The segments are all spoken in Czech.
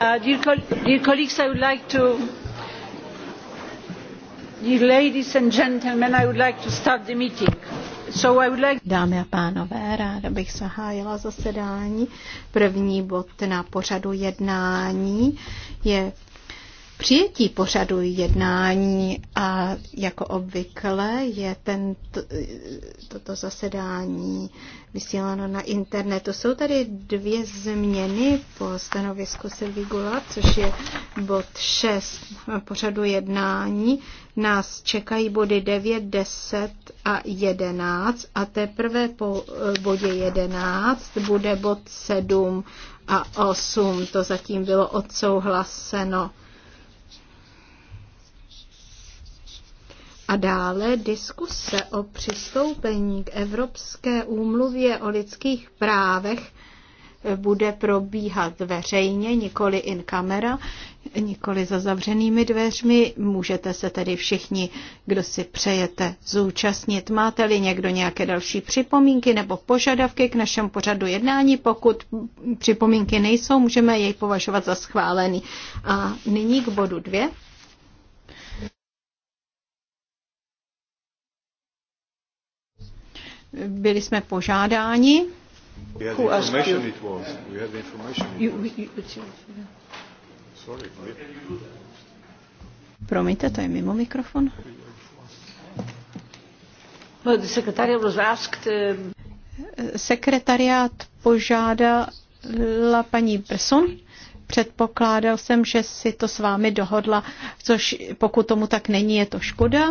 Uh, dear colleagues, I would like to, dear ladies and gentlemen, I would like to start the meeting. So I would like... Dámy a pánové, ráda bych zahájila zasedání. První bod na pořadu jednání je přijetí pořadu jednání a jako obvykle je tento, toto zasedání vysíláno na internetu. Jsou tady dvě změny po stanovisku Silvi což je bod 6 pořadu jednání. Nás čekají body 9, 10 a 11 a teprve po eh, bodě 11 bude bod 7 a 8. To zatím bylo odsouhlaseno. A dále diskuse o přistoupení k Evropské úmluvě o lidských právech eh, bude probíhat veřejně, nikoli in camera, nikoli za zavřenými dveřmi. Můžete se tedy všichni, kdo si přejete, zúčastnit. Máte-li někdo nějaké další připomínky nebo požadavky k našemu pořadu jednání? Pokud připomínky nejsou, můžeme jej považovat za schválený. A nyní k bodu dvě. byli jsme požádáni. Promiňte, to je mimo mikrofon. Sekretariat uh, Sekretariát požádala paní Person. Předpokládal jsem, že si to s vámi dohodla, což pokud tomu tak není, je to škoda.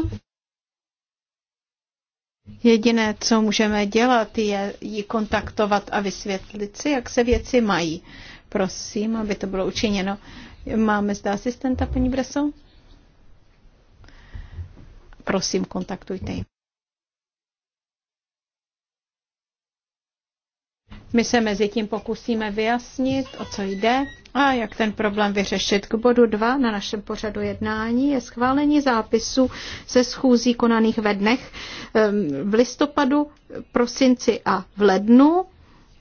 Jediné, co můžeme dělat, je ji kontaktovat a vysvětlit si, jak se věci mají. Prosím, aby to bylo učiněno. Máme zde asistenta, paní Breso? Prosím, kontaktujte ji. My se mezi tím pokusíme vyjasnit, o co jde a jak ten problém vyřešit. K bodu 2 na našem pořadu jednání je schválení zápisu ze schůzí konaných ve dnech ehm, v listopadu, prosinci a v lednu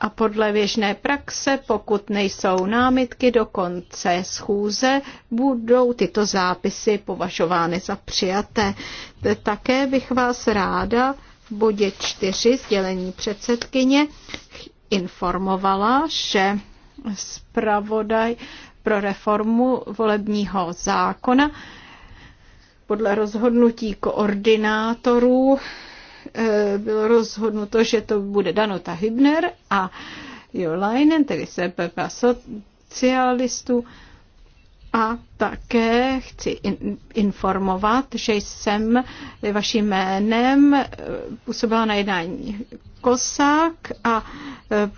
a podle běžné praxe, pokud nejsou námitky do konce schůze, budou tyto zápisy považovány za přijaté. Také bych vás ráda v bodě 4 sdělení předsedkyně informovala, že zpravodaj pro reformu volebního zákona podle rozhodnutí koordinátorů eh, bylo rozhodnuto, že to bude Danuta Hübner a Jo Leinen, tedy CPP e socialistů, a také chci informovat, že jsem vaším jménem eh, působila na jednání Kosák a eh,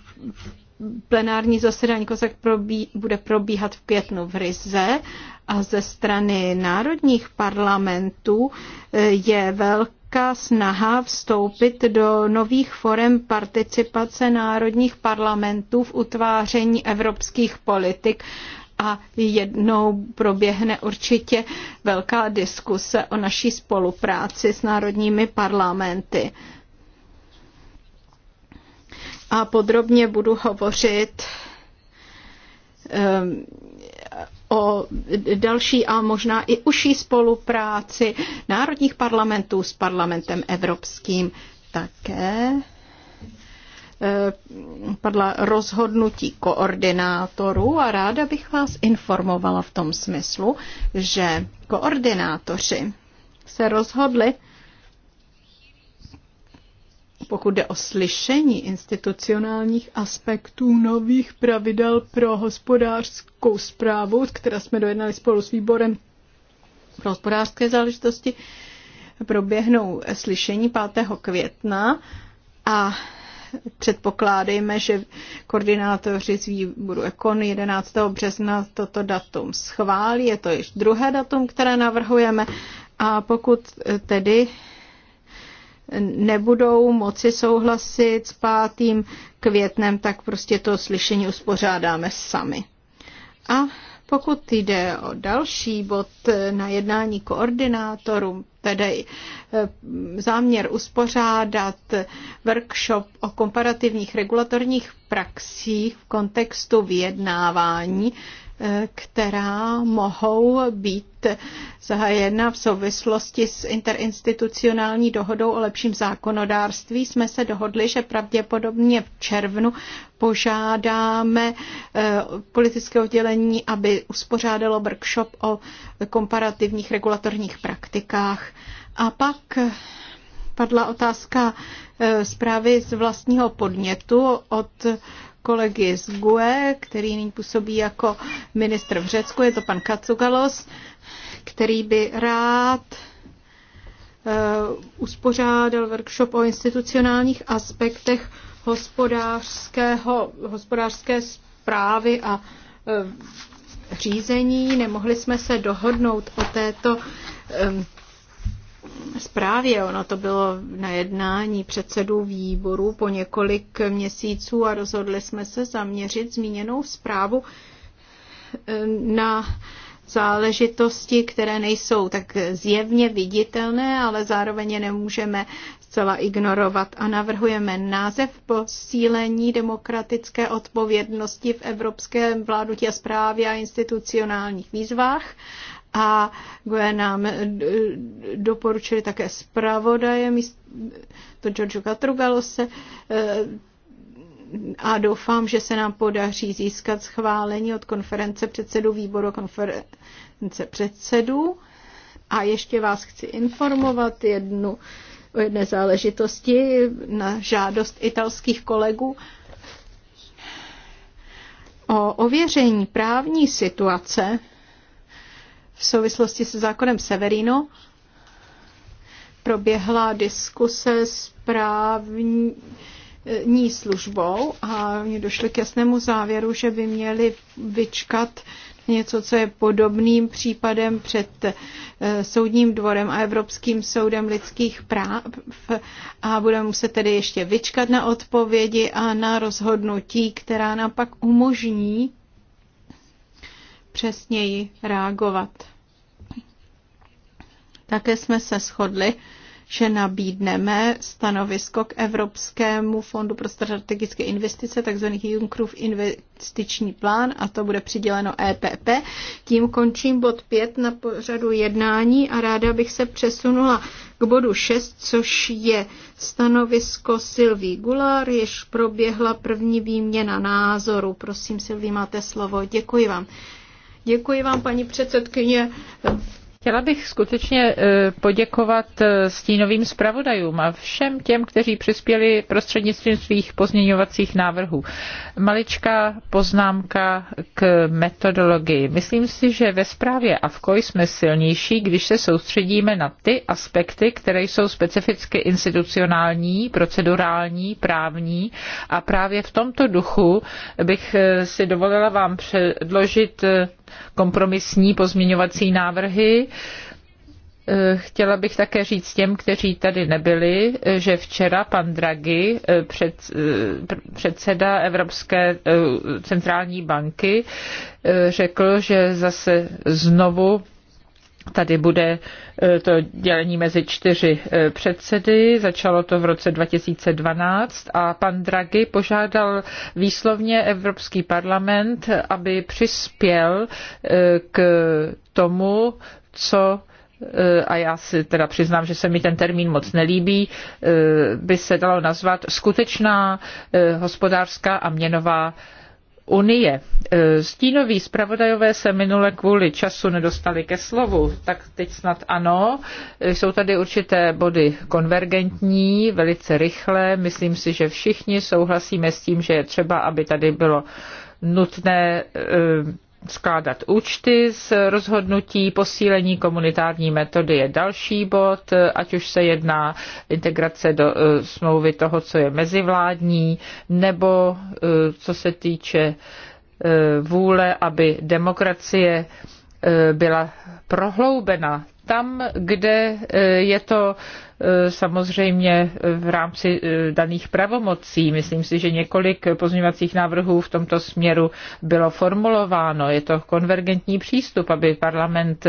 plenární zasedání Kosák probí, bude probíhat v květnu v Rize a ze strany národních parlamentů eh, je velká snaha vstoupit do nových forem participace národních parlamentů v utváření evropských politik a jednou proběhne určitě velká diskuse o naší spolupráci s národními parlamenty. A podrobně budu hovořit ehm, o další a možná i užší spolupráci národních parlamentů s parlamentem evropským také Eh, padla rozhodnutí koordinátorů a ráda bych vás informovala v tom smyslu, že koordinátoři se rozhodli, pokud jde o slyšení institucionálních aspektů nových pravidel pro hospodářskou zprávu, které jsme dojednali spolu s výborem pro hospodářské záležitosti, proběhnou slyšení 5. května a předpokládejme, že koordinátoři z výboru Ekon 11. března toto datum schválí. Je to již druhé datum, které navrhujeme. A pokud tedy nebudou moci souhlasit s 5. květnem, tak prostě to slyšení uspořádáme sami. A pokud jde o další bod na jednání koordinátorů, tedy eh, záměr uspořádat workshop o komparativních regulatorních praxích v kontextu vyjednávání, která mohou být zahájena v souvislosti s interinstitucionální dohodou o lepším zákonodárství. Jsme se dohodli, že pravděpodobně v červnu požádáme eh, politické oddělení, aby uspořádalo workshop o komparativních regulatorních praktikách. A pak padla otázka eh, zprávy z vlastního podnětu od kolegy z GUE, který nyní působí jako ministr v Řecku, je to pan Kacugalos, který by rád eh, uspořádal workshop o institucionálních aspektech hospodářského, hospodářské zprávy a eh, řízení. Nemohli jsme se dohodnout o této eh, zprávě. Ono to bylo na jednání předsedů výboru po několik měsíců a rozhodli jsme se zaměřit zmíněnou zprávu eh, na záležitosti, které nejsou tak zjevně viditelné, ale zároveň je nemůžeme zcela ignorovat a navrhujeme název posílení demokratické odpovědnosti v evropském vládnutí a správě a institucionálních výzvách a Goe nám doporučili také zpravodaje to Giorgio Catrugalose eh, a doufám, že se nám podaří získat schválení od konference předsedů výboru konference předsedů. A ještě vás chci informovat jednu, o jedné záležitosti na žádost italských kolegů o ověření právní situace v souvislosti se zákonem Severino proběhla diskuse s právní službou a oni došli k jasnému závěru, že by měli vyčkat něco, co je podobným případem před eh, Soudním dvorem a Evropským soudem lidských práv a budeme muset tedy ještě vyčkat na odpovědi a na rozhodnutí, která nám pak umožní přesněji reagovat. Také jsme se shodli, že nabídneme stanovisko k Evropskému fondu pro strategické investice, takzvaný Junckerův investiční plán, a to bude přiděleno EPP. Tím končím bod 5 na pořadu jednání a ráda bych se přesunula k bodu 6, což je stanovisko Sylví Gular, jež proběhla první výměna názoru. Prosím, Sylví, máte slovo. Děkuji vám. Děkuji vám, paní předsedkyně. Chtěla bych skutečně e, poděkovat e, stínovým zpravodajům a všem těm, kteří přispěli prostřednictvím svých pozměňovacích návrhů. Maličká poznámka k metodologii. Myslím si, že ve zprávě AFKO jsme silnější, když se soustředíme na ty aspekty, které jsou specificky institucionální, procedurální, právní a právě v tomto duchu bych e, si dovolila vám předložit kompromisní pozměňovací návrhy, Eh, chtěla bych také říct těm, kteří tady nebyli, eh, že včera pan Draghi, eh, před, předseda Evropské centrální banky, řekl, že zase znovu tady bude to dělení mezi čtyři předsedy. Začalo to v roce 2012 a pan Draghi požádal výslovně Evropský parlament, aby přispěl k tomu, co eh, a já si teda přiznám, že se mi ten termín moc nelíbí, eh, by se dalo nazvat skutečná eh, hospodářská a měnová unie. Stínoví zpravodajové se minule kvůli času nedostali ke slovu, tak teď snad ano. Jsou tady určité body konvergentní, velice rychlé. Myslím si, že všichni souhlasíme s tím, že je třeba, aby tady bylo nutné skládat účty z rozhodnutí, posílení komunitární metody je další bod, ať už se jedná integrace do eh, smlouvy toho, co je mezivládní, nebo eh, co se týče eh, vůle, aby demokracie byla prohloubena tam, kde je to Eh, samozřejmě eh, v rámci eh, daných pravomocí. Myslím si, že několik pozměňovacích návrhů v tomto směru bylo formulováno. Je to konvergentní přístup, aby parlament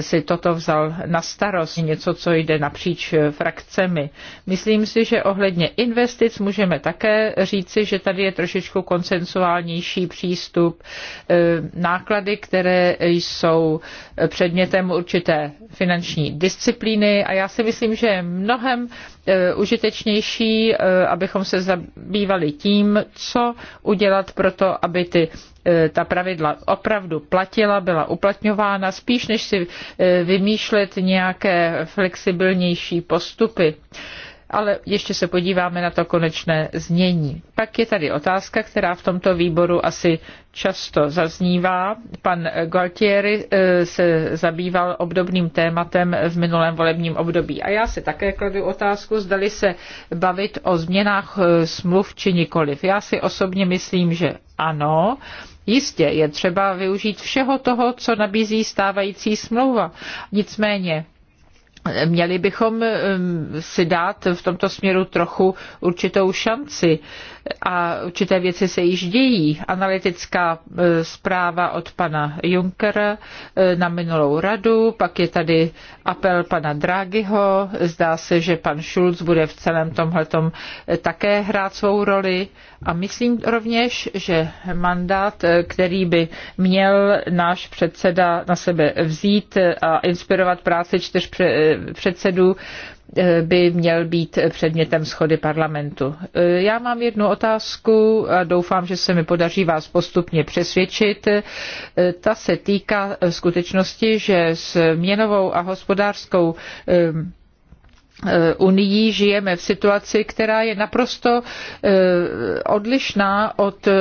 si toto vzal na starost, něco, co jde napříč frakcemi. Myslím si, že ohledně investic můžeme také říci, že tady je trošičku konsensuálnější přístup. Náklady, které jsou předmětem určité finanční disciplíny a já si myslím, že je mnohem e, užitečnější, e, abychom se zabývali tím, co udělat pro to, aby ty e, ta pravidla opravdu platila, byla uplatňována, spíš než si vymýšlet nějaké flexibilnější postupy ale ještě se podíváme na to konečné znění. Pak je tady otázka, která v tomto výboru asi často zaznívá. Pan Gualtieri eh, se zabýval obdobným tématem v minulém volebním období. A já se také kladu otázku, zdali se bavit o změnách eh, smluv či nikoliv. Já si osobně myslím, že ano, Jistě je třeba využít všeho toho, co nabízí stávající smlouva. Nicméně Měli bychom eh, si dát v tomto směru trochu určitou šanci a určité věci se již dějí. Analytická e, zpráva od pana Junckera e, na minulou radu, pak je tady apel pana Draghiho, zdá se, že pan Schulz bude v celém tomhletom e, také hrát svou roli a myslím rovněž, že mandát, který by měl náš předseda na sebe vzít a inspirovat práci čtyř předsedů, Eh, by měl být předmětem schody parlamentu. Eh, já mám jednu otázku a doufám, že se mi podaří vás postupně přesvědčit. Eh, ta se týká skutečnosti, že s měnovou a hospodářskou Eh, unii žijeme v situaci, která je naprosto eh, odlišná od eh,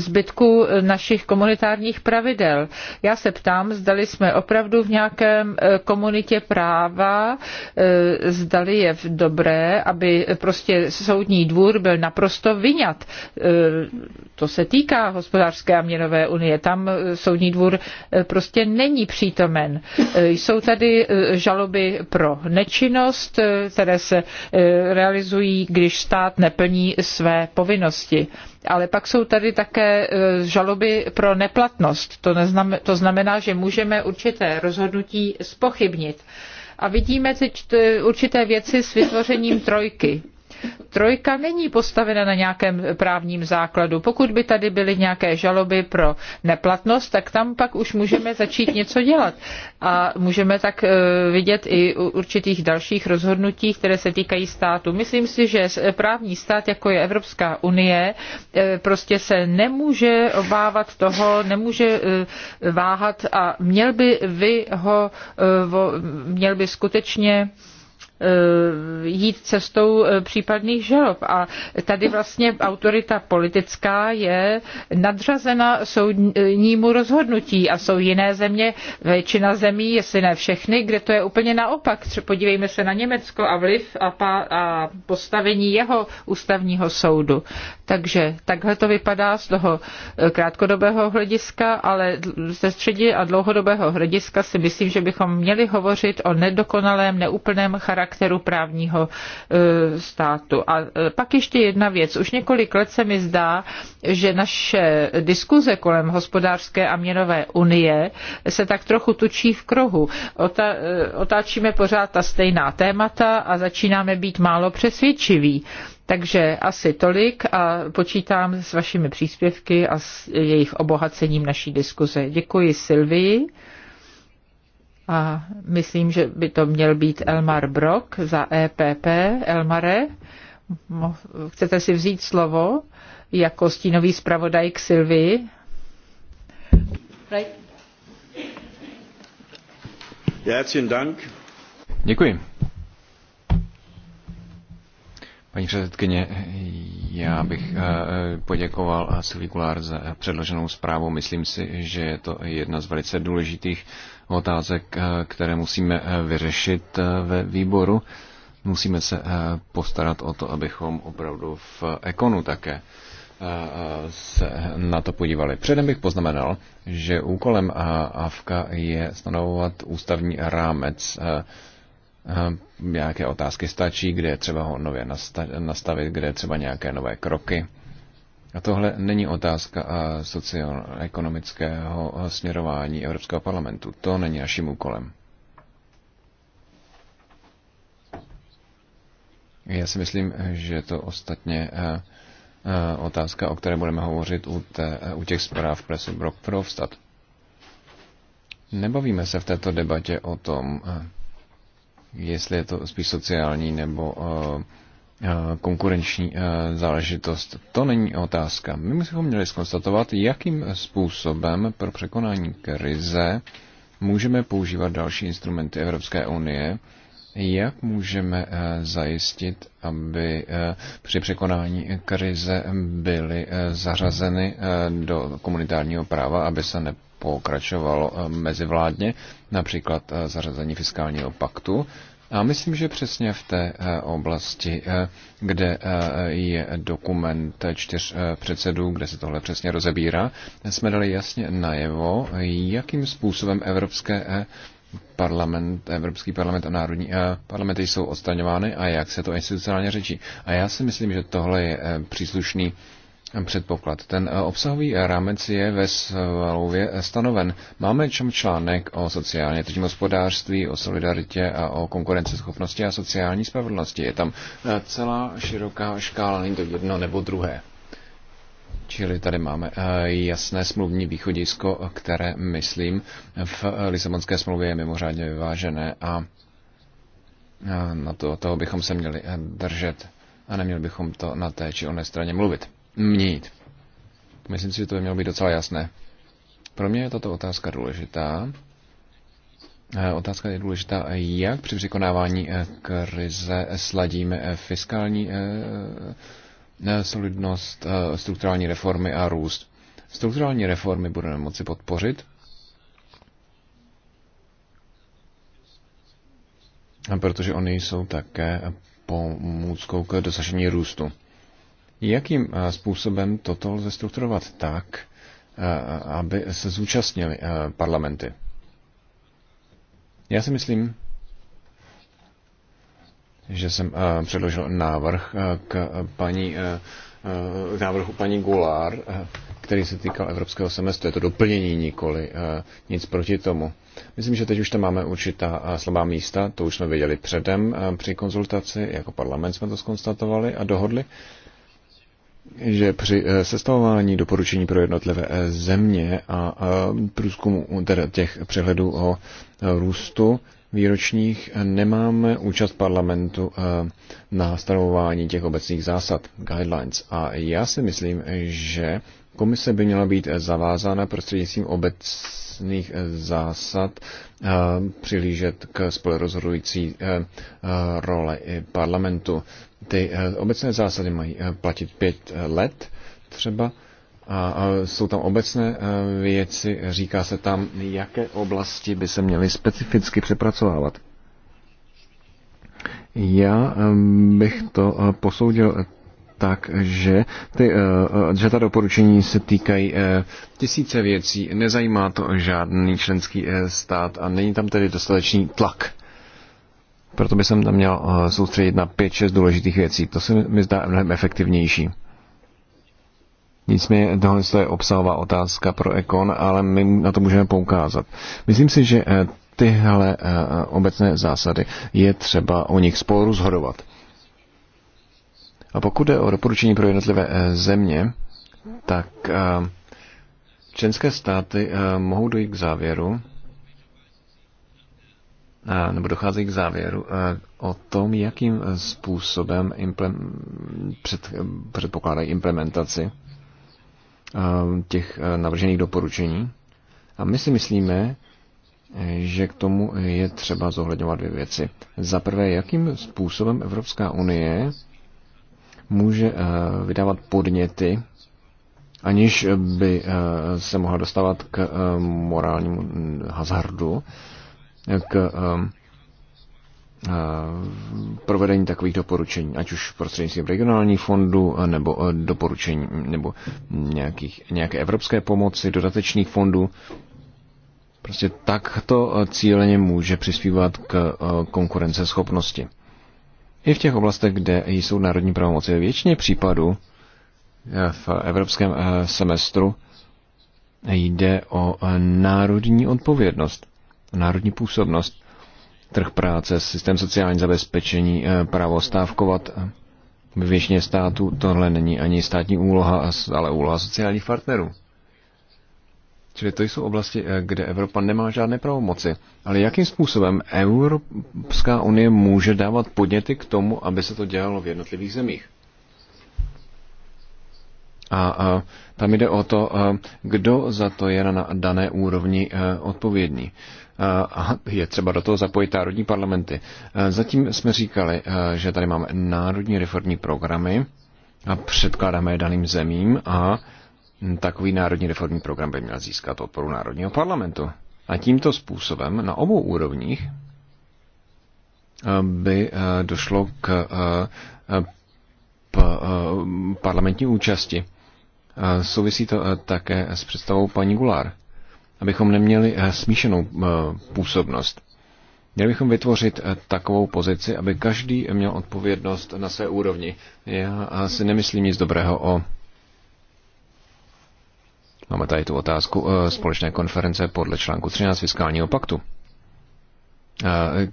zbytku našich komunitárních pravidel. Já se ptám, zdali jsme opravdu v nějakém komunitě práva, zdali je dobré, aby prostě soudní dvůr byl naprosto vyňat. To se týká hospodářské a měnové unie. Tam soudní dvůr prostě není přítomen. Jsou tady žaloby pro nečinnost, které se eh, realizují, když stát neplní své povinnosti. Ale pak jsou tady také eh, žaloby pro neplatnost. To, neznamená, to znamená, že můžeme určité rozhodnutí spochybnit. A vidíme teď eh, určité věci s vytvořením trojky. Trojka není postavena na nějakém právním základu. Pokud by tady byly nějaké žaloby pro neplatnost, tak tam pak už můžeme začít něco dělat. A můžeme tak e, vidět i u určitých dalších rozhodnutí, které se týkají státu. Myslím si, že právní stát, jako je Evropská unie, e, prostě se nemůže obávat toho, nemůže e, váhat a měl by vy ho, měl by skutečně Eh, jít cestou eh, případných žalob. A tady vlastně autorita politická je nadřazena soudnímu rozhodnutí a jsou jiné země, většina zemí, jestli ne všechny, kde to je úplně naopak. Podívejme se na Německo a vliv a, pa, a postavení jeho ústavního soudu. Takže takhle to vypadá z toho eh, krátkodobého hlediska, ale ze středí a dlouhodobého hlediska si myslím, že bychom měli hovořit o nedokonalém, neúplném charakteru charakteru právního e, státu. A e, pak ještě jedna věc. Už několik let se mi zdá, že naše diskuze kolem hospodářské a měnové unie se tak trochu tučí v krohu. E, otáčíme pořád ta stejná témata a začínáme být málo přesvědčiví. Takže asi tolik a počítám s vašimi příspěvky a s jejich obohacením naší diskuze. Děkuji Silvii. A myslím, že by to měl být Elmar Brok za EPP. Elmare, chcete si vzít slovo jako stínový zpravodaj k Sylvii? Děkuji. Paní předsedkyně, já bych eh, poděkoval Silvi Kulár za předloženou zprávu. Myslím si, že je to jedna z velice důležitých otázek, eh, které musíme eh, vyřešit ve výboru. Musíme se postarat o to, abychom opravdu v ekonu také se na to podívali. Předem bych poznamenal, že úkolem AFKA je stanovovat ústavní rámec Ehm, nějaké otázky stačí, kde je třeba ho nově nastavit, kde je třeba nějaké nové kroky. A tohle není otázka eh, socioekonomického eh, směrování Evropského parlamentu. To není naším úkolem. Já si myslím, že to ostatně eh, otázka, o které budeme hovořit u, té, u těch zpráv Pressy Brock Verhofstadt. Nebavíme se v této debatě o tom, jestli je to spíš sociální nebo eh, eh, konkurenční eh, záležitost. To není otázka. My bychom měli skonstatovat, jakým způsobem pro překonání krize můžeme používat další instrumenty Evropské unie, jak můžeme zajistit, aby při překonání krize byly zařazeny do komunitárního práva, aby se pokračoval eh, mezivládně, například eh, zařazení fiskálního paktu. A myslím, že přesně v té eh, oblasti, kde je dokument čtyř předsedů, kde se tohle přesně rozebírá, jsme dali jasně najevo, jakým způsobem evropské parlament, Evropský parlament a národní parlamenty jsou odstraňovány a jak se to institucionálně řečí. A já si myslím, že tohle je příslušný předpoklad. Ten eh, obsahový rámec je ve smlouvě stanoven. Máme čem článek o sociálně tržním hospodářství, o solidaritě a o konkurenceschopnosti a sociální spravedlnosti. Je tam eh, celá široká škála, není to jedno nebo druhé. Čili tady máme eh, jasné smluvní východisko, které, myslím, v Lisabonské smlouvě je mimořádně vyvážené a na to, toho bychom se měli držet a neměli bychom to na té či oné straně mluvit měnit. Myslím si, že to by mělo být docela jasné. Pro mě je tato otázka důležitá. Eh, otázka je důležitá, jak při překonávání eh, krize sladíme eh, fiskální solidnost, strukturální reformy a růst. Strukturální reformy budeme moci podpořit. Protože oni jsou také pomůckou k dosažení růstu. Jakým eh, způsobem toto lze strukturovat tak, eh, aby se zúčastnili eh, parlamenty? Já si myslím, že jsem předložil návrh k paní k návrhu paní Gulár, který se týkal evropského semestru. Je to doplnění nikoli, nic proti tomu. Myslím, že teď už tam máme určitá slabá místa, to už jsme věděli předem při konzultaci, jako parlament jsme to skonstatovali a dohodli že při eh, sestavování doporučení pro jednotlivé eh, země a průzkumu teda těch přehledů o eh, růstu výročních nemáme účast parlamentu na stanovování těch obecných zásad, guidelines. A já si myslím, že komise by měla být zavázána prostřednictvím obecných zásad přihlížet k spolerozhodující role parlamentu. Ty eh, obecné zásady mají eh, platit pět eh, let třeba a jsou tam obecné věci, říká se tam, jaké oblasti by se měly specificky přepracovávat. Já bych to posoudil tak, že, ty, že ta doporučení se týkají tisíce věcí, nezajímá to žádný členský stát a není tam tedy dostatečný tlak proto by jsem tam měl eh, soustředit na 5-6 důležitých věcí. To se mi zdá mnohem efektivnější. Nicméně tohle je obsahová otázka pro Ekon, ale my na to můžeme poukázat. Myslím si, že eh, tyhle eh, obecné zásady je třeba o nich spolu rozhodovat. A pokud jde o doporučení pro jednotlivé země, tak členské státy mohou dojít k závěru, nebo dochází k závěru o tom, jakým způsobem implem, před, předpokládají implementaci těch navržených doporučení. A my si myslíme, že k tomu je třeba zohledňovat dvě věci. Za prvé, jakým způsobem Evropská unie může vydávat podněty, aniž by se mohla dostávat k morálnímu hazardu, k um, uh, provedení takových doporučení, ať už prostřednictvím regionálních fondů eh, nebo eh, doporučení nebo nějakých, nějaké evropské pomoci, dodatečných fondů. Prostě takto eh, cíleně může přispívat k konkurenceschopnosti. I v těch oblastech, kde jsou národní pravomoci, ve většině případů v evropském semestru jde o národní odpovědnost národní působnost, trh práce, systém sociální zabezpečení, eh, právo stávkovat. Eh, ve většině států tohle není ani státní úloha, ale úloha sociálních partnerů. Čili to jsou oblasti, eh, kde Evropa nemá žádné pravomoci. Ale jakým způsobem Evropská unie může dávat podněty k tomu, aby se to dělalo v jednotlivých zemích? A, a tam jde o to, kdo za to je na dané úrovni odpovědný je třeba do toho zapojit národní parlamenty. Zatím jsme říkali, že tady máme národní reformní programy a předkládáme je daným zemím a takový národní reformní program by měl získat podporu národního parlamentu. A tímto způsobem na obou úrovních by došlo k parlamentní účasti. Souvisí to také s představou paní Gulár abychom neměli eh, smíšenou eh, působnost. Měli bychom vytvořit eh, takovou pozici, aby každý měl odpovědnost na své úrovni. Já si nemyslím nic dobrého o. Máme tady tu otázku společné konference podle článku 13 fiskálního paktu.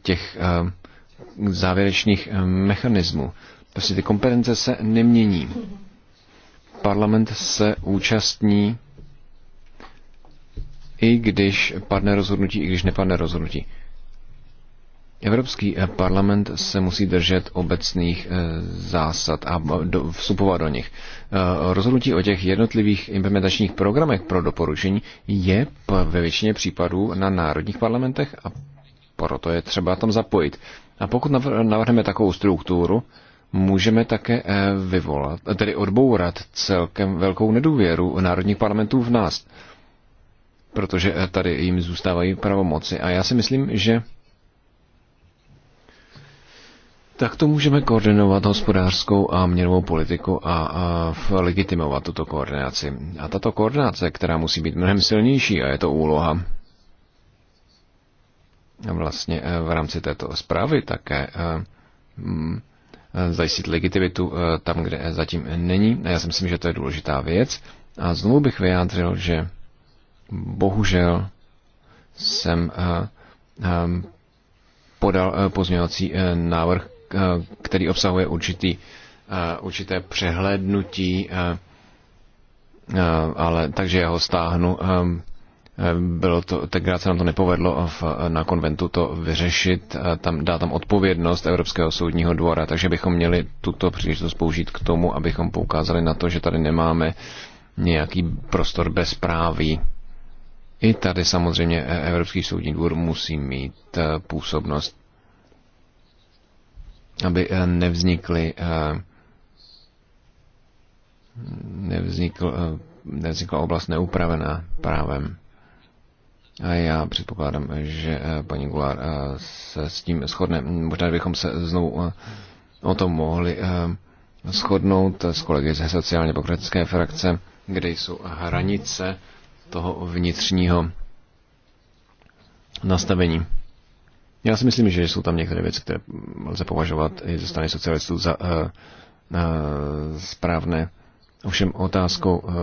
Těch závěrečných mechanismů. Prostě ty kompetence se nemění. Parlament se účastní i když padne rozhodnutí, i když nepadne rozhodnutí. Evropský eh, parlament se musí držet obecných eh, zásad a vstupovat do nich. Eh, rozhodnutí o těch jednotlivých implementačních programech pro doporučení je ve většině případů na národních parlamentech a proto je třeba tam zapojit. A pokud navrhneme takovou strukturu, můžeme také vyvolat, tedy odbourat celkem velkou nedůvěru národních parlamentů v nás protože tady jim zůstávají pravomoci. A já si myslím, že tak to můžeme koordinovat hospodářskou a měnovou politiku a, a legitimovat tuto koordinaci. A tato koordinace, která musí být mnohem silnější, a je to úloha vlastně e, v rámci této zprávy také e, mm, e, zajistit legitimitu tam, kde zatím není. A já si myslím, že to je důležitá věc. A znovu bych vyjádřil, že bohužel jsem eh, eh, podal eh, pozměňovací návrh, který obsahuje určitý, určité přehlednutí, ale takže já ho stáhnu. Bylo to, tenkrát se nám to nepovedlo v, na konventu to vyřešit, tam, dá tam odpovědnost Evropského soudního dvora, takže bychom měli tuto příležitost použít k tomu, abychom poukázali na to, že tady nemáme nějaký prostor bezpráví. I tady samozřejmě eh, Evropský soudní dvůr musí mít eh, působnost, aby eh, nevznikly nevznikl, nevznikla oblast neupravená právem. A já předpokládám, že paní Gulár se s tím shodne. Možná bychom se znovu o tom mohli shodnout s kolegy ze sociálně pokratické frakce, kde jsou hranice toho vnitřního nastavení. Já si myslím, že jsou tam některé věci, které lze považovat i ze strany socialistů za uh, uh, správné. Ovšem otázkou, uh,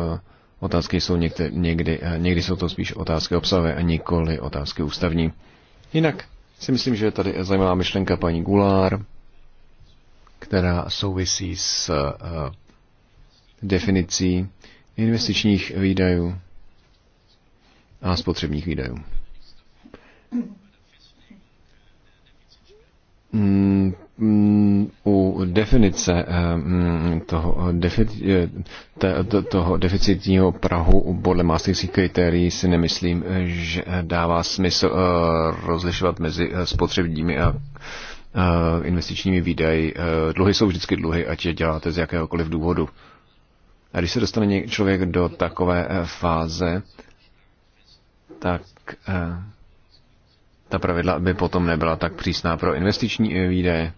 otázky jsou někde, někdy, uh, někdy jsou to spíš otázky obsahové a nikoli otázky ústavní. Jinak si myslím, že tady je zajímavá myšlenka paní Gulár, která souvisí s uh, definicí investičních výdajů a spotřebních výdajů. Mm, mm, u definice mm, toho, defici, toho deficitního Prahu podle mástejských kritérií si nemyslím, že dává smysl eh, rozlišovat mezi eh, spotřebními a eh, investičními výdaji. Dluhy jsou vždycky dluhy, ať je děláte z jakéhokoliv důvodu. A když se dostane člověk do takové fáze, tak eh, ta pravidla by potom nebyla tak přísná pro investiční eh, výdaje.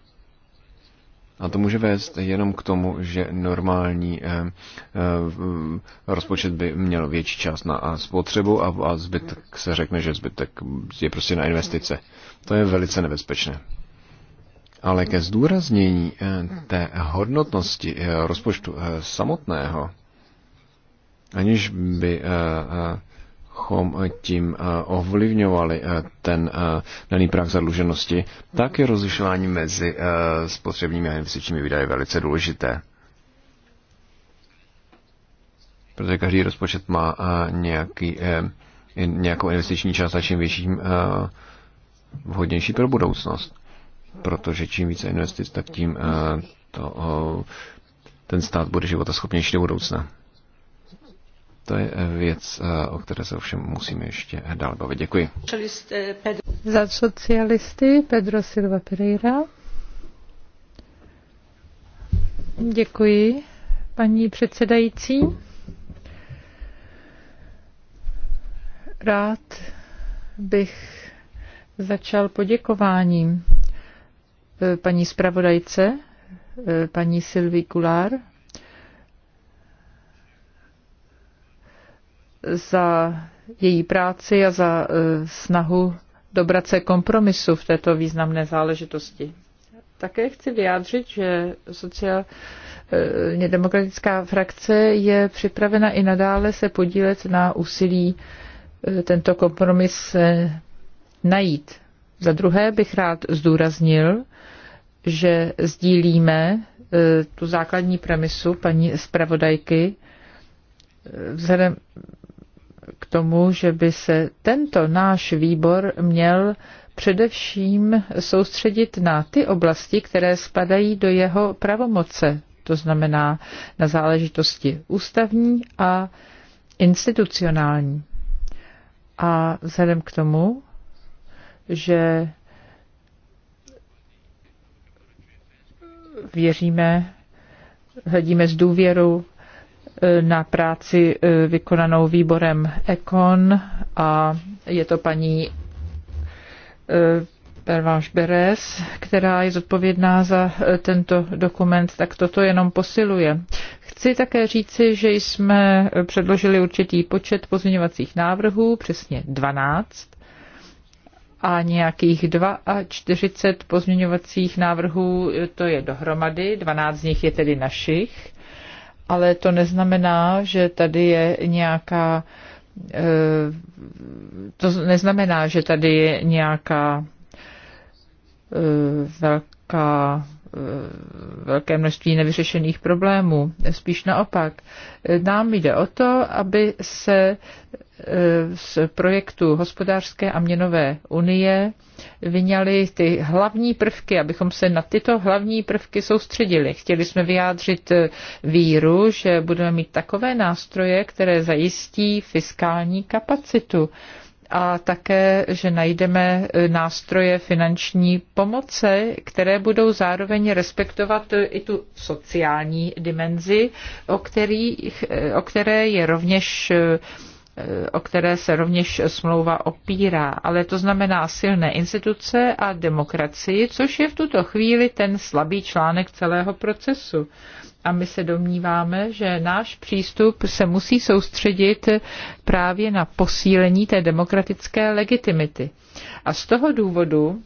A to může vést jenom k tomu, že normální eh, rozpočet by měl větší čas na spotřebu a zbytek se řekne, že zbytek je prostě na investice. To je velice nebezpečné. Ale ke zdůraznění té hodnotnosti rozpočtu samotného, aniž by bychom eh, tím eh, ovlivňovali eh, ten daný práh zadluženosti, tak je rozlišování mezi spotřebními a investičními výdaji velice důležité. Protože každý rozpočet má nějaký, nějakou investiční část a čím větším vhodnější pro budoucnost. Protože čím více investic, tak tím to, ten stát bude životaschopnější do budoucna. To je věc, eh, o které se ovšem musíme ještě dál bavit. Děkuji. Eh, Za socialisty Pedro Silva Pereira. Děkuji, paní předsedající. Rád bych začal poděkováním eh, paní zpravodajce, paní Sylvie Kulár, za její práci a za e, snahu dobrat se kompromisu v této významné záležitosti. Také chci vyjádřit, že sociálně e, demokratická frakce je připravena i nadále se podílet na úsilí e, tento kompromis najít. Za druhé bych rád zdůraznil, že sdílíme tu základní premisu paní zpravodajky, vzhledem k tomu, že by se tento náš výbor měl především soustředit na ty oblasti, které spadají do jeho pravomoce, to znamená na záležitosti ústavní a institucionální. A vzhledem k tomu, že věříme, hledíme s důvěrou E, na práci e, vykonanou výborem Econ a je to paní e, Perváš Beres, která je zodpovědná za tento dokument, tak toto jenom posiluje. Chci také říci, že jsme předložili určitý počet pozměňovacích návrhů, přesně 12, a nějakých 42 pozměňovacích návrhů, to je dohromady, 12 z nich je tedy našich ale to neznamená, že tady je nějaká eh, to neznamená, že tady je nějaká eh, velká, eh, velké množství nevyřešených problémů. Spíš naopak. Nám jde o to, aby se Eh, z projektu hospodářské a měnové unie vyňali ty hlavní prvky, abychom se na tyto hlavní prvky soustředili. Chtěli jsme vyjádřit eh, víru, že budeme mít takové nástroje, které zajistí fiskální kapacitu a také, že najdeme eh, nástroje finanční pomoci, které budou zároveň respektovat i tu sociální dimenzi, o, kterých, o které je rovněž o které se rovněž smlouva opírá, ale to znamená silné instituce a demokracii, což je v tuto chvíli ten slabý článek celého procesu. A my se domníváme, že náš přístup se musí soustředit právě na posílení té demokratické legitimity. A z toho důvodu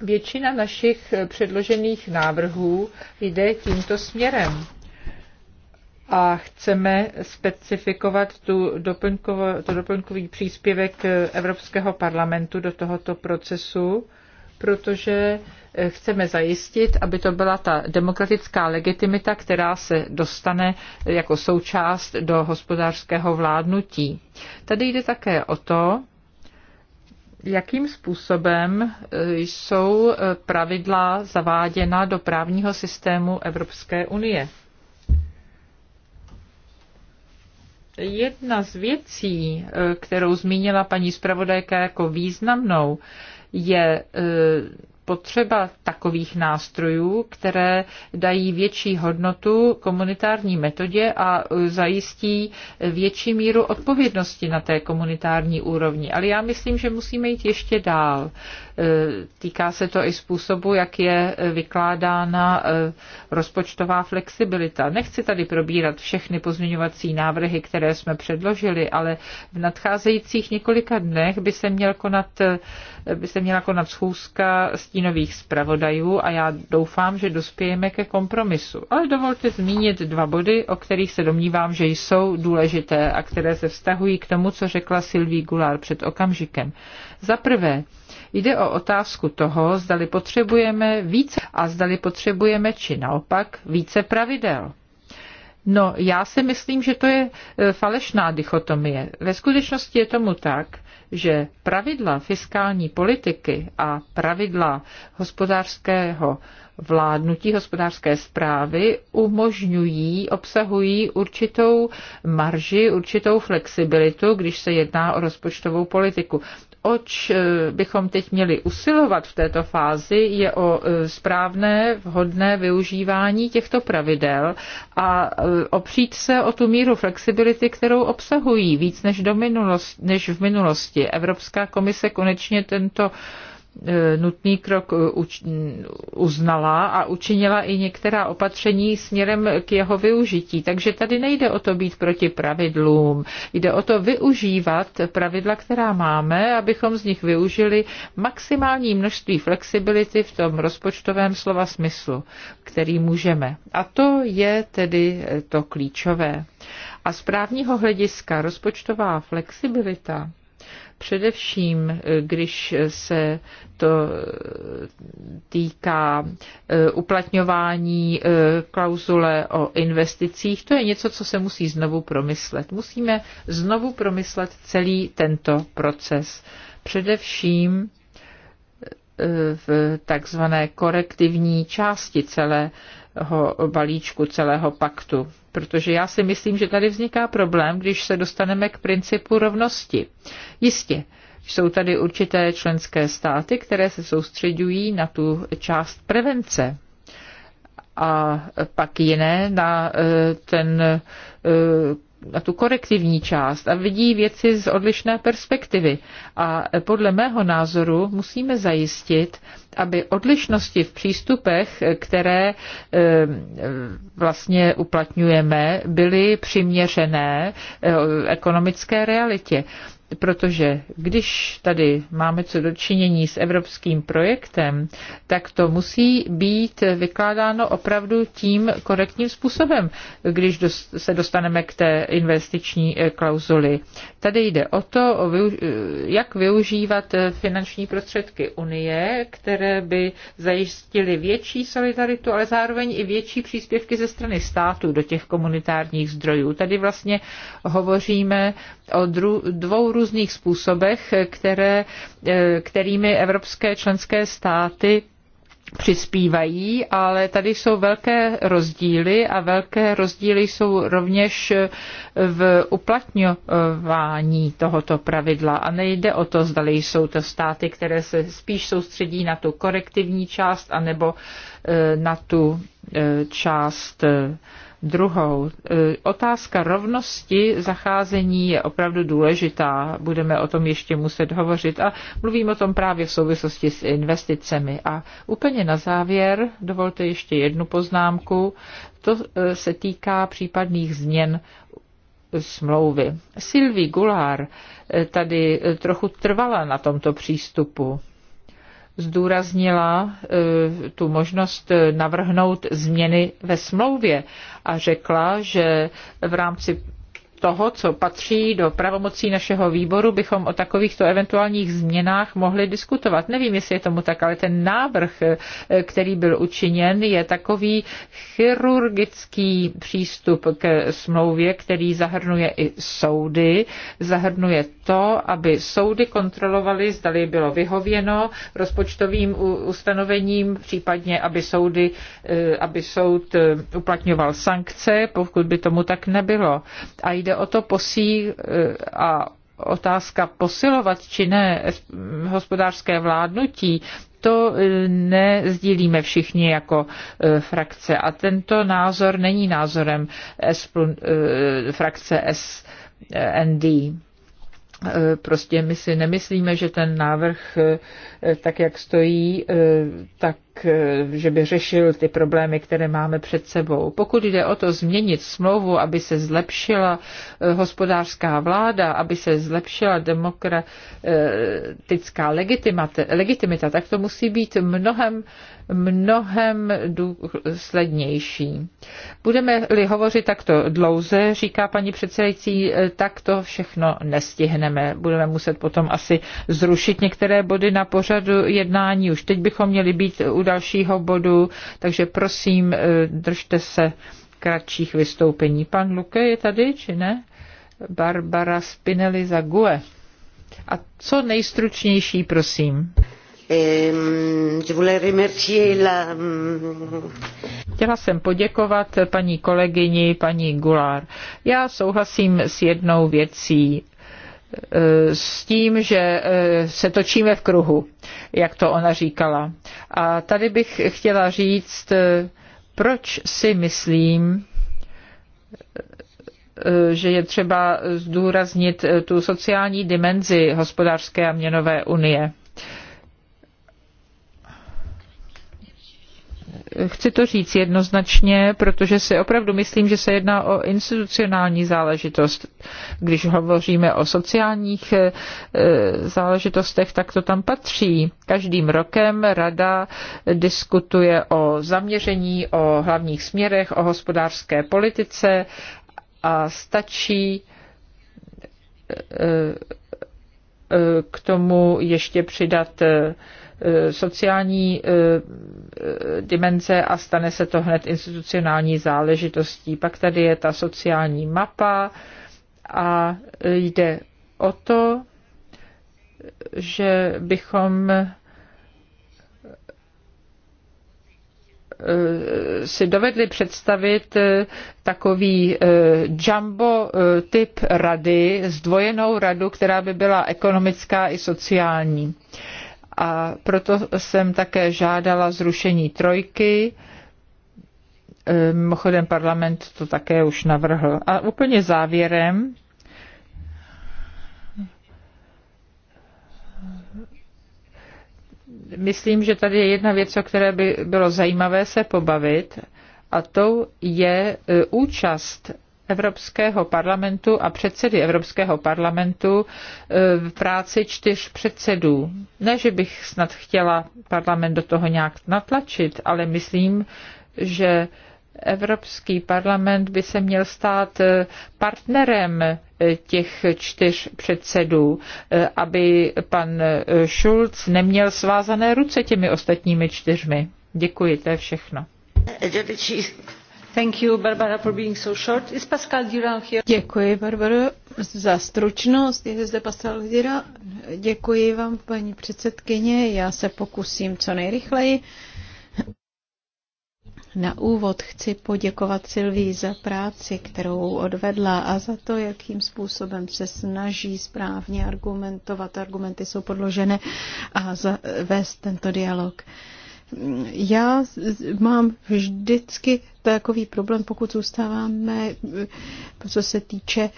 většina našich předložených návrhů jde tímto směrem a chceme specifikovat tu to doplňkový příspěvek Evropského parlamentu do tohoto procesu, protože eh, chceme zajistit, aby to byla ta demokratická legitimita, která se dostane jako součást do hospodářského vládnutí. Tady jde také o to, jakým způsobem eh, jsou eh, pravidla zaváděna do právního systému Evropské unie. Jedna z věcí, eh, kterou zmínila paní zpravodajka jako významnou, je eh, potřeba takových nástrojů, které dají větší hodnotu komunitární metodě a eh, zajistí větší míru odpovědnosti na té komunitární úrovni. Ale já myslím, že musíme jít ještě dál. Týká se to i způsobu, jak je vykládána eh, rozpočtová flexibilita. Nechci tady probírat všechny pozměňovací návrhy, které jsme předložili, ale v nadcházejících několika dnech by se, měl konat, eh, by se měla konat schůzka stínových zpravodajů a já doufám, že dospějeme ke kompromisu. Ale dovolte zmínit dva body, o kterých se domnívám, že jsou důležité a které se vztahují k tomu, co řekla Sylvie Goulart před okamžikem. Za prvé, Jde o otázku toho, zdali potřebujeme více a zdali potřebujeme či naopak více pravidel. No, já si myslím, že to je e, falešná dichotomie. Ve skutečnosti je tomu tak, že pravidla fiskální politiky a pravidla hospodářského vládnutí hospodářské zprávy umožňují, obsahují určitou marži, určitou flexibilitu, když se jedná o rozpočtovou politiku oč eh, bychom teď měli usilovat v této fázi, je o eh, správné, vhodné využívání těchto pravidel a eh, opřít se o tu míru flexibility, kterou obsahují víc než, do minulosti, než v minulosti. Evropská komise konečně tento E, nutný krok e, uznala a učinila i některá opatření směrem k jeho využití. Takže tady nejde o to být proti pravidlům, jde o to využívat pravidla, která máme, abychom z nich využili maximální množství flexibility v tom rozpočtovém slova smyslu, který můžeme. A to je tedy to klíčové. A z právního hlediska rozpočtová flexibilita Především, když se to týká e, uplatňování e, klauzule o investicích, to je něco, co se musí znovu promyslet. Musíme znovu promyslet celý tento proces. Především e, v takzvané korektivní části celého balíčku, celého paktu protože já si myslím, že tady vzniká problém, když se dostaneme k principu rovnosti. Jistě, jsou tady určité členské státy, které se soustředují na tu část prevence a pak jiné na eh, ten eh, na tu korektivní část a vidí věci z odlišné perspektivy. A podle mého názoru musíme zajistit, aby odlišnosti v přístupech, které eh, vlastně uplatňujeme, byly přiměřené eh, ekonomické realitě protože když tady máme co dočinění s evropským projektem, tak to musí být vykládáno opravdu tím korektním způsobem, když se dostaneme k té investiční eh, klauzuli. Tady jde o to, eh, jak využívat eh, finanční prostředky Unie, které by zajistily větší solidaritu, ale zároveň i větší příspěvky ze strany států do těch komunitárních zdrojů. Tady vlastně hovoříme o dvou různých způsobech, které, eh, kterými evropské členské státy přispívají, ale tady jsou velké rozdíly a velké rozdíly jsou rovněž eh, v uplatňování tohoto pravidla. A nejde o to, zdali jsou to státy, které se spíš soustředí na tu korektivní část anebo eh, na tu část druhou. E, otázka rovnosti zacházení je opravdu důležitá. Budeme o tom ještě muset hovořit a mluvím o tom právě v souvislosti s investicemi. A úplně na závěr dovolte ještě jednu poznámku. To e, se týká případných změn smlouvy. Sylvie Goulart e, tady trochu trvala na tomto přístupu zdůraznila eh, tu možnost eh, navrhnout změny ve smlouvě a řekla, že v rámci toho, co patří do pravomocí našeho výboru, bychom o takovýchto eventuálních změnách mohli diskutovat. Nevím, jestli je tomu tak, ale ten návrh, eh, který byl učiněn, je takový chirurgický přístup k smlouvě, který zahrnuje i soudy, zahrnuje to, aby soudy kontrolovaly, zdali bylo vyhověno rozpočtovým ustanovením, případně aby, soudy, eh, aby soud eh, uplatňoval sankce, pokud by tomu tak nebylo. A jde o to posí eh, a otázka posilovat či ne hospodářské vládnutí, to nezdílíme všichni jako frakce. A tento názor není názorem S, frakce SND. Eh, prostě my si nemyslíme, že ten návrh, eh, tak jak stojí, eh, tak že by řešil ty problémy, které máme před sebou. Pokud jde o to změnit smlouvu, aby se zlepšila eh, hospodářská vláda, aby se zlepšila demokratická legitimita, tak to musí být mnohem, mnohem důslednější. Budeme-li hovořit takto dlouze, říká paní předsedající, eh, tak to všechno nestihneme. Budeme muset potom asi zrušit některé body na pořadu jednání. Už teď bychom měli být u dalšího bodu, takže prosím, eh, držte se kratších vystoupení. Pan Luke je tady, či ne? Barbara Spinelli za GUE. A co nejstručnější, prosím. Mm, Chtěla jsem poděkovat paní kolegyni, paní Gulár. Já souhlasím s jednou věcí. Eh, s tím, že eh, se točíme v kruhu, jak to ona říkala. A tady bych chtěla říct, eh, proč si myslím, že je třeba zdůraznit tu sociální dimenzi hospodářské a měnové unie. Chci to říct jednoznačně, protože si opravdu myslím, že se jedná o institucionální záležitost. Když hovoříme o sociálních eh, záležitostech, tak to tam patří. Každým rokem rada diskutuje o zaměření, o hlavních směrech, o hospodářské politice a stačí eh, eh, k tomu ještě přidat Eh, sociální eh, dimenze a stane se to hned institucionální záležitostí. Pak tady je ta sociální mapa a jde o to, že bychom eh, si dovedli představit takový jumbo typ rady, zdvojenou radu, která by byla ekonomická i sociální a proto jsem také žádala zrušení trojky. E, mimochodem parlament to také už navrhl. A úplně závěrem myslím, že tady je jedna věc, o které by bylo zajímavé se pobavit, a to je e, účast Evropského parlamentu a předsedy Evropského parlamentu eh, v práci čtyř předsedů. Ne, že bych snad chtěla parlament do toho nějak natlačit, ale myslím, že Evropský parlament by se měl stát eh, partnerem eh, těch čtyř předsedů, aby pan Schulz neměl svázané ruce těmi ostatními čtyřmi. Děkuji, to je všechno. Pascal Durand Děkuji, Barbara, za stručnost. Je Pascal Durand. Děkuji vám, paní předsedkyně. Já se pokusím co nejrychleji. Na úvod chci poděkovat Silvii za práci, kterou odvedla a za to, jakým způsobem se snaží správně argumentovat. Argumenty jsou podložené a za, vést tento dialog. Já mám vždycky takový problém, pokud zůstáváme, co se týče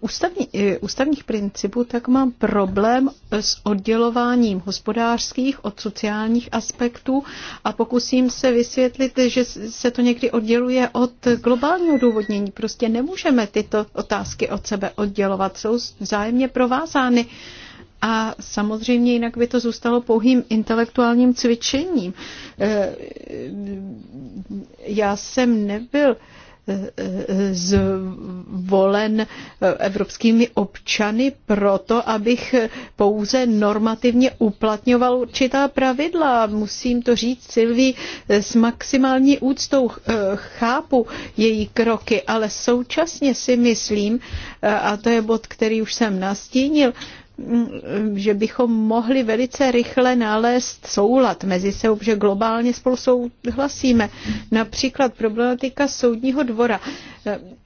ústavní, ústavních principů, tak mám problém s oddělováním hospodářských od sociálních aspektů a pokusím se vysvětlit, že se to někdy odděluje od globálního důvodnění. Prostě nemůžeme tyto otázky od sebe oddělovat, jsou vzájemně provázány. Uh, a samozřejmě jinak by to zůstalo pouhým intelektuálním cvičením. Eh, já jsem nebyl eh, eh, zvolen evropskými občany proto, abych pouze normativně uplatňoval určitá pravidla. Musím to říct Silví s maximální úctou chápu její kroky, ale současně si myslím, a to je bod, který už jsem nastínil, že bychom mohli velice rychle nalézt soulad mezi sebou, že globálně spolu souhlasíme. Například problematika soudního dvora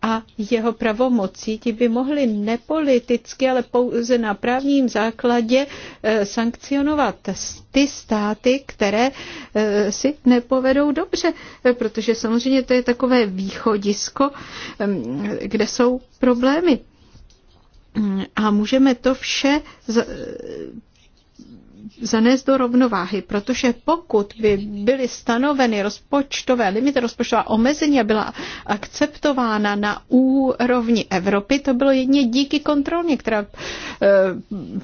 a jeho pravomocí, ti by mohli nepoliticky, ale pouze na právním základě eh, sankcionovat ty státy, které eh, si nepovedou dobře, eh, protože samozřejmě to je takové východisko, kde jsou problémy a můžeme to vše zanést do rovnováhy, protože pokud by byly stanoveny rozpočtové limity, rozpočtová omezení a byla akceptována na úrovni Evropy, to bylo jedně díky kontrolně, která e,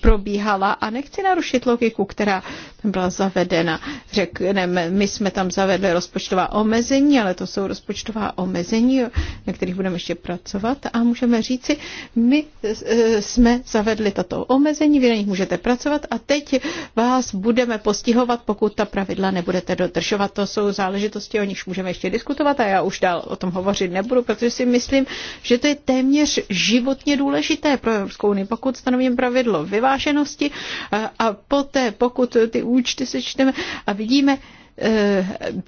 probíhala a nechci narušit logiku, která byla zavedena. Řekneme, my jsme tam zavedli rozpočtová omezení, ale to jsou rozpočtová omezení, na kterých budeme ještě pracovat a můžeme říci, my e, jsme zavedli tato omezení, vy na nich můžete pracovat a teď vás budeme postihovat, pokud ta pravidla nebudete dodržovat. To jsou záležitosti, o nichž můžeme ještě diskutovat a já už dál o tom hovořit nebudu, protože si myslím, že to je téměř životně důležité pro Evropskou unii, pokud stanovíme pravidlo vyváženosti eh, a poté, pokud ty účty sečteme a vidíme, Eh,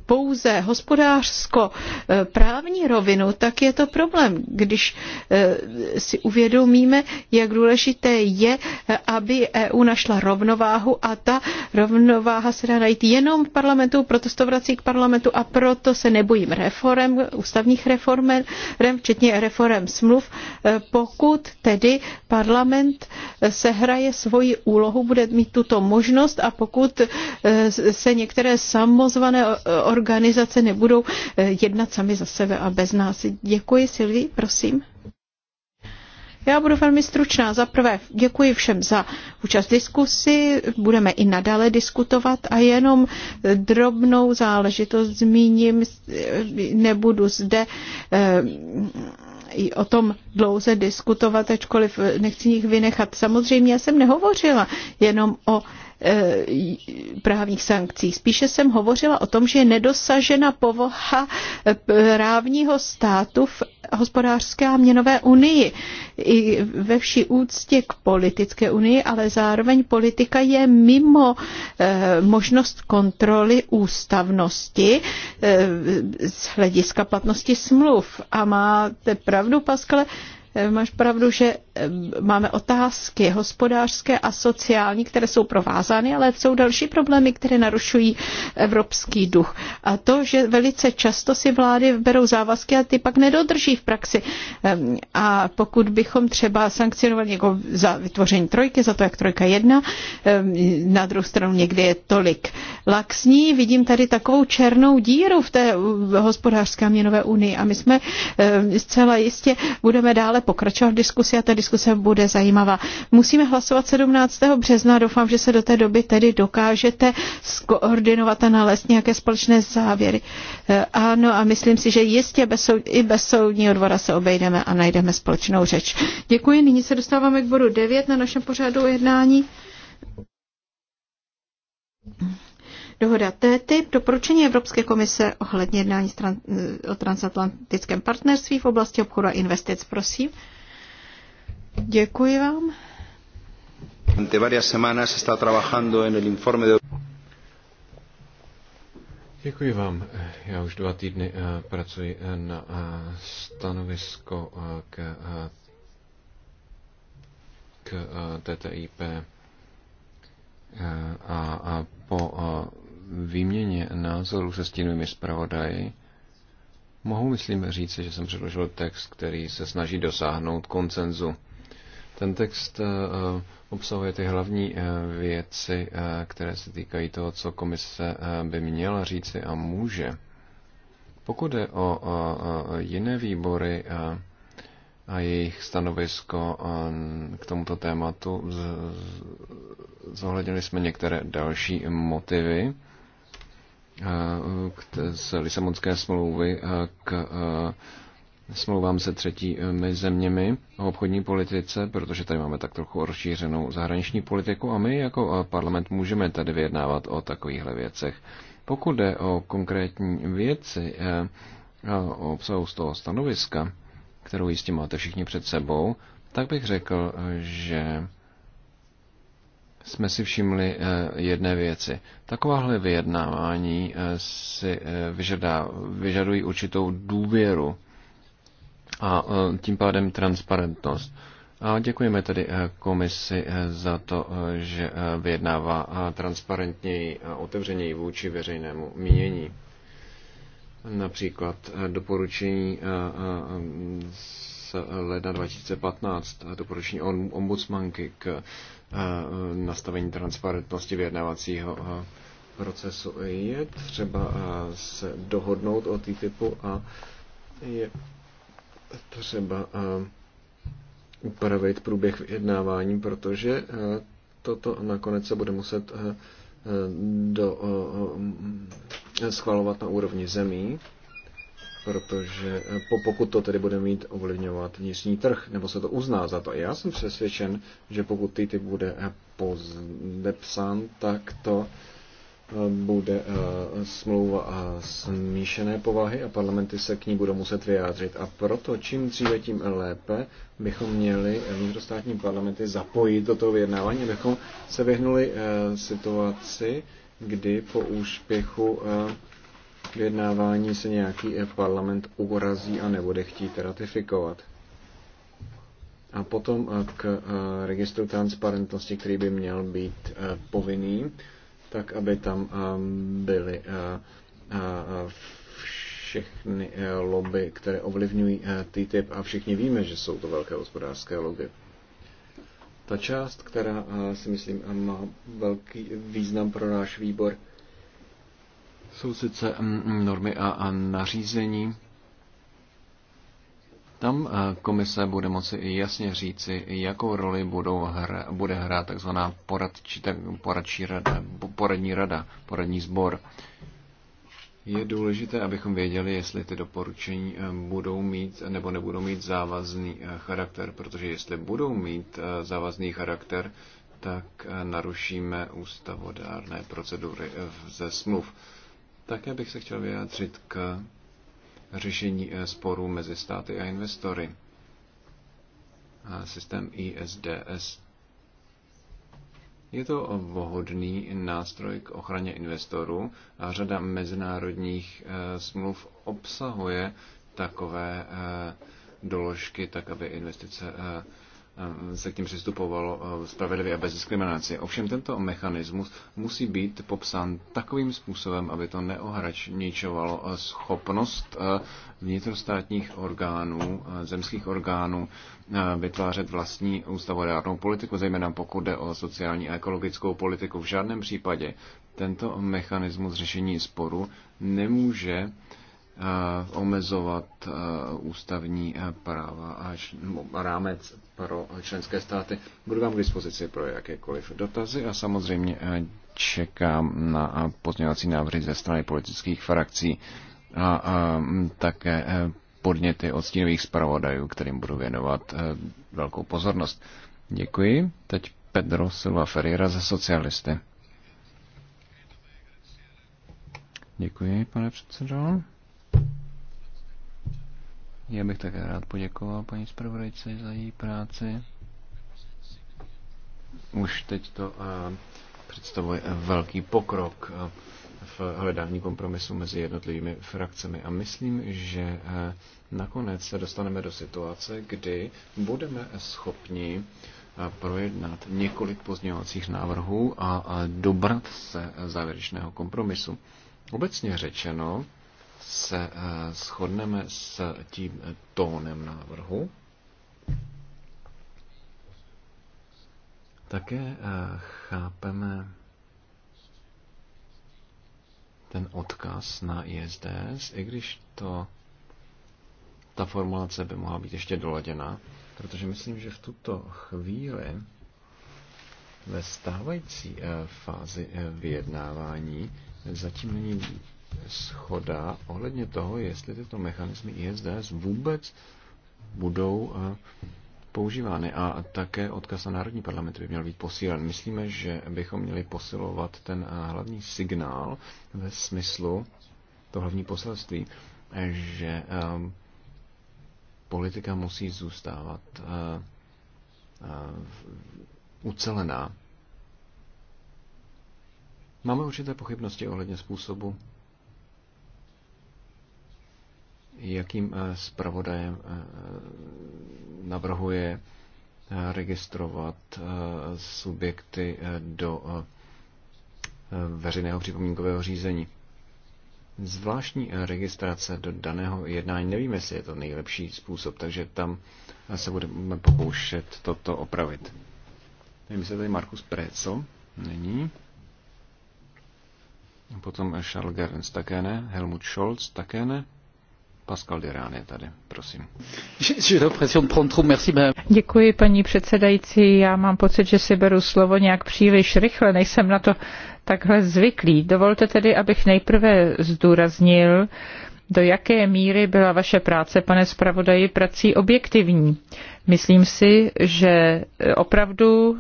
pouze hospodářsko-právní rovinu, tak je to problém, když eh, si uvědomíme, jak důležité je, aby EU našla rovnováhu a ta rovnováha se dá najít jenom v parlamentu, proto to vrací k parlamentu a proto se nebojím reform, ústavních reform, včetně reform smluv, eh, pokud tedy parlament se hraje svoji úlohu, bude mít tuto možnost a pokud se některé samo samozvané eh, organizace nebudou eh, jednat sami za sebe a bez nás. Děkuji, Silvi, prosím. Já budu velmi stručná. Za prvé děkuji všem za účast diskusy, budeme i nadále diskutovat a jenom eh, drobnou záležitost zmíním, nebudu zde o tom dlouze diskutovat, ačkoliv nechci nich vynechat. Samozřejmě já jsem nehovořila jenom o Eh, právních sankcí. Spíše jsem hovořila o tom, že je nedosažena povaha eh, právního státu v hospodářské a měnové unii. I ve vší úctě k politické unii, ale zároveň politika je mimo eh, možnost kontroly ústavnosti z hlediska platnosti smluv. A máte pravdu, Paskale, Eh, máš pravdu, že eh, máme otázky hospodářské a sociální, které jsou provázány, ale jsou další problémy, které narušují evropský duch. A to, že velice často si vlády berou závazky a ty pak nedodrží v praxi. A pokud bychom třeba sankcionovali někoho za vytvoření trojky, za to, jak trojka jedna, na druhou stranu někdy je tolik laxní, vidím tady takovou černou díru v té hospodářské a měnové unii a my jsme zcela jistě budeme dále dále pokračovat v diskusi a ta diskuse bude zajímavá. Musíme hlasovat 17. března, doufám, že se do té doby tedy dokážete skoordinovat a nalézt nějaké společné závěry. E, ano, a myslím si, že jistě bez sou, i bez soudního dvora se obejdeme a najdeme společnou řeč. Děkuji, nyní se dostáváme k bodu 9 na našem pořadu jednání. Mm-hmm. Dohoda TTIP, doporučení Evropské komise ohledně jednání eh, o transatlantickém partnerství v oblasti obchodu a investic, prosím. Děkuji vám. Děkuji vám. Já už dva týdny eh, pracuji eh, na stanovisko k, k TTIP a, a po výměně názorů se stínovými zpravodaji mohu, myslím, říct, že jsem předložil text, který se snaží dosáhnout koncenzu. Ten text eh, obsahuje ty hlavní eh, věci, eh, které se týkají toho, co komise by měla říci a může. Pokud je o jiné výbory a jejich stanovisko k tomuto tématu, zohlednili jsme některé další motivy z Lisabonské smlouvy k smlouvám se třetími e, zeměmi o obchodní politice, protože tady máme tak trochu rozšířenou zahraniční politiku a my jako e, parlament můžeme tady vyjednávat o takovýchhle věcech. Pokud jde o konkrétní věci, e, o obsahu z toho stanoviska, kterou jistě máte všichni před sebou, tak bych řekl, že jsme si všimli eh, jedné věci. Takováhle vyjednávání eh, si eh, vyžadá, vyžadují určitou důvěru a tím pádem transparentnost. A děkujeme tedy komisi za to, že vyjednává transparentněji a otevřeněji vůči veřejnému mínění. Například doporučení z ledna 2015, doporučení ombudsmanky k Eh, nastavení transparentnosti vyjednávacího eh, procesu. Je třeba eh, se dohodnout o TTIPu a je třeba upravit průběh vyjednávání, protože toto nakonec se bude muset do, schvalovat na úrovni zemí protože eh, pokud to tedy bude mít ovlivňovat vnitřní trh, nebo se to uzná za to. Já jsem přesvědčen, že pokud TTIP bude eh, podepsán, tak to eh, bude smlouva smíšené povahy a parlamenty se k ní budou muset vyjádřit. A proto čím dříve, tím lépe bychom měli vnitrostátní parlamenty zapojit do toho vyjednávání, abychom se vyhnuli situaci, kdy po úspěchu vyjednávání se nějaký e- parlament urazí a nebude chtít ratifikovat. A potom e, k e, registru transparentnosti, který by měl být povinný, tak aby tam byly všechny lobby, které ovlivňují TTIP a všichni víme, že jsou to velké hospodářské lobby. Ta část, která si myslím má velký význam pro náš výbor, jsou sice mm, mm, normy a nařízení. Tam eh, komise bude moci i jasně říci, jakou roli budou hra, bude hrát takzvaná poradčí, tak, poradčí rada, poradní rada, poradní sbor. Je důležité, abychom věděli, jestli ty doporučení eh, budou mít nebo nebudou mít závazný eh, charakter, protože jestli budou mít závazný charakter, tak narušíme ústavodárné procedury ze smluv. Také bych se chtěl vyjádřit k řešení eh, sporů mezi státy a investory. A systém ISDS. Je to vhodný nástroj k ochraně investorů a řada mezinárodních eh, smluv obsahuje takové eh, doložky, tak aby investice se k tím přistupovalo e, spravedlivě a bez diskriminace. Ovšem tento mechanismus musí být popsán takovým způsobem, aby to neohračničovalo e, schopnost e, vnitrostátních orgánů, zemských orgánů vytvářet vlastní ústavodárnou politiku, zejména pokud jde o sociální a ekologickou politiku. V žádném případě tento mechanismus řešení sporu nemůže omezovat ústavní práva a rámec pro členské státy. Budu vám k dispozici pro jakékoliv dotazy a samozřejmě eh, čekám na eh, pozměňovací návrhy ze strany politických frakcí a, a eh, také podněty od stínových zpravodajů, kterým budu věnovat velkou pozornost. Děkuji. Teď Pedro Silva Ferreira ze socialisty. Děkuji, pane předsedo. Já bych také rád poděkoval paní zpravodajce za její práci. Už teď to eh, představuje velký pokrok eh, v hledání kompromisu mezi jednotlivými frakcemi. A myslím, že eh, nakonec se dostaneme do situace, kdy budeme schopni projednat několik pozměňovacích návrhů a dobrat se závěrečného kompromisu. Obecně řečeno, se eh, shodneme s tím tónem návrhu. Také eh, chápeme ten odkaz na ISDS, i když to ta formulace by mohla být ještě doladěna, protože myslím, že v tuto chvíli ve stávající eh, fázi vyjednávání zatím není schoda ohledně toho, jestli tyto mechanismy ISDS vůbec budou eh, používány a také odkaz na národní parlament by měl být posílen. Myslíme, že bychom měli posilovat ten eh, hlavní signál ve smyslu, to hlavní poselství, že eh, politika musí zůstávat ucelená. Máme určité pochybnosti ohledně způsobu, jakým eh, zpravodajem eh, navrhuje eh, registrovat subjekty do veřejného připomínkového řízení. Zvláštní registrace do daného jednání, nevíme, jestli je to nejlepší způsob, takže tam se budeme pokoušet toto opravit. Nevím, jestli tady Markus Preco není. Potom Charles Gerns také ne, Helmut Scholz také ne. Pascal Dirán je tady, prosím. Děkuji, paní předsedající. Já mám pocit, že si beru slovo nějak příliš rychle, nejsem na to takhle zvyklý. Dovolte tedy, abych nejprve zdůraznil, do jaké míry byla vaše práce, pane zpravodaji, prací objektivní. Myslím si, že eh, opravdu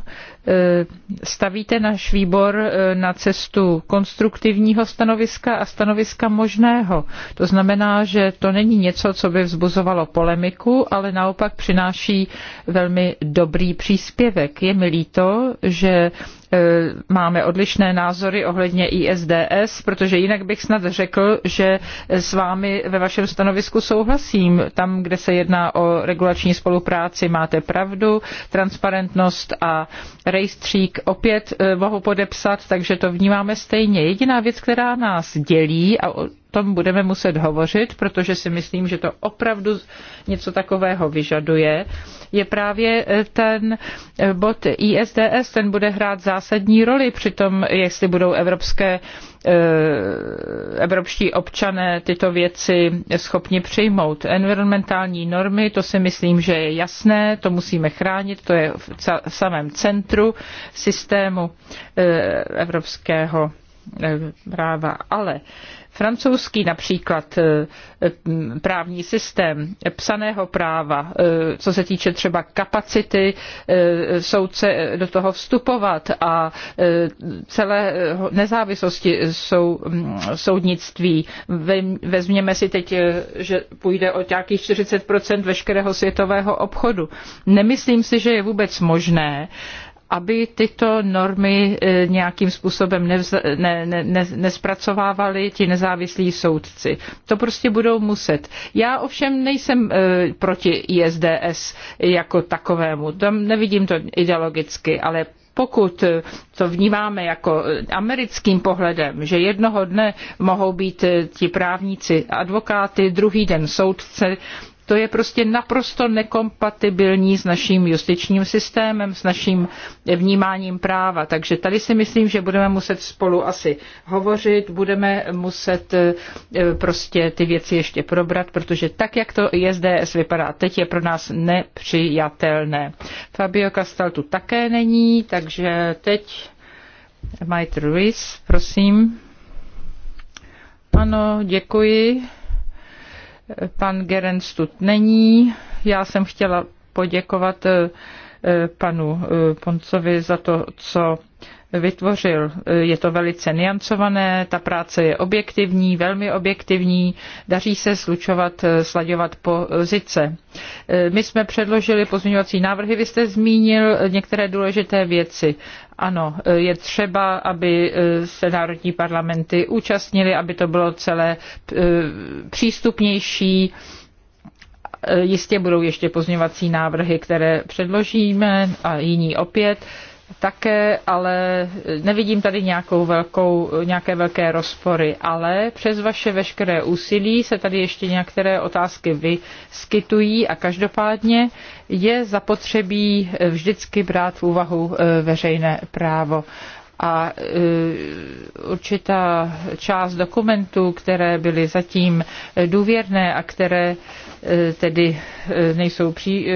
eh, stavíte náš výbor eh, na cestu konstruktivního stanoviska a stanoviska možného. To znamená, že to není něco, co by vzbuzovalo polemiku, ale naopak přináší velmi dobrý příspěvek. Je mi líto, že Eh, máme odlišné názory ohledně ISDS, protože jinak bych snad řekl, že s vámi ve vašem stanovisku souhlasím. Tam, kde se jedná o regulační spolupráci, máte pravdu, transparentnost a rejstřík opět eh, mohu podepsat, takže to vnímáme stejně. Jediná věc, která nás dělí a tom budeme muset hovořit, protože si myslím, že to opravdu něco takového vyžaduje, je právě eh, ten eh, bod ISDS, ten bude hrát zásadní roli při tom, jestli budou evropské eh, evropští občané tyto věci schopni přijmout. Environmentální normy, to si myslím, že je jasné, to musíme chránit, to je v samém centru systému evropského práva. Ale francouzský například eh, eh, právní systém psaného práva, eh, co se týče třeba kapacity soudce do toho vstupovat a celé nezávislosti sou, mm, soudnictví. Vezměme si teď, že půjde o nějakých 40 veškerého světového obchodu. Nemyslím si, že je vůbec možné, aby tyto normy eh, nějakým způsobem nevza, ne, ne, ne, nespracovávali ti nezávislí soudci. To prostě budou muset. Já ovšem nejsem e, proti ISDS jako takovému. Tam nevidím to ideologicky, ale pokud eh, to vnímáme jako americkým pohledem, že jednoho dne mohou být ti právníci advokáty, druhý den soudce, to je prostě naprosto nekompatibilní s naším justičním systémem, s naším vnímáním práva. Takže tady si myslím, že budeme muset spolu asi hovořit, budeme muset eh, prostě ty věci ještě probrat, protože tak, jak to ISDS vypadá teď, je pro nás nepřijatelné. Fabio Castal tu také není, takže teď Mike Ruiz, prosím. Ano, děkuji. Pan Gerenc tu není. Já jsem chtěla poděkovat eh, panu eh, Poncovi za to, co vytvořil. Je to velice niancované, ta práce je objektivní, velmi objektivní, daří se slučovat, eh, slaďovat pozice. My jsme předložili pozměňovací návrhy, vy jste zmínil některé důležité věci. Ano, eh, je třeba, aby eh, se národní parlamenty účastnili, aby to bylo celé eh, přístupnější. Jistě budou ještě pozměňovací návrhy, které předložíme a jiní opět také, ale nevidím tady nějakou velkou, nějaké velké rozpory, ale přes vaše veškeré úsilí se tady ještě některé otázky vyskytují a každopádně je zapotřebí vždycky brát v úvahu eh, veřejné právo a eh, určitá část dokumentů, které byly zatím eh, důvěrné a které tedy nejsou pří,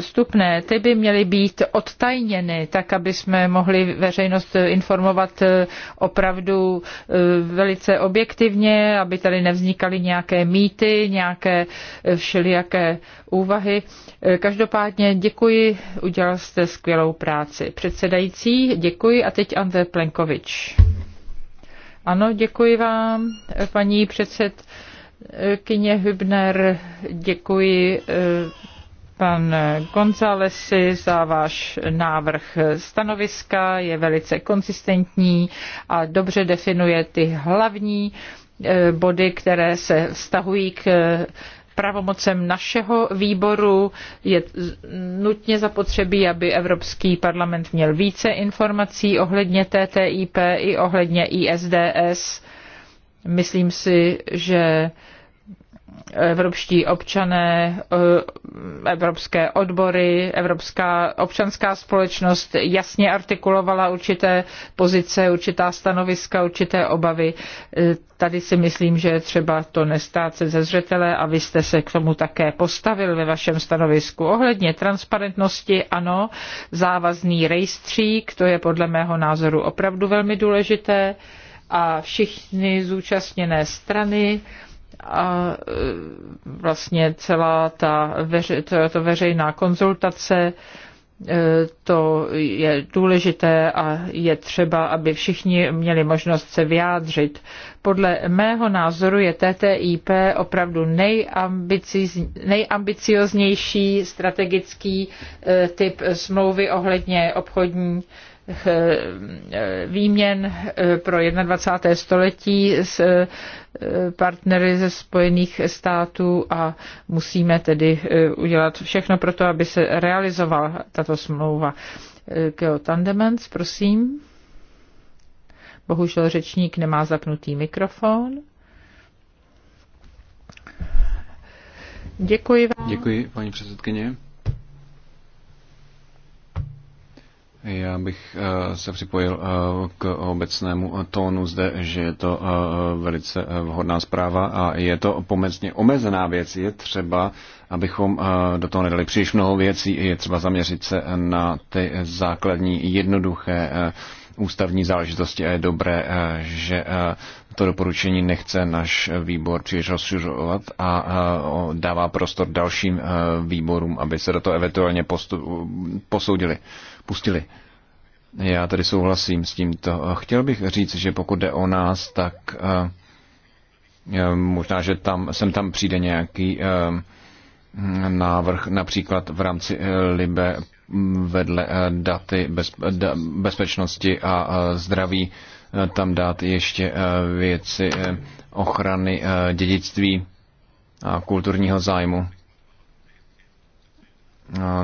vstupné, ty by měly být odtajněny, tak aby jsme mohli veřejnost informovat eh, opravdu eh, velice objektivně, aby tady nevznikaly nějaké mýty, nějaké eh, všelijaké úvahy. Každopádně děkuji, udělal jste skvělou práci. Předsedající, děkuji a teď Andrej Plenkovič. Ano, děkuji vám, paní předsedkyně Hübner, děkuji Pan Gonzálesi za váš návrh stanoviska je velice konsistentní a dobře definuje ty hlavní eh, body, které se vztahují k eh, pravomocem našeho výboru je nutně zapotřebí, aby Evropský parlament měl více informací ohledně TTIP i ohledně ISDS. Myslím si, že evropští občané, eh, evropské odbory, evropská občanská společnost jasně artikulovala určité pozice, určitá stanoviska, určité obavy. Eh, tady si myslím, že je třeba to se ze zřetele a vy jste se k tomu také postavil ve vašem stanovisku. Ohledně transparentnosti, ano, závazný rejstřík, to je podle mého názoru opravdu velmi důležité a všichni zúčastněné strany, a e, vlastně celá ta veře, to, to veřejná konzultace, e, to je důležité a je třeba, aby všichni měli možnost se vyjádřit. Podle mého názoru je TTIP opravdu nejambicioznější strategický e, typ smlouvy ohledně obchodní Eh, eh, výměn eh, pro 21. století s partnery ze Spojených států a musíme tedy udělat všechno pro to, aby se realizovala tato smlouva. Keo Tandemans, prosím. Bohužel řečník nemá zapnutý mikrofon. Děkuji vám. Děkuji, paní předsedkyně. Já bych eh, se připojil eh, k obecnému tónu zde, že je to eh, velice vhodná zpráva a je to pomocně omezená věc. Je třeba, abychom do toho nedali příliš mnoho věcí, je třeba zaměřit se na ty základní jednoduché ústavní záležitosti a je dobré, že to doporučení nechce náš výbor příliš rozšiřovat a dává prostor dalším výborům, aby se do toho eventuálně posoudili pustili. Já tady souhlasím s tímto. Chtěl bych říct, že pokud jde o nás, tak eh, eh, možná, že tam, sem tam přijde nějaký eh, návrh, například v rámci Libe mm, vedle daty bez, da, bezpečnosti a zdraví tam dát ještě věci ochrany dědictví a kulturního zájmu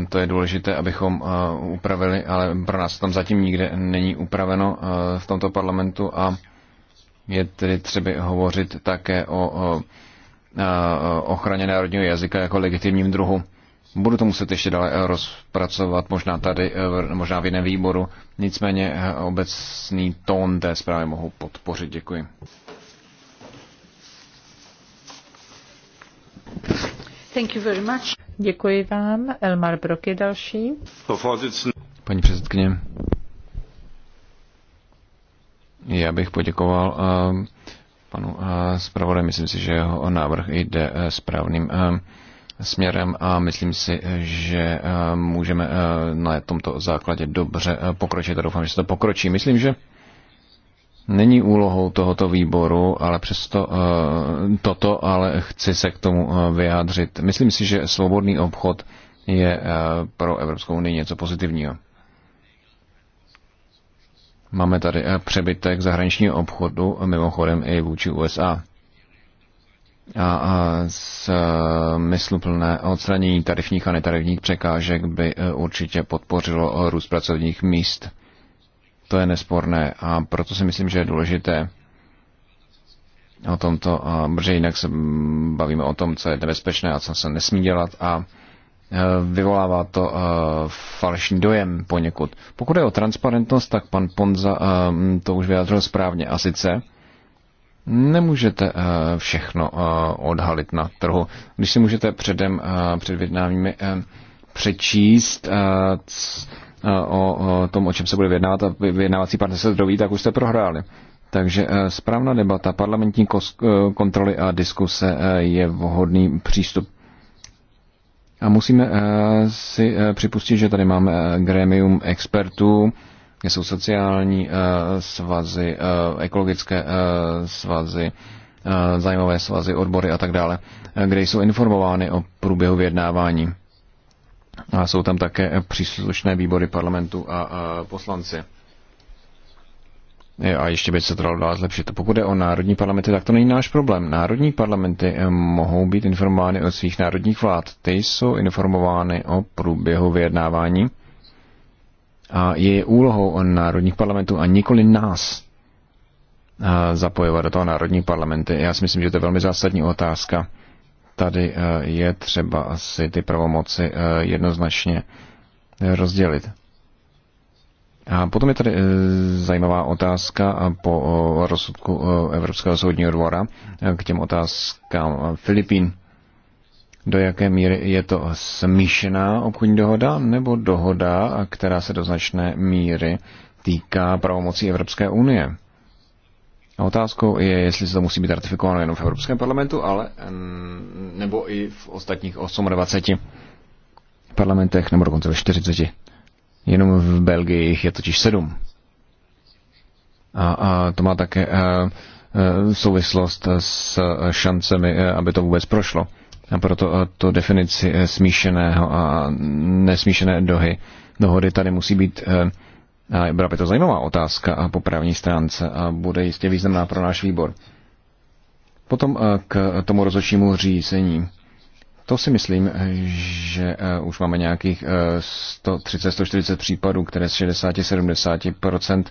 to je důležité, abychom upravili, ale pro nás tam zatím nikde není upraveno v tomto parlamentu a je tedy třeba hovořit také o ochraně národního jazyka jako legitimním druhu. Budu to muset ještě dále rozpracovat, možná tady, e, možná v jiném výboru. Nicméně e, obecný tón té zprávy mohu podpořit. Děkuji. Děkuji vám. Elmar Brok je další. Paní předsedkyně, já bych poděkoval uh, panu uh, eh, zpravodaj. Myslím si, že jeho návrh jde uh, správným uh, směrem a myslím si, že můžeme na tomto základě dobře pokročit a doufám, že se to pokročí. Myslím, že není úlohou tohoto výboru, ale přesto eh, toto, ale chci se k tomu eh, vyjádřit. Myslím si, že svobodný obchod je eh, pro Evropskou unii něco pozitivního. Máme tady přebytek zahraničního obchodu, mimochodem i vůči USA. A mysluplné odstranění tarifních a netarifních překážek by určitě podpořilo růst pracovních míst. To je nesporné a proto si myslím, že je důležité o tomto, protože jinak se mm, bavíme o tom, co je nebezpečné a co se nesmí dělat a e, vyvolává to e, falešný dojem poněkud. Pokud je o transparentnost, tak pan Ponza e, mm, to už vyjádřil správně a sice nemůžete všechno odhalit na trhu. Když si můžete předem před vědnávými přečíst, Eh, o tom, o čem se bude vyjednávat a vyjednávací partner se zdoví, tak už jste prohráli. Takže eh, správná debata, parlamentní eh, kontroly a diskuse je vhodný přístup. A musíme si připustit, že tady máme grémium expertů, jsou sociální svazy, ekologické svazy, zájmové svazy, odbory a tak dále, kde jsou informovány o průběhu vyjednávání. A jsou tam také příslušné výbory parlamentu a, a poslanci. A ještě by se to dalo zlepšit. Pokud je o národní parlamenty, tak to není náš problém. Národní parlamenty eh, mohou být informovány o svých národních vlád. Ty jsou informovány o průběhu vyjednávání a je úlohou národních parlamentů a nikoli nás eh, zapojovat do toho národní parlamenty. Já si myslím, že to je velmi zásadní otázka tady eh, je třeba si ty pravomoci eh, jednoznačně rozdělit. A potom je tady eh, zajímavá otázka po rozsudku Evropského soudního dvora k těm otázkám Filipín. Do jaké míry je to smíšená obchodní dohoda nebo dohoda, která se do značné míry týká pravomocí Evropské unie? Otázkou je, jestli se to musí být ratifikováno jenom v Evropském parlamentu, ale nebo i v ostatních 28 parlamentech, nebo dokonce ve 40. Jenom v Belgii jich je totiž 7. A, a to má také a, e, a, e, souvislost s e, šancemi, aby to vůbec prošlo. A proto to definici smíšeného a nesmíšené dohy, dohody tady musí být a, byla by to zajímavá otázka po právní stránce a bude jistě významná pro náš výbor. Potom eh, k tomu rozhodčímu řízení. To si myslím, že eh, už máme nějakých 130-140 eh, případů, které z 60-70%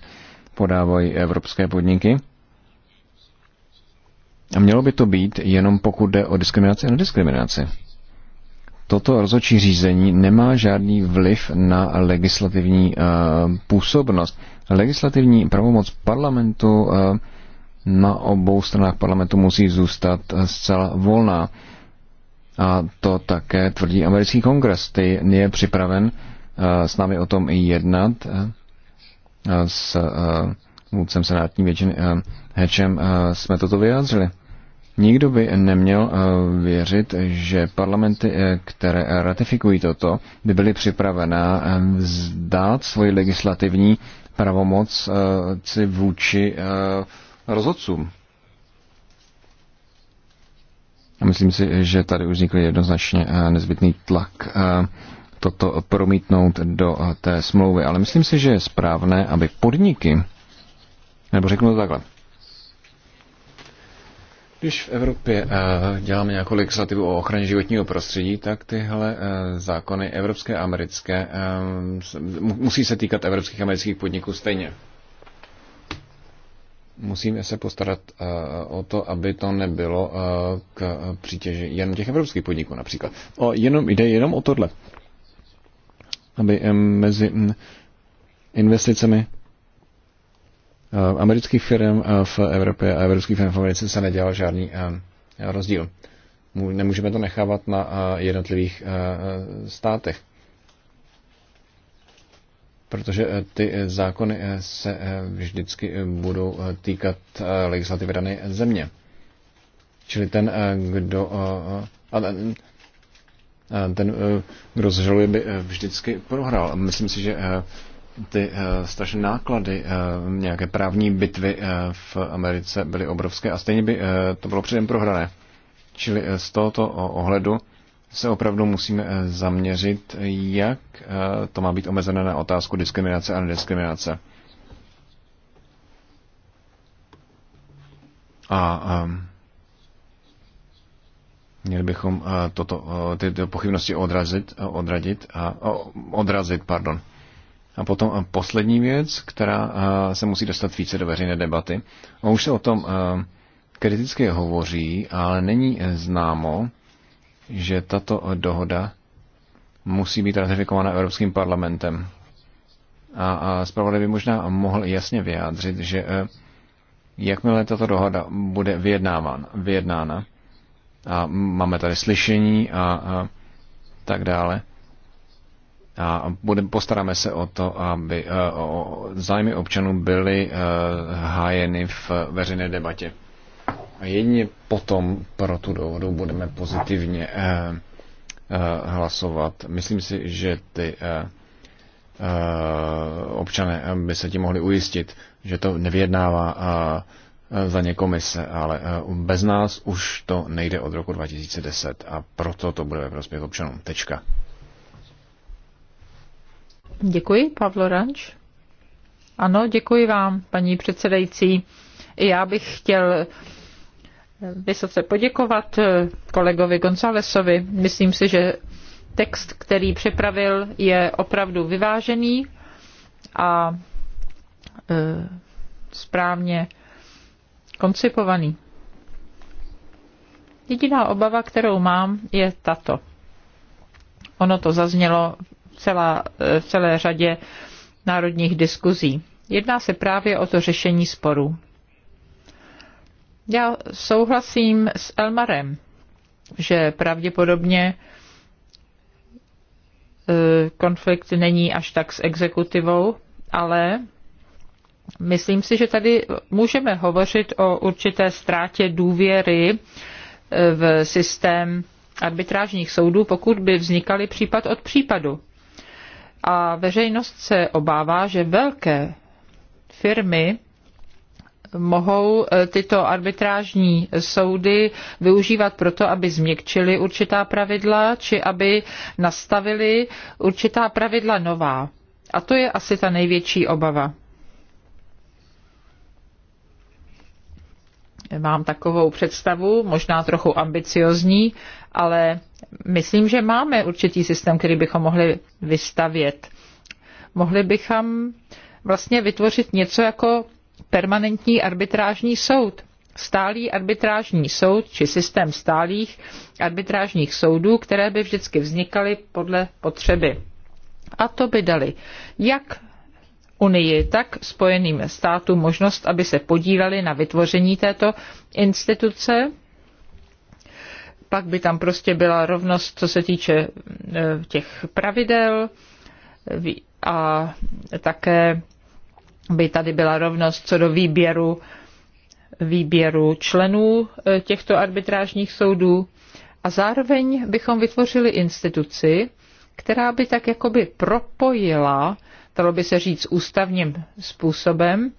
podávají evropské podniky. A mělo by to být jenom pokud jde o diskriminaci a nediskriminaci toto rozhodčí řízení nemá žádný vliv na legislativní eh, působnost. Legislativní pravomoc parlamentu eh, na obou stranách parlamentu musí zůstat eh, zcela volná. A to také tvrdí americký kongres. Ty je připraven s námi o tom i jednat s vůdcem senátní většiny Hečem jsme toto vyjádřili. Nikdo by neměl eh, věřit, že parlamenty, eh, které ratifikují toto, by byly připravená eh, vzdát svoji legislativní pravomoc si vůči rozhodcům. A myslím si, že tady už vznikl jednoznačně nezbytný tlak toto promítnout do té smlouvy. Ale myslím si, že je správné, aby podniky, nebo řeknu to takhle, když v Evropě eh, děláme nějakou legislativu o ochraně životního prostředí, tak tyhle eh, zákony evropské a americké eh, musí se týkat evropských a amerických podniků stejně. Musíme se postarat o to, aby to nebylo k přítěži jen těch evropských podniků například. O, jenom, jde jenom o tohle. Aby mezi mm, investicemi Eh, amerických firm eh, v Evropě a evropských firm v Americe se nedělal žádný eh, rozdíl. Nemůžeme to nechávat na jednotlivých státech. Protože ty zákony se vždycky budou týkat legislativy dané země. Čili ten, kdo, ten, kdo zžaluje, by vždycky prohrál. Myslím si, že ty eh, strašné náklady eh, nějaké právní bitvy eh, v Americe byly obrovské a stejně by to bylo předem prohrané. Čili z tohoto ohledu se opravdu musíme zaměřit, jak to má být omezené na otázku diskriminace a nediskriminace. A ehm, měli bychom toto, ty pochybnosti odrazit, odradit a odrazit, pardon. A potom eh, poslední věc, která eh, se musí dostat více do veřejné debaty. A už se o tom eh, kriticky hovoří, ale není známo, že tato dohoda musí být ratifikována Evropským parlamentem. A, a zpravodaj by možná mohl jasně vyjádřit, že jakmile tato dohoda bude vyjednávána, vyjednána a máme tady slyšení a, a tak dále, a postaráme se o to, aby eh, o zájmy občanů byly eh, hájeny v veřejné debatě. A jedině potom pro tu dohodu budeme pozitivně eh, hlasovat. Myslím si, že ty občané by se ti mohli ujistit, že to nevyjednává za ně komise, ale bez nás už to nejde od roku 2010 a proto to bude ve prospěch občanům. Tečka. Děkuji, Pavlo Ranč. Ano, děkuji vám, paní předsedající. Já bych chtěl eh, vysoce poděkovat eh, kolegovi Gonzálesovi. Myslím si, že text, který připravil, je opravdu vyvážený a eh, správně koncipovaný. Jediná obava, kterou mám, je tato. Ono to zaznělo celá, eh, v celé řadě národních diskuzí. Jedná se právě o to řešení sporů. Já souhlasím s Elmarem, že pravděpodobně eh, konflikt není až tak s exekutivou, ale myslím si, že tady můžeme hovořit o určité ztrátě důvěry eh, v systém arbitrážních soudů, pokud by vznikaly případ od případu a veřejnost se obává, že velké firmy mohou eh, tyto arbitrážní soudy využívat proto, aby změkčili určitá pravidla, či aby nastavili určitá pravidla nová. A to je asi ta největší obava. Mám takovou představu, možná trochu ambiciozní, ale myslím, že máme určitý systém, který bychom mohli vystavět. Mohli bychom vlastně vytvořit něco jako permanentní arbitrážní soud. Stálý arbitrážní soud či systém stálých arbitrážních soudů, které by vždycky vznikaly podle potřeby. A to by dali jak Unii, tak Spojeným státům možnost, aby se podívali na vytvoření této instituce pak by tam prostě byla rovnost, co se týče e, těch pravidel a také by tady byla rovnost co do výběru, výběru členů e, těchto arbitrážních soudů a zároveň bychom vytvořili instituci, která by tak jakoby propojila, dalo by se říct ústavním způsobem,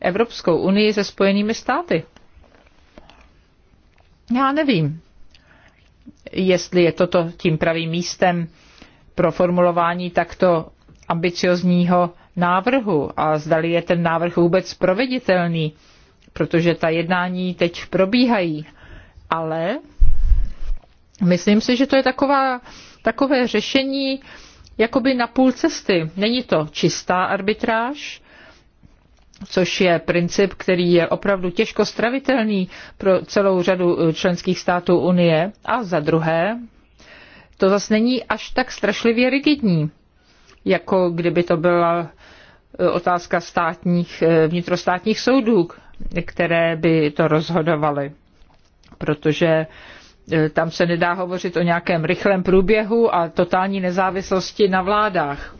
Evropskou unii se Spojenými státy. Já nevím, jestli je toto tím pravým místem pro formulování takto ambiciozního návrhu a zdali je ten návrh vůbec proveditelný, protože ta jednání teď probíhají. Ale myslím si, že to je taková, takové řešení jakoby na půl cesty. Není to čistá arbitráž, což je princip, který je opravdu těžko stravitelný pro celou řadu eh, členských států Unie. A za druhé, to zase není až tak strašlivě rigidní, jako kdyby to byla eh, otázka státních, eh, vnitrostátních soudů, které by to rozhodovaly. Protože tam se nedá hovořit o nějakém rychlém průběhu a totální nezávislosti na vládách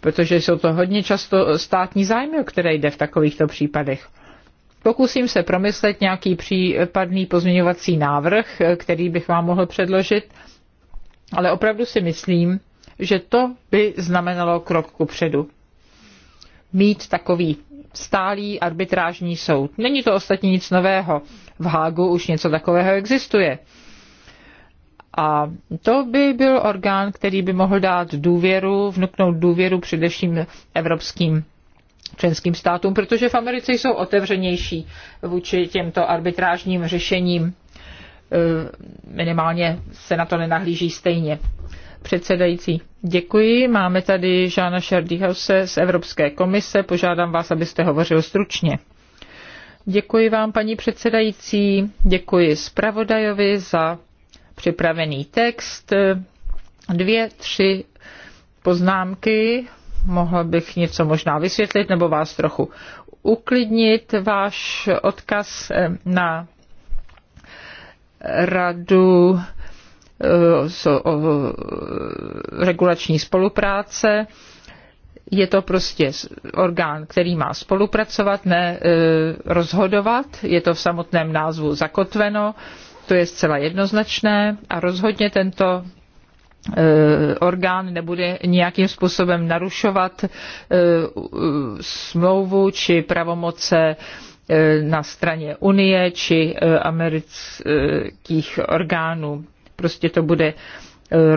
protože jsou to hodně často státní zájmy, o které jde v takovýchto případech. Pokusím se promyslet nějaký případný pozměňovací návrh, který bych vám mohl předložit, ale opravdu si myslím, že to by znamenalo krok ku předu. Mít takový stálý arbitrážní soud. Není to ostatně nic nového. V Hágu už něco takového existuje. A to by byl orgán, který by mohl dát důvěru, vnuknout důvěru především evropským členským státům, protože v Americe jsou otevřenější vůči těmto arbitrážním řešením. E, minimálně se na to nenahlíží stejně. Předsedající, děkuji. Máme tady Žána Šardyhause z Evropské komise. Požádám vás, abyste hovořil stručně. Děkuji vám, paní předsedající, děkuji zpravodajovi za připravený text, dvě, tři poznámky, mohla bych něco možná vysvětlit nebo vás trochu uklidnit. Váš odkaz eh, na radu eh, o regulační spolupráce. Je to prostě orgán, který má spolupracovat, ne eh, rozhodovat. Je to v samotném názvu zakotveno to je zcela jednoznačné a rozhodně tento e, orgán nebude nějakým způsobem narušovat e, smlouvu či pravomoce e, na straně Unie či amerických orgánů. Prostě to bude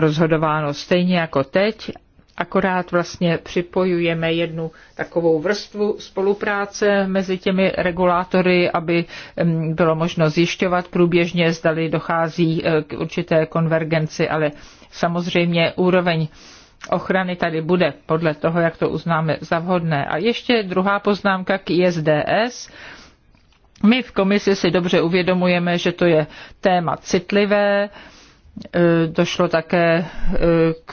rozhodováno stejně jako teď akorát vlastně připojujeme jednu takovou vrstvu spolupráce mezi těmi regulátory, aby mm, bylo možno zjišťovat průběžně, zdali dochází eh, k určité konvergenci, ale samozřejmě úroveň ochrany tady bude podle toho, jak to uznáme za vhodné. A ještě druhá poznámka k ISDS. My v komisi si dobře uvědomujeme, že to je téma citlivé, Eh, došlo také eh, k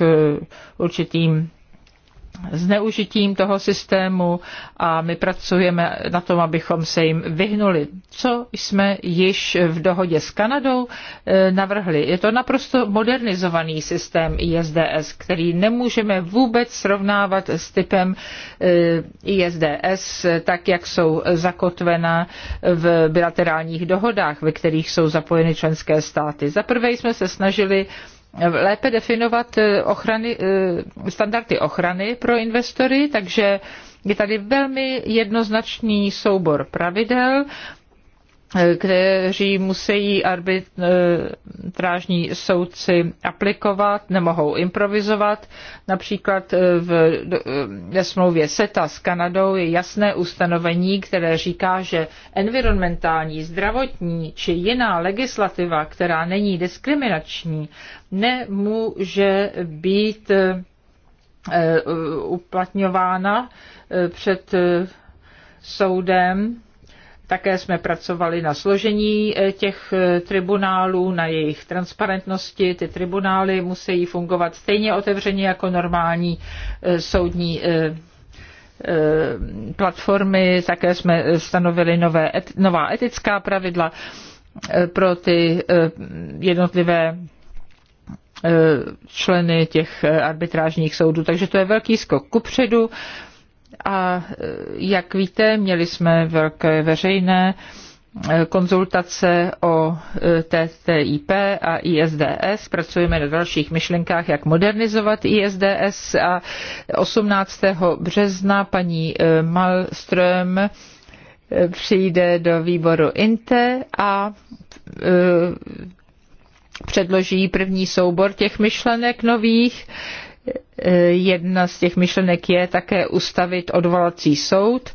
určitým zneužitím toho systému a my pracujeme na tom, abychom se jim vyhnuli. Co jsme již v dohodě s Kanadou eh, navrhli? Je to naprosto modernizovaný systém ISDS, který nemůžeme vůbec srovnávat s typem eh, ISDS, tak jak jsou zakotvena v bilaterálních dohodách, ve kterých jsou zapojeny členské státy. Za prvé jsme se snažili lépe definovat eh, ochrany, eh, standardy ochrany pro investory, takže je tady velmi jednoznačný soubor pravidel, kteří musí arbitrážní soudci aplikovat, nemohou improvizovat. Například v, ve smlouvě SETA s Kanadou je jasné ustanovení, které říká, že environmentální, zdravotní či jiná legislativa, která není diskriminační, nemůže být eh, uplatňována eh, před eh, soudem také jsme pracovali na složení eh, těch eh, tribunálů, na jejich transparentnosti. Ty tribunály musí fungovat stejně otevřeně jako normální eh, soudní platformy. Také jsme stanovili nové, nová etická pravidla pro ty jednotlivé členy těch arbitrážních soudů. Takže to je velký skok kupředu. A e, jak víte, měli jsme velké veřejné e, konzultace o e, TTIP a ISDS. Pracujeme na dalších myšlenkách, jak modernizovat ISDS a 18. března paní Malström přijde do výboru INTE a předloží první soubor těch myšlenek nových Jedna z těch myšlenek je také ustavit odvolací soud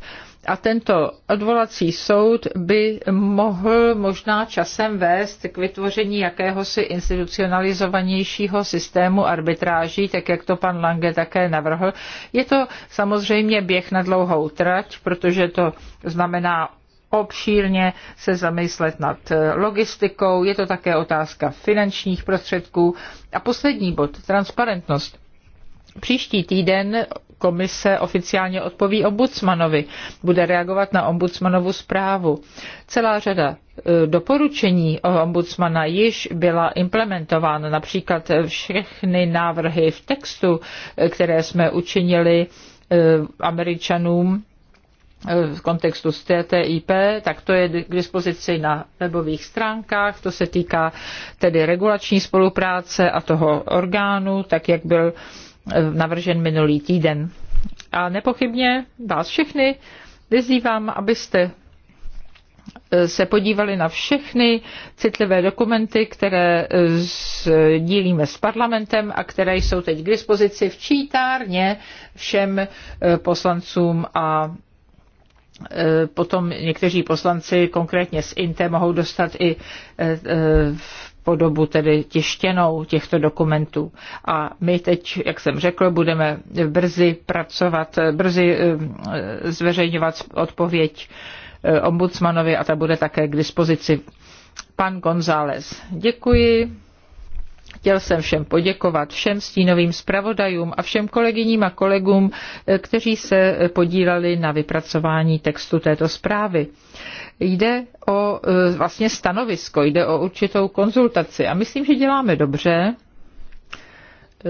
a tento odvolací soud by mohl možná časem vést k vytvoření jakéhosi institucionalizovanějšího systému arbitráží, tak jak to pan Lange také navrhl. Je to samozřejmě běh na dlouhou trať, protože to znamená obšírně se zamyslet nad logistikou, je to také otázka finančních prostředků. A poslední bod, transparentnost. Příští týden komise oficiálně odpoví ombudsmanovi, bude reagovat na ombudsmanovu zprávu. Celá řada e, doporučení ombudsmana již byla implementována, například všechny návrhy v textu, e, které jsme učinili e, američanům v kontextu z TTIP, tak to je k dispozici na webových stránkách, to se týká tedy regulační spolupráce a toho orgánu, tak jak byl Eh, navržen minulý týden. A nepochybně vás všechny vyzývám, abyste eh, se podívali na všechny citlivé dokumenty, které eh, dílíme s parlamentem a které jsou teď k dispozici v čítárně všem poslancům a potom někteří poslanci konkrétně z INTE mohou dostat i podobu tedy tištěnou těchto dokumentů. A my teď, jak jsem řekl, budeme brzy pracovat, brzy eh, zveřejňovat odpověď eh, ombudsmanovi a ta bude také k dispozici. Pan González, děkuji. Chtěl jsem všem poděkovat, všem stínovým zpravodajům a všem kolegyním a kolegům, eh, kteří se podíleli na vypracování textu této zprávy. Jde o eh, vlastně stanovisko, jde o určitou konzultaci a myslím, že děláme dobře,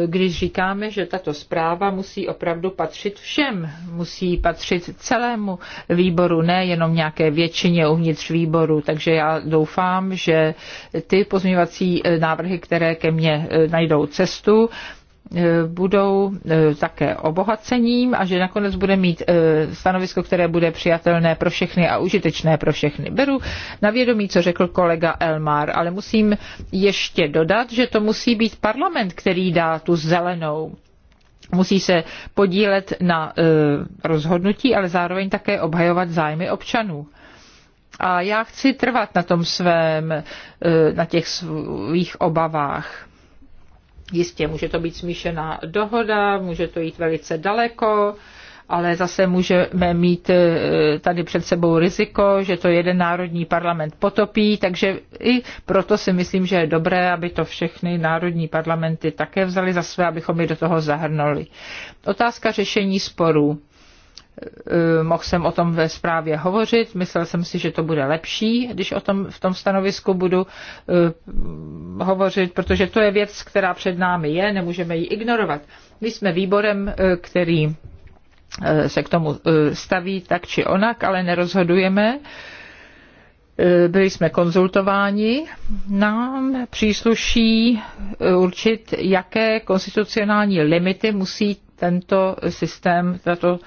když říkáme, že tato zpráva musí opravdu patřit všem, musí patřit celému výboru, ne jenom nějaké většině uvnitř výboru. Takže já doufám, že ty pozměňovací eh, návrhy, které ke mně eh, najdou cestu, E, budou e, také obohacením a že nakonec bude mít e, stanovisko, které bude přijatelné pro všechny a užitečné pro všechny. Beru na vědomí, co řekl kolega Elmar, ale musím ještě dodat, že to musí být parlament, který dá tu zelenou musí se podílet na e, rozhodnutí, ale zároveň také obhajovat zájmy občanů. A já chci trvat na tom svém, e, na těch svých obavách. Jistě může to být smíšená dohoda, může to jít velice daleko, ale zase můžeme mít e, tady před sebou riziko, že to jeden národní parlament potopí, takže i proto si myslím, že je dobré, aby to všechny národní parlamenty také vzali za své, abychom je do toho zahrnuli. Otázka řešení sporů. Eh, mohl jsem o tom ve zprávě hovořit, myslel jsem si, že to bude lepší, když o tom v tom stanovisku budu eh, hovořit, protože to je věc, která před námi je, nemůžeme ji ignorovat. My jsme výborem, eh, který se k tomu staví tak či onak, ale nerozhodujeme. Byli jsme konzultováni. Nám přísluší určit, jaké konstitucionální limity musí tento systém, tato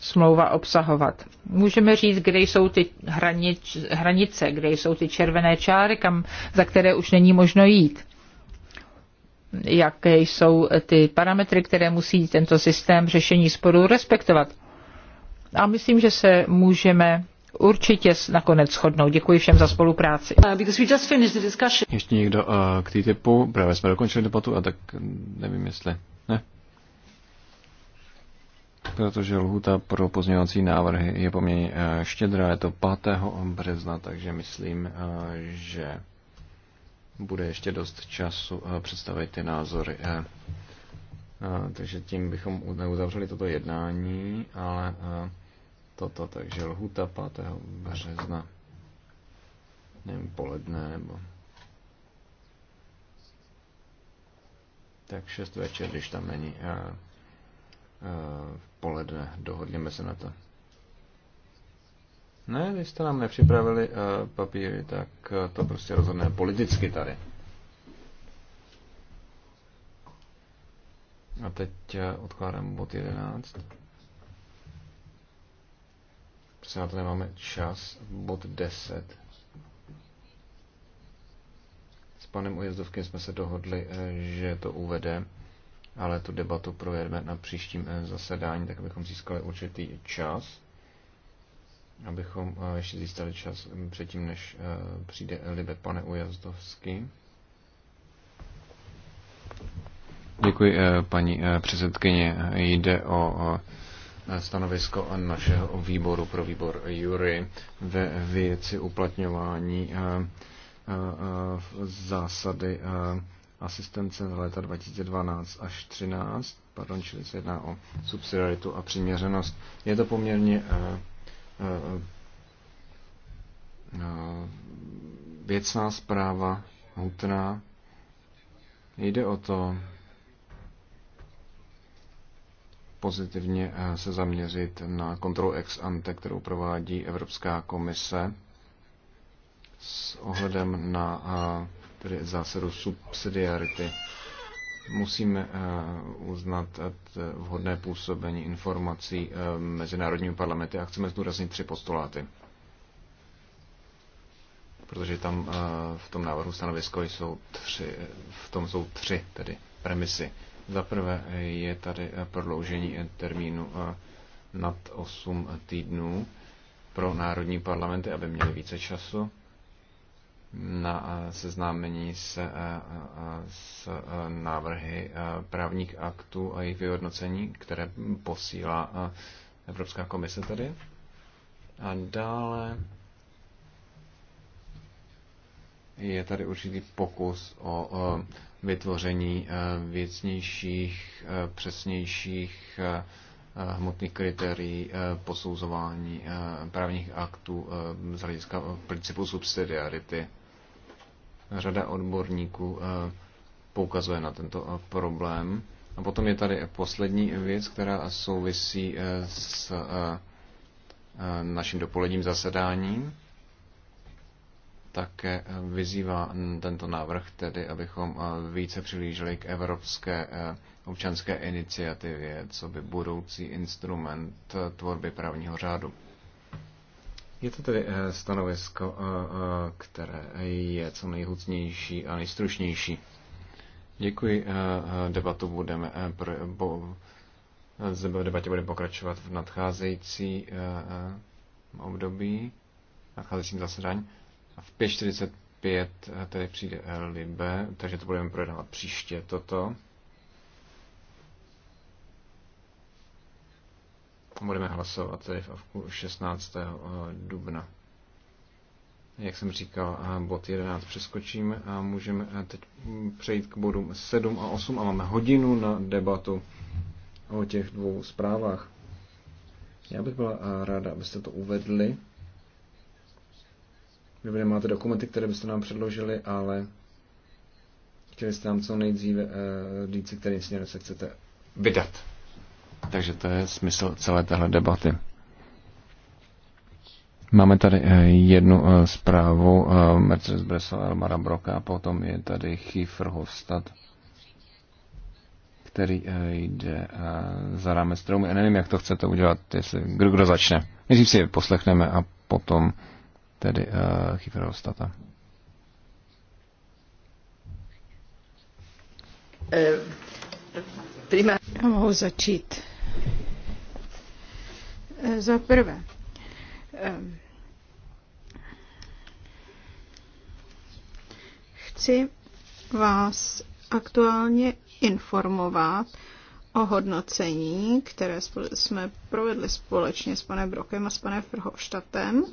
smlouva obsahovat. Můžeme říct, kde jsou ty hranič, hranice, kde jsou ty červené čáry, kam, za které už není možno jít. Jaké jsou ty parametry, které musí tento systém řešení sporů respektovat. A myslím, že se můžeme určitě nakonec shodnou. Děkuji všem za spolupráci. Uh, Ještě někdo uh, k TTIPu? Právě jsme dokončili debatu a tak mm, nevím, jestli protože lhuta pro pozměňovací návrhy je poměrně eh, štědrá, je to 5. března, takže myslím, eh, že bude ještě dost času eh, představit ty názory. Takže tím bychom neuzavřeli toto jednání, ale toto, takže lhuta 5. března, nevím, poledne nebo tak 6 večer, když tam není v eh, poledne. Dohodněme se na to. Ne, vy jste nám nepřipravili uh, papíry, tak uh, to prostě rozhodne politicky tady. A teď uh, odkládám bod 11. Prostě na to nemáme čas. Bod 10. S panem Ujezdovkem jsme se dohodli, uh, že to uvede ale tu debatu provedeme na příštím eh, zasedání, tak abychom získali určitý čas, abychom eh, ještě získali čas hm, předtím, než eh, přijde Libe pane Ujazdovský. Děkuji, paní předsedkyně. Jde o stanovisko našeho výboru pro výbor Jury ve věci uplatňování zásady asistence z leta 2012 až 13, pardon, čili se jedná o subsidiaritu a přiměřenost. Je to poměrně eh, eh, eh, věcná zpráva, hutná. Jde o to pozitivně se zaměřit na kontrolu ex ante, kterou provádí Evropská komise s ohledem na tedy zásadu subsidiarity. Musíme eh, uznat eh, vhodné působení informací eh, mezinárodními parlamenty a chceme zdůraznit tři postuláty. Protože tam v tom návrhu stanovisko jsou tři, v tom jsou tři tedy premisy. Za prvé je tady prodloužení termínu nad 8 týdnů pro národní parlamenty, aby měli více času na eh, seznámení eh, eh, s, s návrhy právních aktů a jejich vyhodnocení, které posílá Evropská komise tady. A dále je tady určitý pokus o vytvoření věcnějších, přesnějších hmotných kritérií posouzování právních aktů z hlediska principu subsidiarity řada odborníků eh, poukazuje na tento eh, problém. A potom je tady poslední věc, která souvisí eh, s naším dopoledním zasedáním. Také vyzývá tento návrh tedy, abychom více přilíželi k evropské občanské iniciativě, co by budoucí instrument tvorby právního řádu. Je to tedy eh, stanovisko, eh, eh, které je co nejhutnější a nejstručnější. Děkuji. Debatu budeme v debatě bude pokračovat v nadcházející období, nadcházejícím zasedání. V 5.45 tedy přijde Libe, takže to budeme projednávat příště toto. budeme hlasovat tedy v Avku 16. Eh, dubna. Jak jsem říkal, eh, bod 11 přeskočíme a můžeme eh, teď přejít k bodům 7 a 8 a máme hodinu na debatu o těch dvou zprávách. Já bych byla ráda, abyste to uvedli. Vy nemáte dokumenty, které byste nám předložili, ale chtěli jste nám co nejdříve říct, kterým směrem se chcete vydat. Takže to je smysl celé téhle debaty. Máme tady eh, jednu eh, zprávu eh, Mercedes Bresel Elmara Broka a potom je tady Chifr Hofstad, který jde za ráme stromy. Já nevím, jak to chcete udělat, jestli, kdo, kdo začne. Nejdřív si je poslechneme a potom tedy Chifr Hofstad. Uh, Prima. mohu začít. Eh, za prvé, ehm, chci vás aktuálně informovat o hodnocení, které jsme provedli společně s panem Brokem a s panem Frhoštatem.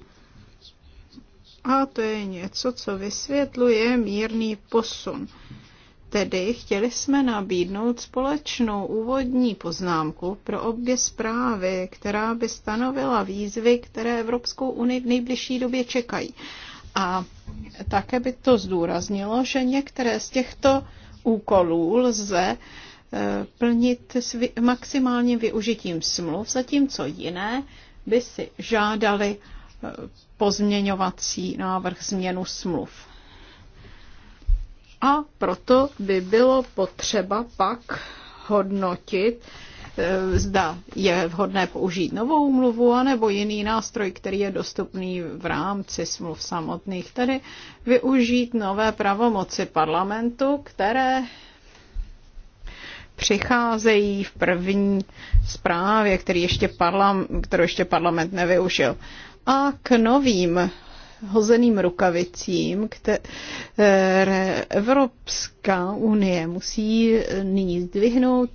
A to je něco, co vysvětluje mírný posun Tedy chtěli jsme nabídnout společnou úvodní poznámku pro obě zprávy, která by stanovila výzvy, které Evropskou unii v nejbližší době čekají. A také by to zdůraznilo, že některé z těchto úkolů lze eh, plnit s maximálním využitím smluv, zatímco jiné by si žádali eh, pozměňovací návrh změnu smluv. A proto by bylo potřeba pak hodnotit, eh, zda je vhodné použít novou umluvu anebo jiný nástroj, který je dostupný v rámci smluv samotných, tedy využít nové pravomoci parlamentu, které přicházejí v první zprávě, který ještě parlam, kterou ještě parlament nevyužil. A k novým hozeným rukavicím, které Evropská unie musí nyní zdvihnout,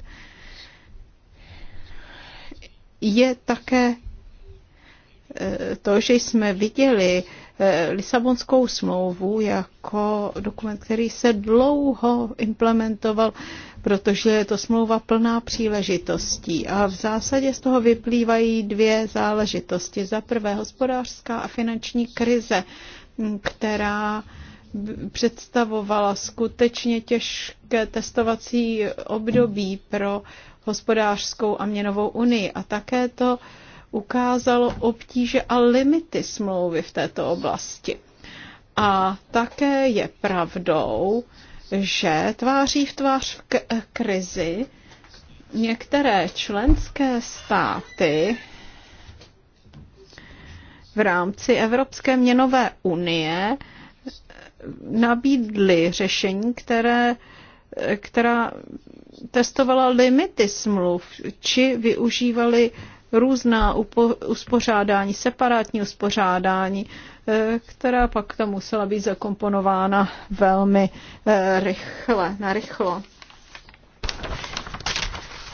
je také to, že jsme viděli eh, Lisabonskou smlouvu jako dokument, který se dlouho implementoval, protože je to smlouva plná příležitostí. A v zásadě z toho vyplývají dvě záležitosti. Za prvé hospodářská a finanční krize, která představovala skutečně těžké testovací období pro hospodářskou a měnovou unii. A také to ukázalo obtíže a limity smlouvy v této oblasti. A také je pravdou, že tváří v tvář k krizi některé členské státy v rámci Evropské měnové unie nabídly řešení, které, která testovala limity smluv, či využívali různá uspořádání, separátní uspořádání, eh, která pak tam musela být zakomponována velmi eh, rychle, narychlo.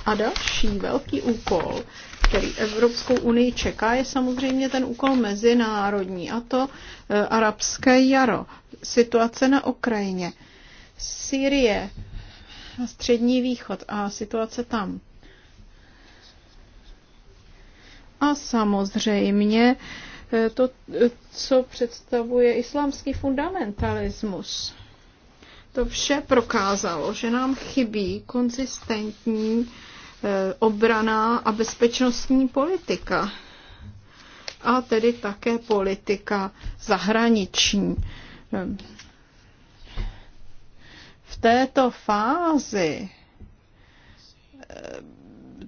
A další velký úkol, který Evropskou unii čeká, je samozřejmě ten úkol mezinárodní, a to eh, arabské jaro, situace na Ukrajině, Syrie, Střední východ a situace tam. a samozřejmě eh, to, eh, co představuje islámský fundamentalismus. To vše prokázalo, že nám chybí konzistentní eh, obraná a bezpečnostní politika a tedy také politika zahraniční. V této fázi,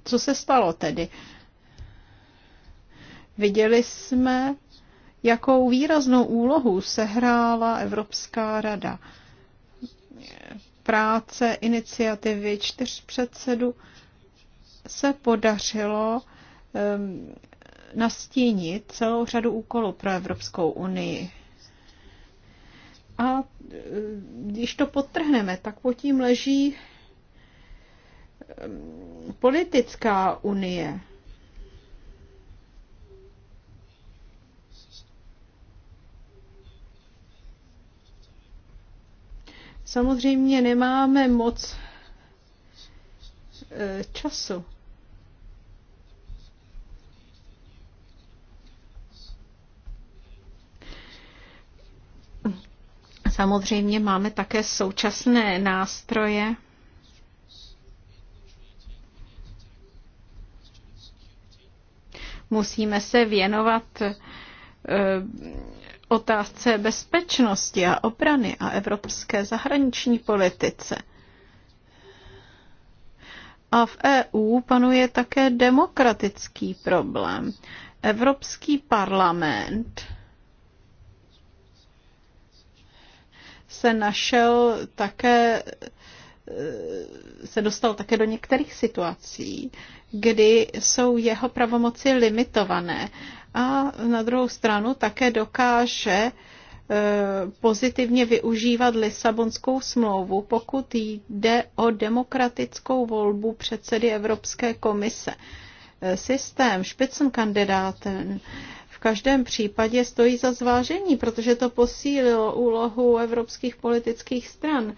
co se stalo tedy? Viděli jsme, jakou výraznou úlohu sehrála Evropská rada. Práce iniciativy čtyř předsedů se podařilo um, nastínit celou řadu úkolů pro Evropskou unii. A e, když to podtrhneme, tak pod tím leží ehm, politická unie, Samozřejmě nemáme moc eh, času. Samozřejmě máme také současné nástroje. Musíme se věnovat eh, otázce bezpečnosti a obrany a evropské zahraniční politice. A v EU panuje také demokratický problém. Evropský parlament se našel také, eh, se dostal také do některých situací, kdy jsou jeho pravomoci limitované a na druhou stranu také dokáže e, pozitivně využívat Lisabonskou smlouvu, pokud jde o demokratickou volbu předsedy Evropské komise. E, systém špicenkandidáten v každém případě stojí za zvážení, protože to posílilo úlohu evropských politických stran.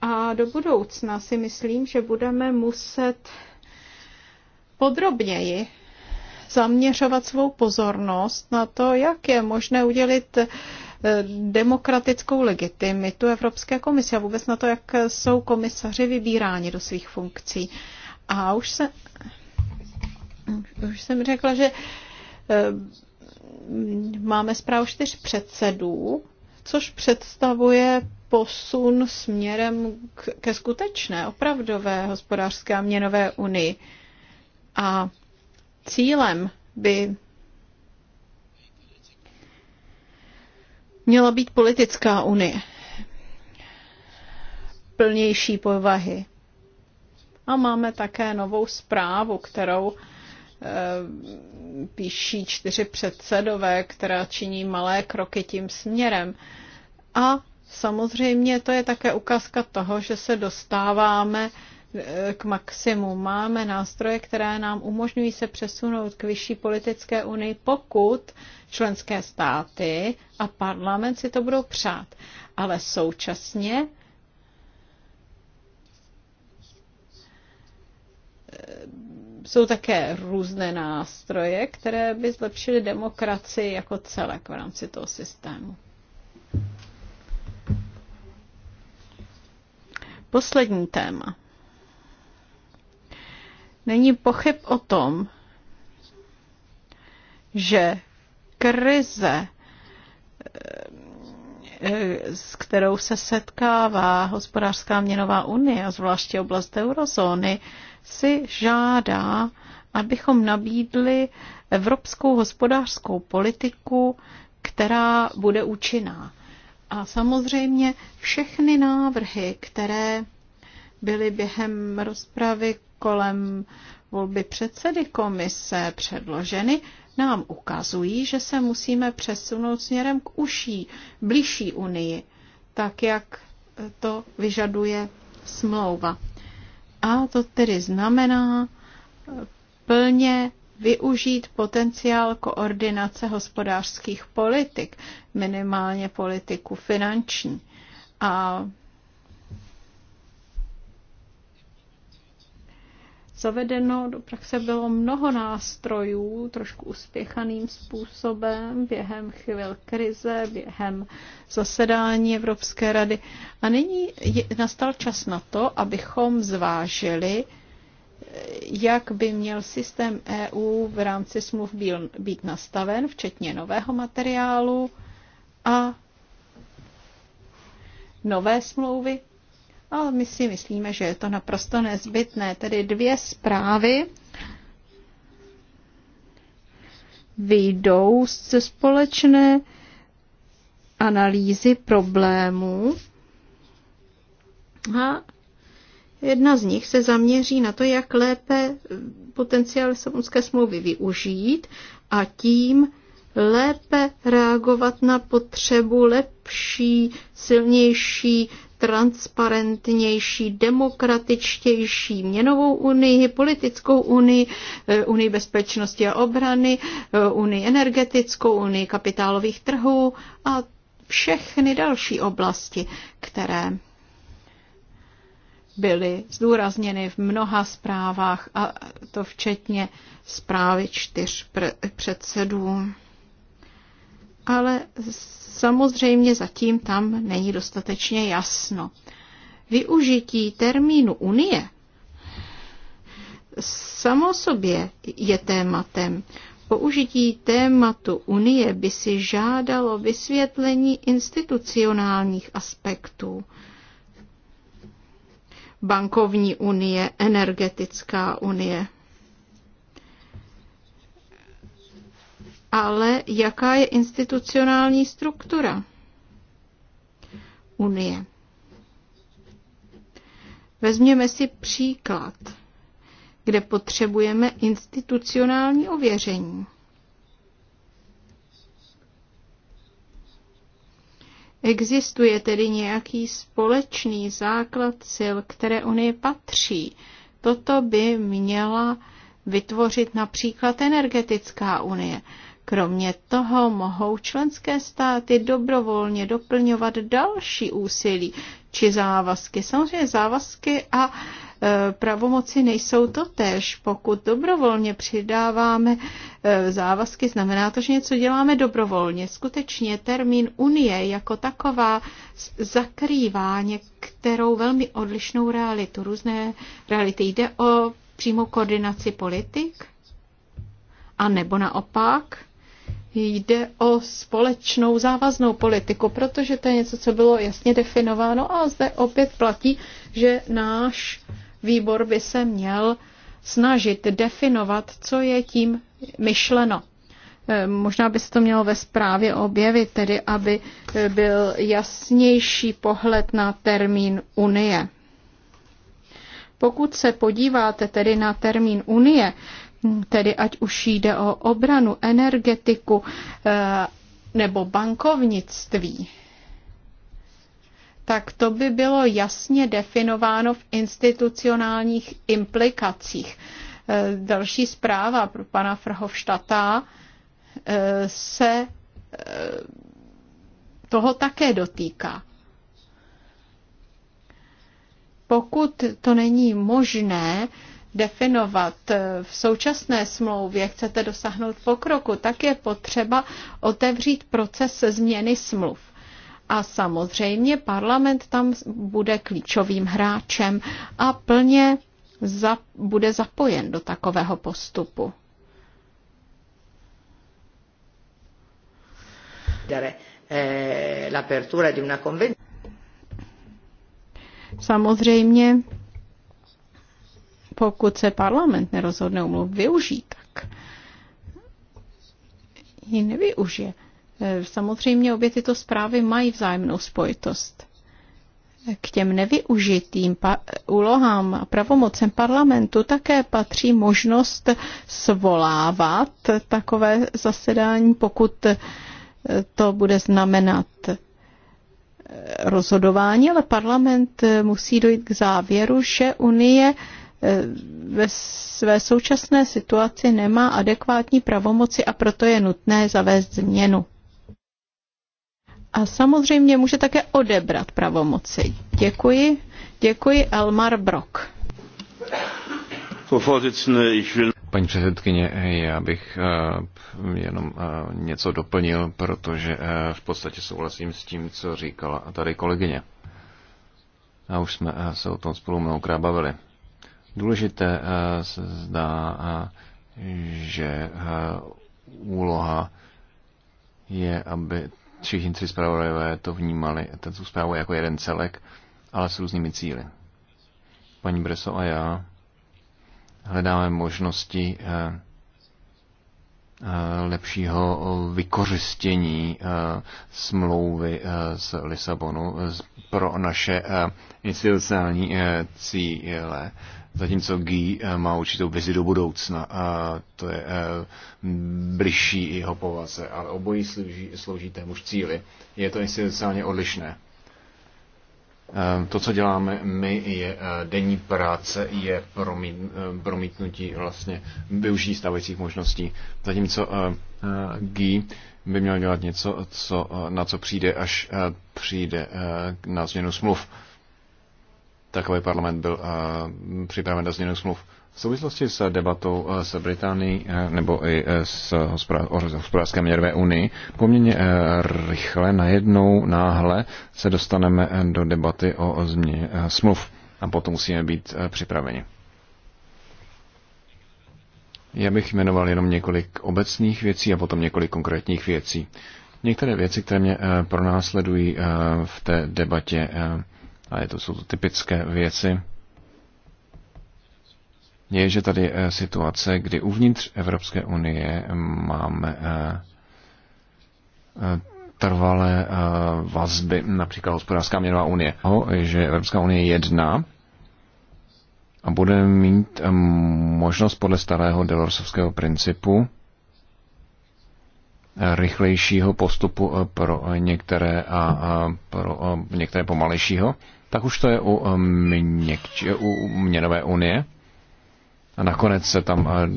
A do budoucna si myslím, že budeme muset podrobněji zaměřovat svou pozornost na to, jak je možné udělit eh, demokratickou legitimitu Evropské komise a vůbec na to, jak jsou komisaři vybíráni do svých funkcí. A už, se, už jsem řekla, že eh, máme zprávu čtyř předsedů, což představuje posun směrem k, ke skutečné, opravdové hospodářské a měnové unii. A Cílem by měla být politická unie plnější povahy. A máme také novou zprávu, kterou eh, píší čtyři předsedové, která činí malé kroky tím směrem. A samozřejmě to je také ukázka toho, že se dostáváme Eh, k maximu. Máme nástroje, které nám umožňují se přesunout k vyšší politické unii, pokud členské státy a parlament si to budou přát. Ale současně eh, jsou také různé nástroje, které by zlepšily demokracii jako celek v rámci toho systému. Poslední téma. Není pochyb o tom, že krize, eh, s kterou se setkává hospodářská měnová unie, a zvláště oblast eurozóny, si žádá, abychom nabídli evropskou hospodářskou politiku, která bude účinná. A samozřejmě všechny návrhy, které byly během rozpravy kolem volby předsedy komise předloženy, nám ukazují, že se musíme přesunout směrem k uší, blížší unii, tak jak to vyžaduje smlouva. A to tedy znamená plně využít potenciál koordinace hospodářských politik, minimálně politiku finanční. A zavedeno do praxe bylo mnoho nástrojů trošku uspěchaným způsobem během chvil krize, během zasedání Evropské rady. A nyní je, nastal čas na to, abychom zvážili, jak by měl systém EU v rámci smluv být nastaven, včetně nového materiálu a nové smlouvy ale my si myslíme, že je to naprosto nezbytné. Tedy dvě zprávy vyjdou ze společné analýzy problémů a jedna z nich se zaměří na to, jak lépe potenciál Lisabonské smlouvy využít a tím lépe reagovat na potřebu lepší, silnější transparentnější, demokratičtější měnovou unii, politickou unii, eh, unii bezpečnosti a obrany, eh, unii energetickou, unii kapitálových trhů a všechny další oblasti, které byly zdůrazněny v mnoha zprávách, a to včetně zprávy čtyř předsedů ale samozřejmě zatím tam není dostatečně jasno. Využití termínu Unie samo sobě je tématem. Použití tématu Unie by si žádalo vysvětlení institucionálních aspektů. Bankovní unie, energetická unie. ale jaká je institucionální struktura Unie. Vezměme si příklad, kde potřebujeme institucionální ověření. Existuje tedy nějaký společný základ sil, které unie patří. Toto by měla vytvořit například energetická unie. Kromě toho mohou členské státy dobrovolně doplňovat další úsilí či závazky. Samozřejmě závazky a e, pravomoci nejsou to též. Pokud dobrovolně přidáváme e, závazky, znamená to, že něco děláme dobrovolně. Skutečně termín Unie jako taková zakrývá některou velmi odlišnou realitu. Různé reality. Jde o přímou koordinaci politik? A nebo naopak? jde o společnou závaznou politiku, protože to je něco, co bylo jasně definováno a zde opět platí, že náš výbor by se měl snažit definovat, co je tím myšleno. E, možná by se to mělo ve zprávě objevit, tedy aby e, byl jasnější pohled na termín Unie. Pokud se podíváte tedy na termín Unie, tedy ať už jde o obranu, energetiku eh, nebo bankovnictví, tak to by bylo jasně definováno v institucionálních implikacích. Eh, další zpráva pro pana Frhovštata eh, se toho také dotýká. Pokud to není možné, definovat eh, v současné smlouvě, chcete dosáhnout pokroku, tak je potřeba otevřít proces změny smluv. A samozřejmě parlament tam bude klíčovým hráčem a plně za, bude zapojen do takového postupu. Eh, samozřejmě pokud se parlament nerozhodne umluv využít, tak ji nevyužije. E, samozřejmě obě tyto zprávy mají vzájemnou spojitost. K těm nevyužitým úlohám a pravomocem parlamentu také patří možnost svolávat takové zasedání, pokud e, to bude znamenat e, rozhodování, ale parlament musí dojít k závěru, že Unie Eh, ve své současné situaci nemá adekvátní pravomoci a proto je nutné zavést změnu. A samozřejmě může také odebrat pravomoci. Děkuji. Děkuji Elmar Brock. Paní předsedkyně, já bych eh, jenom eh, něco doplnil, protože v podstatě souhlasím s tím, co říkala tady kolegyně. A už jsme se o tom spolu mnohokrát bavili. Důležité eh, se zdá, eh, že eh, úloha je, aby všichni tři zpravodajové to vnímali, tu zprávu jako jeden celek, ale s různými cíly. Paní Breso a já hledáme možnosti lepšího vykořistění smlouvy z Lisabonu pro naše institucionální cíle zatímco Guy eh, má určitou vizi do budoucna a to je eh, bližší jeho povaze, ale obojí slouží, slouží témuž cíli. Je to institucionálně odlišné. Eh, to, co děláme my, je denní práce, je promítnutí vlastně využití stávajících možností. Zatímco Guy by měl dělat něco, co, na co přijde, až přijde na změnu smluv takový parlament byl eh, připraven na změnu smluv. V souvislosti s debatou eh, se Británií eh, nebo i s hospodářské měrové unii poměrně rychle, najednou, náhle se dostaneme do debaty o změně smluv a potom musíme být připraveni. Já bych jmenoval jenom několik obecných věcí a potom několik konkrétních věcí. Některé věci, které mě pronásledují v té debatě, a je to, jsou to typické věci, je, že tady je eh, situace, kdy uvnitř Evropské unie máme eh, eh, trvalé vazby, například hospodářská měnová unie. Že Evropská unie jedná a bude mít možnost podle starého delorsovského principu rychlejšího postupu pro některé a pro některé pomalejšího tak už to je u, um, měkči, u měnové unie. A nakonec se tam eh,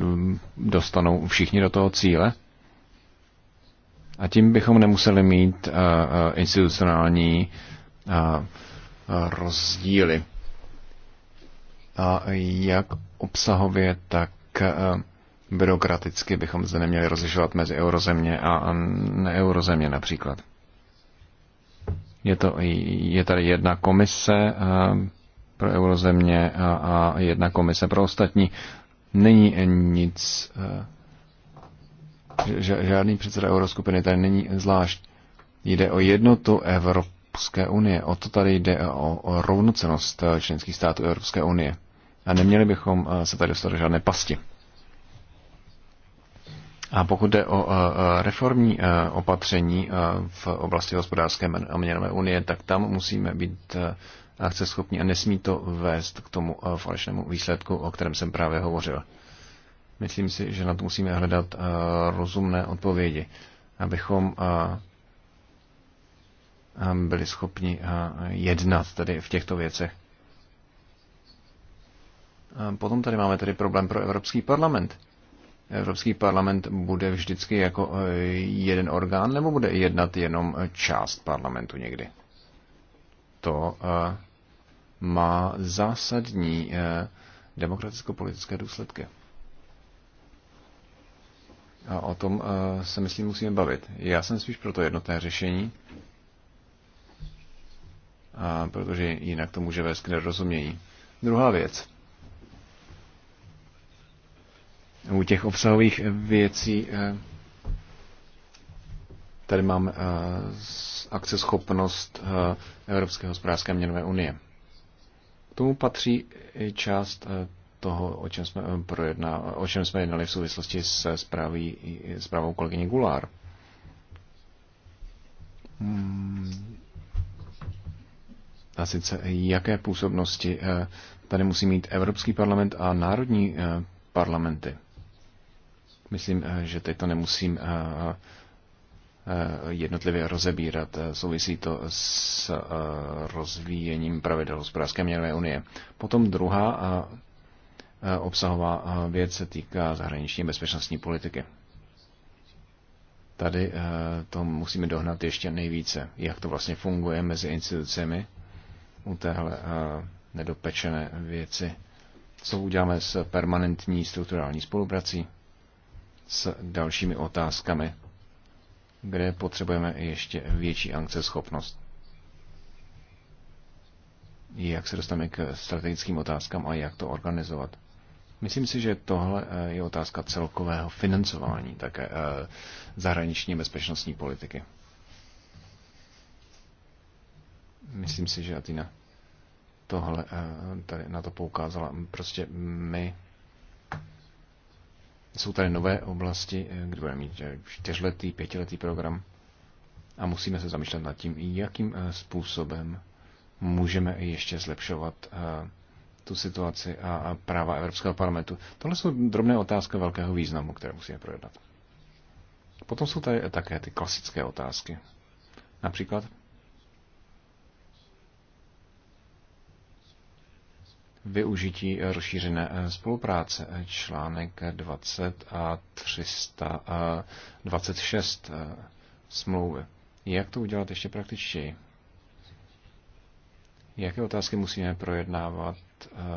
dostanou všichni do toho cíle. A tím bychom nemuseli mít eh, eh, institucionální rozdíly. A jak obsahově, tak byrokraticky bychom zde neměli rozlišovat mezi eurozemě a neeurozemě například. Je, to, je tady jedna komise eh, pro eurozemě a, jedna komise pro ostatní. Není nic, eh, žádný předseda euroskupiny tady není zvlášť. Jde o jednotu Evropské unie. O to tady jde o, o rovnocenost eh, členských států Evropské unie. A neměli bychom se tady dostat do žádné pasti. A pokud jde o eh, eh, reformní eh, opatření v oblasti hospodářské a měnové unie, tak tam musíme být akceschopní a nesmí to vést k tomu falešnému výsledku, o kterém jsem právě hovořil. Myslím si, že na to musíme hledat rozumné odpovědi, abychom byli schopni jednat tady v těchto věcech. Potom tady máme tedy problém pro Evropský parlament Evropský parlament bude vždycky jako e, jeden orgán, nebo bude jednat jenom část parlamentu někdy? To e, má zásadní e, demokraticko-politické důsledky. A o tom se, myslím, musíme bavit. Já jsem spíš pro to jednotné řešení, protože jinak to může vést k nerozumění. Druhá věc. u těch obsahových eh, věcí eh, tady mám eh, akceschopnost Evropské hospodářské měnové unie. K tomu patří i část toho, o čem jsme, projedná, o čem jsme jednali v souvislosti s zprávou kolegyně Gulár. Hmm. A sice jaké působnosti tady musí mít Evropský parlament a národní parlamenty. Myslím, eh, že teď to nemusím eh, eh, jednotlivě rozebírat. Souvisí to s rozvíjením pravidel hospodářské měnové unie. Potom druhá obsahová věc se týká zahraniční bezpečnostní politiky. Tady to musíme dohnat ještě nejvíce, jak to vlastně funguje mezi institucemi u téhle nedopečené věci. Co uděláme s permanentní strukturální spoluprací? s dalšími otázkami, kde potřebujeme ještě větší schopnost. Jak se dostaneme k strategickým otázkám a jak to organizovat. Myslím si, že tohle eh, je otázka celkového financování také eh, zahraniční bezpečnostní politiky. Myslím si, že Atina tohle eh, tady na to poukázala. Prostě my jsou tady nové oblasti, eh, kde budeme mít eh, čtyřletý, pětiletý program a musíme se zamýšlet nad tím, jakým eh, způsobem můžeme ještě zlepšovat tu situaci a práva Evropského parlamentu. Tohle jsou drobné otázky velkého významu, které musíme projednat. Potom jsou tady také ty klasické otázky. Například, využití eh, rozšířené eh, spolupráce. Eh, článek 20 a 326 smlouvy. Jak to udělat ještě praktičtěji? Jaké otázky musíme projednávat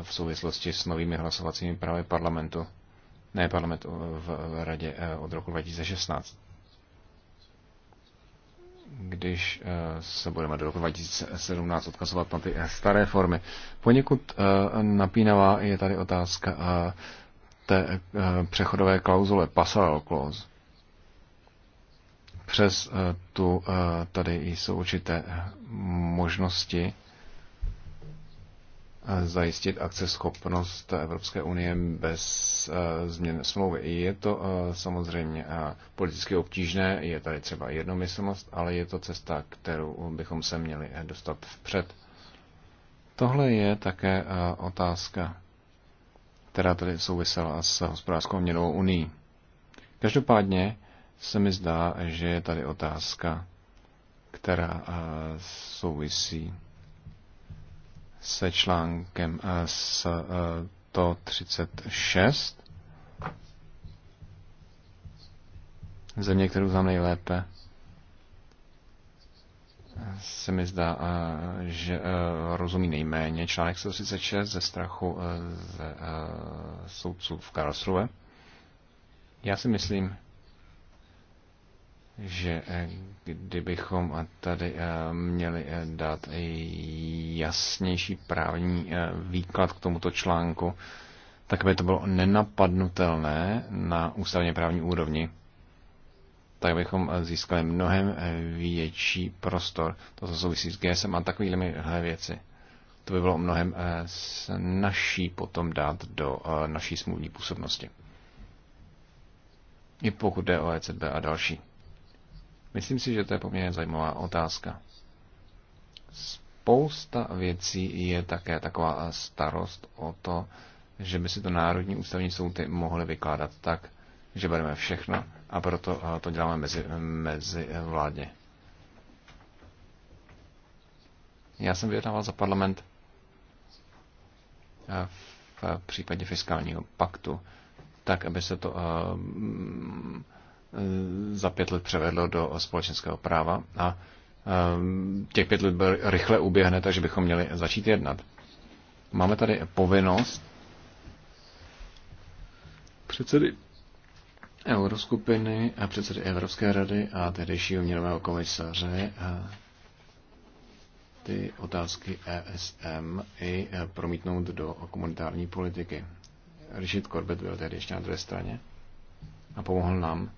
v souvislosti s novými hlasovacími právy parlamentu? Ne, parlamentu v radě od roku 2016 když eh, se budeme do roku 2017 odkazovat na ty eh, staré formy. Poněkud eh, napínavá je tady otázka té přechodové klauzule, passerelle clause. Přes tu tady jsou určité možnosti zajistit akceschopnost Evropské unie bez eh, změn smlouvy. Je to eh, samozřejmě eh, politicky obtížné, je tady třeba jednomyslnost, ale je to cesta, kterou bychom se měli dostat vpřed. Tohle je také otázka, která tady souvisela s hospodářskou měnovou unii. Každopádně se mi zdá, že je tady otázka, která souvisí se článkem eh, s 136. Eh, Země, kterou znám nejlépe, se mi zdá, eh, že rozumí nejméně článek 136 ze strachu ze soudců v Karlsruhe. Já si myslím, že eh, kdybychom eh, tady eh, měli dát jasnější právní výklad k tomuto článku, tak by to bylo nenapadnutelné na ústavně právní úrovni, tak bychom získali mnohem větší prostor. To, co souvisí s GSM a takovými věci. To by bylo mnohem snažší potom dát do naší smluvní působnosti. I pokud jde o ECB a další. Myslím si, že to je poměrně zajímavá otázka. Spousta věcí je také taková starost o to, že by si to Národní ústavní soudy mohly vykládat tak, že bereme všechno a proto eh, to děláme mezi, mezi eh, vládě. Já jsem vyjednával za parlament eh, v případě fiskálního paktu, tak, aby se to Eh, za pět let převedlo do společenského práva a eh, těch pět let rychle uběhne, takže bychom měli začít jednat. Máme tady povinnost předsedy Euroskupiny a předsedy Evropské rady a tehdejšího měnového komisaře a eh, ty otázky ESM i promítnout do komunitární politiky. Richard Corbett byl tehdy ještě na druhé straně a pomohl nám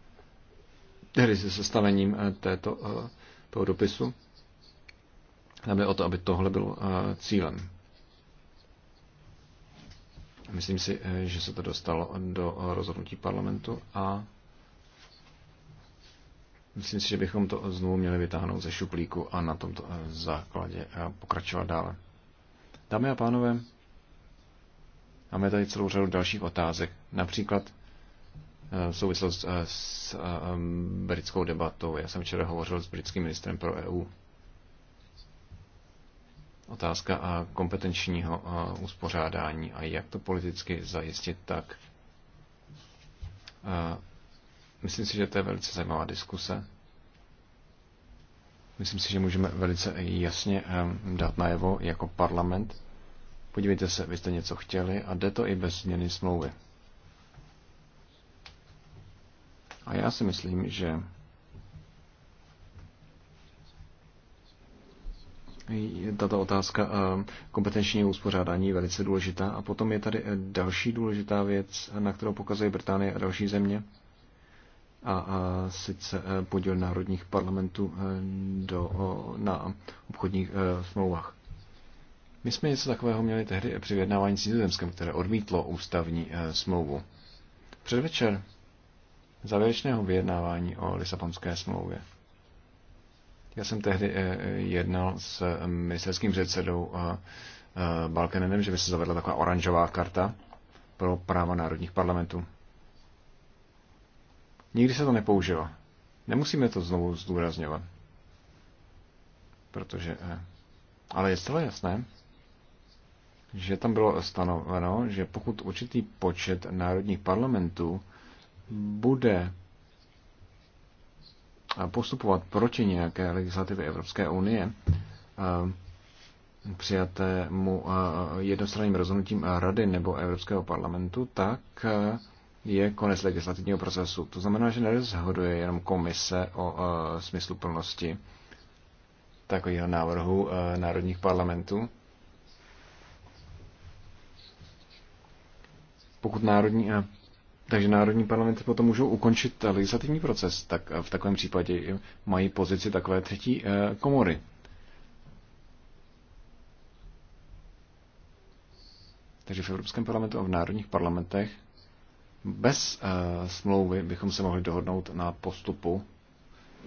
tedy se sestavením eh, této, eh, toho dopisu. Tam jde o to, aby tohle bylo eh, cílem. Myslím si, že se to dostalo do rozhodnutí parlamentu a myslím si, že bychom to znovu měli vytáhnout ze šuplíku a na tomto základě pokračovat dále. Dámy a pánové, máme tady celou řadu dalších otázek. Například souvislost eh, s eh, britskou debatou. Já jsem včera hovořil s britským ministrem pro EU. Otázka a eh, kompetenčního uspořádání a jak to politicky zajistit tak. Myslím si, že to je velice zajímavá diskuse. Myslím si, že můžeme velice jasně dát najevo jako parlament. Podívejte se, vy jste něco chtěli a jde to i bez změny smlouvy. A já si myslím, že tato otázka eh, kompetenčního uspořádání velice důležitá. A potom je tady eh, další důležitá věc, na kterou pokazuje Británie a další země, a, a sice eh, podíl národních parlamentů do, na obchodních smlouvách. My jsme něco takového měli tehdy při vyjednávání s Nizozemskem, které odmítlo ústavní smlouvu. Předvečer závěrečného vyjednávání o Lisabonské smlouvě. Já jsem tehdy eh, eh, jednal s eh, ministerským předsedou Balkanenem, že by se zavedla taková oranžová karta pro práva národních parlamentů. Nikdy se to nepoužilo. Nemusíme to znovu zdůrazňovat. Protože... Ale je zcela jasné, že tam bylo stanoveno, že pokud určitý počet národních parlamentů bude postupovat proti nějaké legislativě Evropské unie, eh, přijatému eh, jednostranným rozhodnutím Rady nebo Evropského parlamentu, tak eh, je konec legislativního procesu. To znamená, že nerozhoduje jenom komise o smyslu plnosti takového návrhu národních parlamentů. Pokud národní takže národní parlamenty potom můžou ukončit legislativní proces, tak v takovém případě mají pozici takové třetí eh, komory. Takže v Evropském parlamentu a v národních parlamentech bez eh, smlouvy bychom se mohli dohodnout na postupu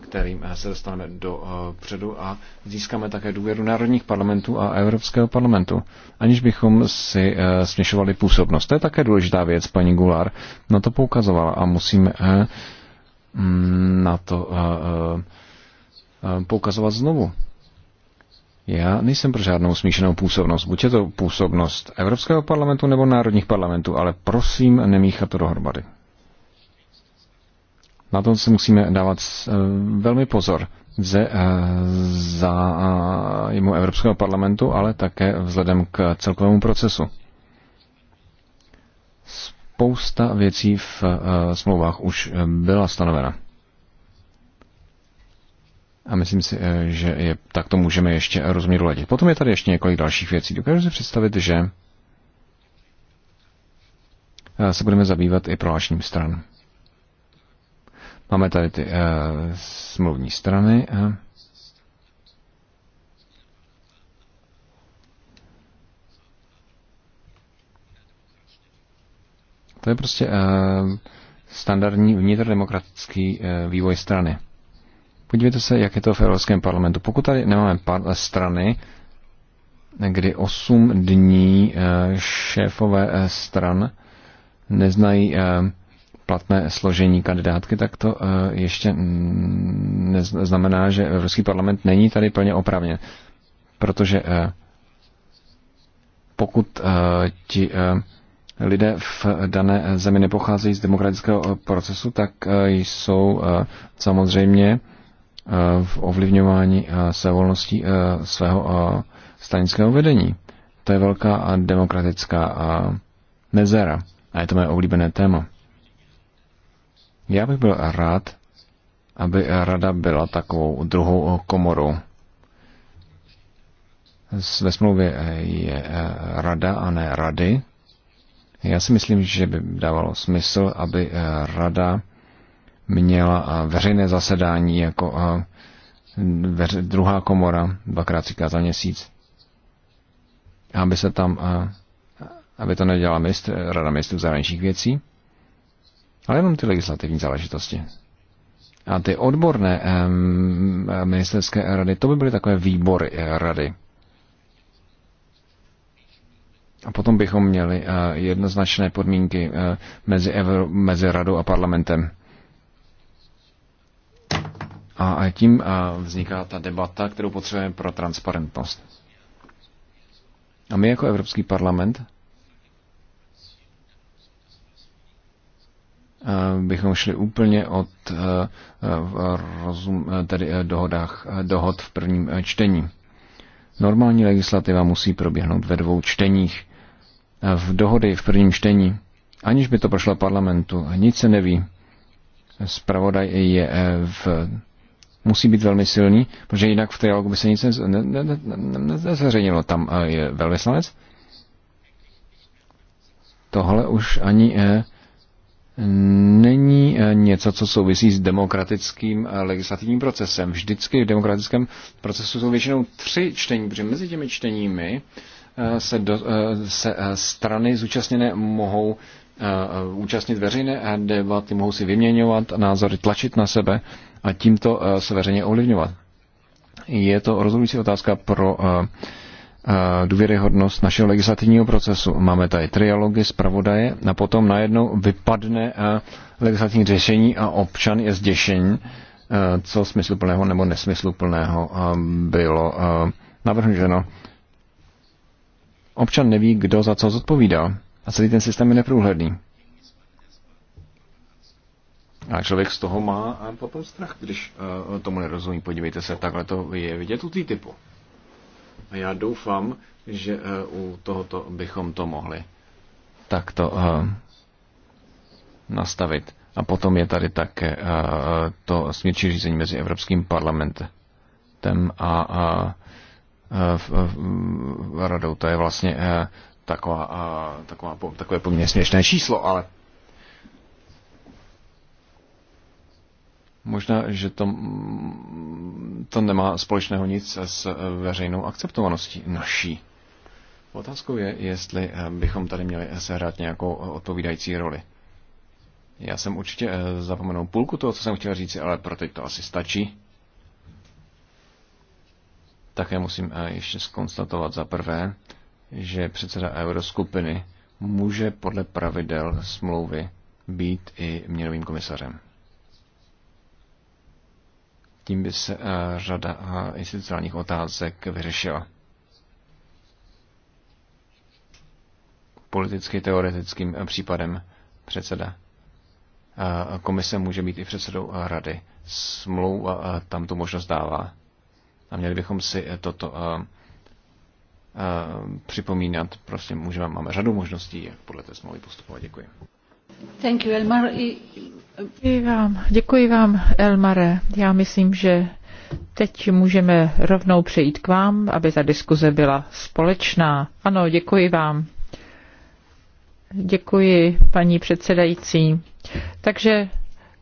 kterým eh, se dostaneme do eh, předu a získáme také důvěru národních parlamentů a Evropského parlamentu, aniž bychom si eh, směšovali působnost. To je také důležitá věc, paní Gular na to poukazovala a musíme mm, na to poukazovat znovu. Já nejsem pro žádnou smíšenou působnost. Buď je to působnost Evropského parlamentu nebo národních parlamentů, ale prosím nemíchat to dohromady. Na to si musíme dávat eh, velmi pozor ze eh, za eh, Evropského parlamentu, ale také vzhledem k celkovému procesu. Spousta věcí v smlouvách už byla stanovena. A myslím si, že je, tak to můžeme ještě rozměr doladit. Potom je tady ještě několik dalších věcí. Dokážu si představit, že se budeme zabývat i prohlášením stran. Máme tady ty uh, smluvní strany. Uh. To je prostě uh, standardní vnitrodemokratický uh, vývoj strany. Podívejte se, jak je to v Evropském parlamentu. Pokud tady nemáme par- strany, kdy 8 dní šéfové stran neznají platné složení kandidátky, tak to eh, ještě neznamená, že Evropský parlament není tady plně opravně. Protože eh, pokud eh, ti lidé v dané zemi nepocházejí z demokratického procesu, tak jsou samozřejmě v ovlivňování své volností svého stanického vedení. To je velká demokratická mezera. A je to moje oblíbené téma. Já bych byl rád, aby rada byla takovou druhou komorou. Ve smlouvě je rada a ne rady. Já si myslím, že by dávalo smysl, aby rada měla veřejné zasedání jako eh, druhá komora, dvakrát říká za měsíc. Aby se tam, eh, aby to nedělala ministr, rada ministrů zahraničních věcí, ale jenom ty legislativní záležitosti. A ty odborné ministerské rady, to by byly takové výbory eh, rady. A potom bychom měli eh, jednoznačné podmínky eh, mezi, Evro, mezi radou a parlamentem. A tím vzniká ta debata, kterou potřebujeme pro transparentnost. A my jako Evropský parlament Eh, bychom šli úplně od eh, rozum, eh, tedy dohodách, dohod v prvním čtení. Normální legislativa musí proběhnout ve dvou čteních. V dohody v prvním čtení, aniž by to prošlo parlamentu, nic se neví. Spravodaj je v musí být velmi silný, protože jinak v trialogu by se nic nezveřejnilo. Ne, ne, ne, Tam je velvyslanec. Tohle už ani eh, není eh, něco, co souvisí s demokratickým eh, legislativním procesem. Vždycky v demokratickém procesu jsou většinou tři čtení, protože mezi těmi čteními eh, se, do, se strany zúčastněné mohou účastnit veřejné debaty, mohou si vyměňovat názory, tlačit na sebe a tímto se veřejně ovlivňovat. Je to rozhodující otázka pro důvěryhodnost našeho legislativního procesu. Máme tady trialogy, zpravodaje a potom najednou vypadne legislativní řešení a občan je zděšení, co smysluplného nebo nesmysluplného bylo navrženo. Občan neví, kdo za co zodpovídá a celý ten systém je neprůhledný. A člověk z toho má potom strach, když tomu nerozumí. Podívejte se, takhle to je vidět u typu. A já doufám, že eh, u tohoto bychom to mohli takto eh, nastavit. A potom je tady také eh, to smírčí řízení mezi Evropským parlamentem a radou. To je vlastně taková, taková, takové poměrně směšné číslo, ale Možná, že to, mm, to nemá společného nic s eh, veřejnou akceptovaností naší. Otázkou je, jestli eh, bychom tady měli sehrát nějakou eh, odpovídající roli. Já jsem určitě zapomenul půlku toho, co jsem chtěl říct, ale pro teď to asi stačí. Také musím ještě skonstatovat za prvé, že předseda euroskupiny může podle pravidel smlouvy být i měnovým komisařem. Tím by se eh, řada eh, institucionálních otázek vyřešila. Politicky teoretickým eh, případem předseda komise může být i předsedou rady. Smlouva tam tu možnost dává. A měli bychom si toto připomínat. Prostě můžeme, máme řadu možností, jak podle té smlouvy postupovat. Děkuji. Elmar. Děkuji vám, děkuji vám, Elmare. Já myslím, že teď můžeme rovnou přejít k vám, aby ta diskuze byla společná. Ano, děkuji vám. Děkuji, paní předsedající. Takže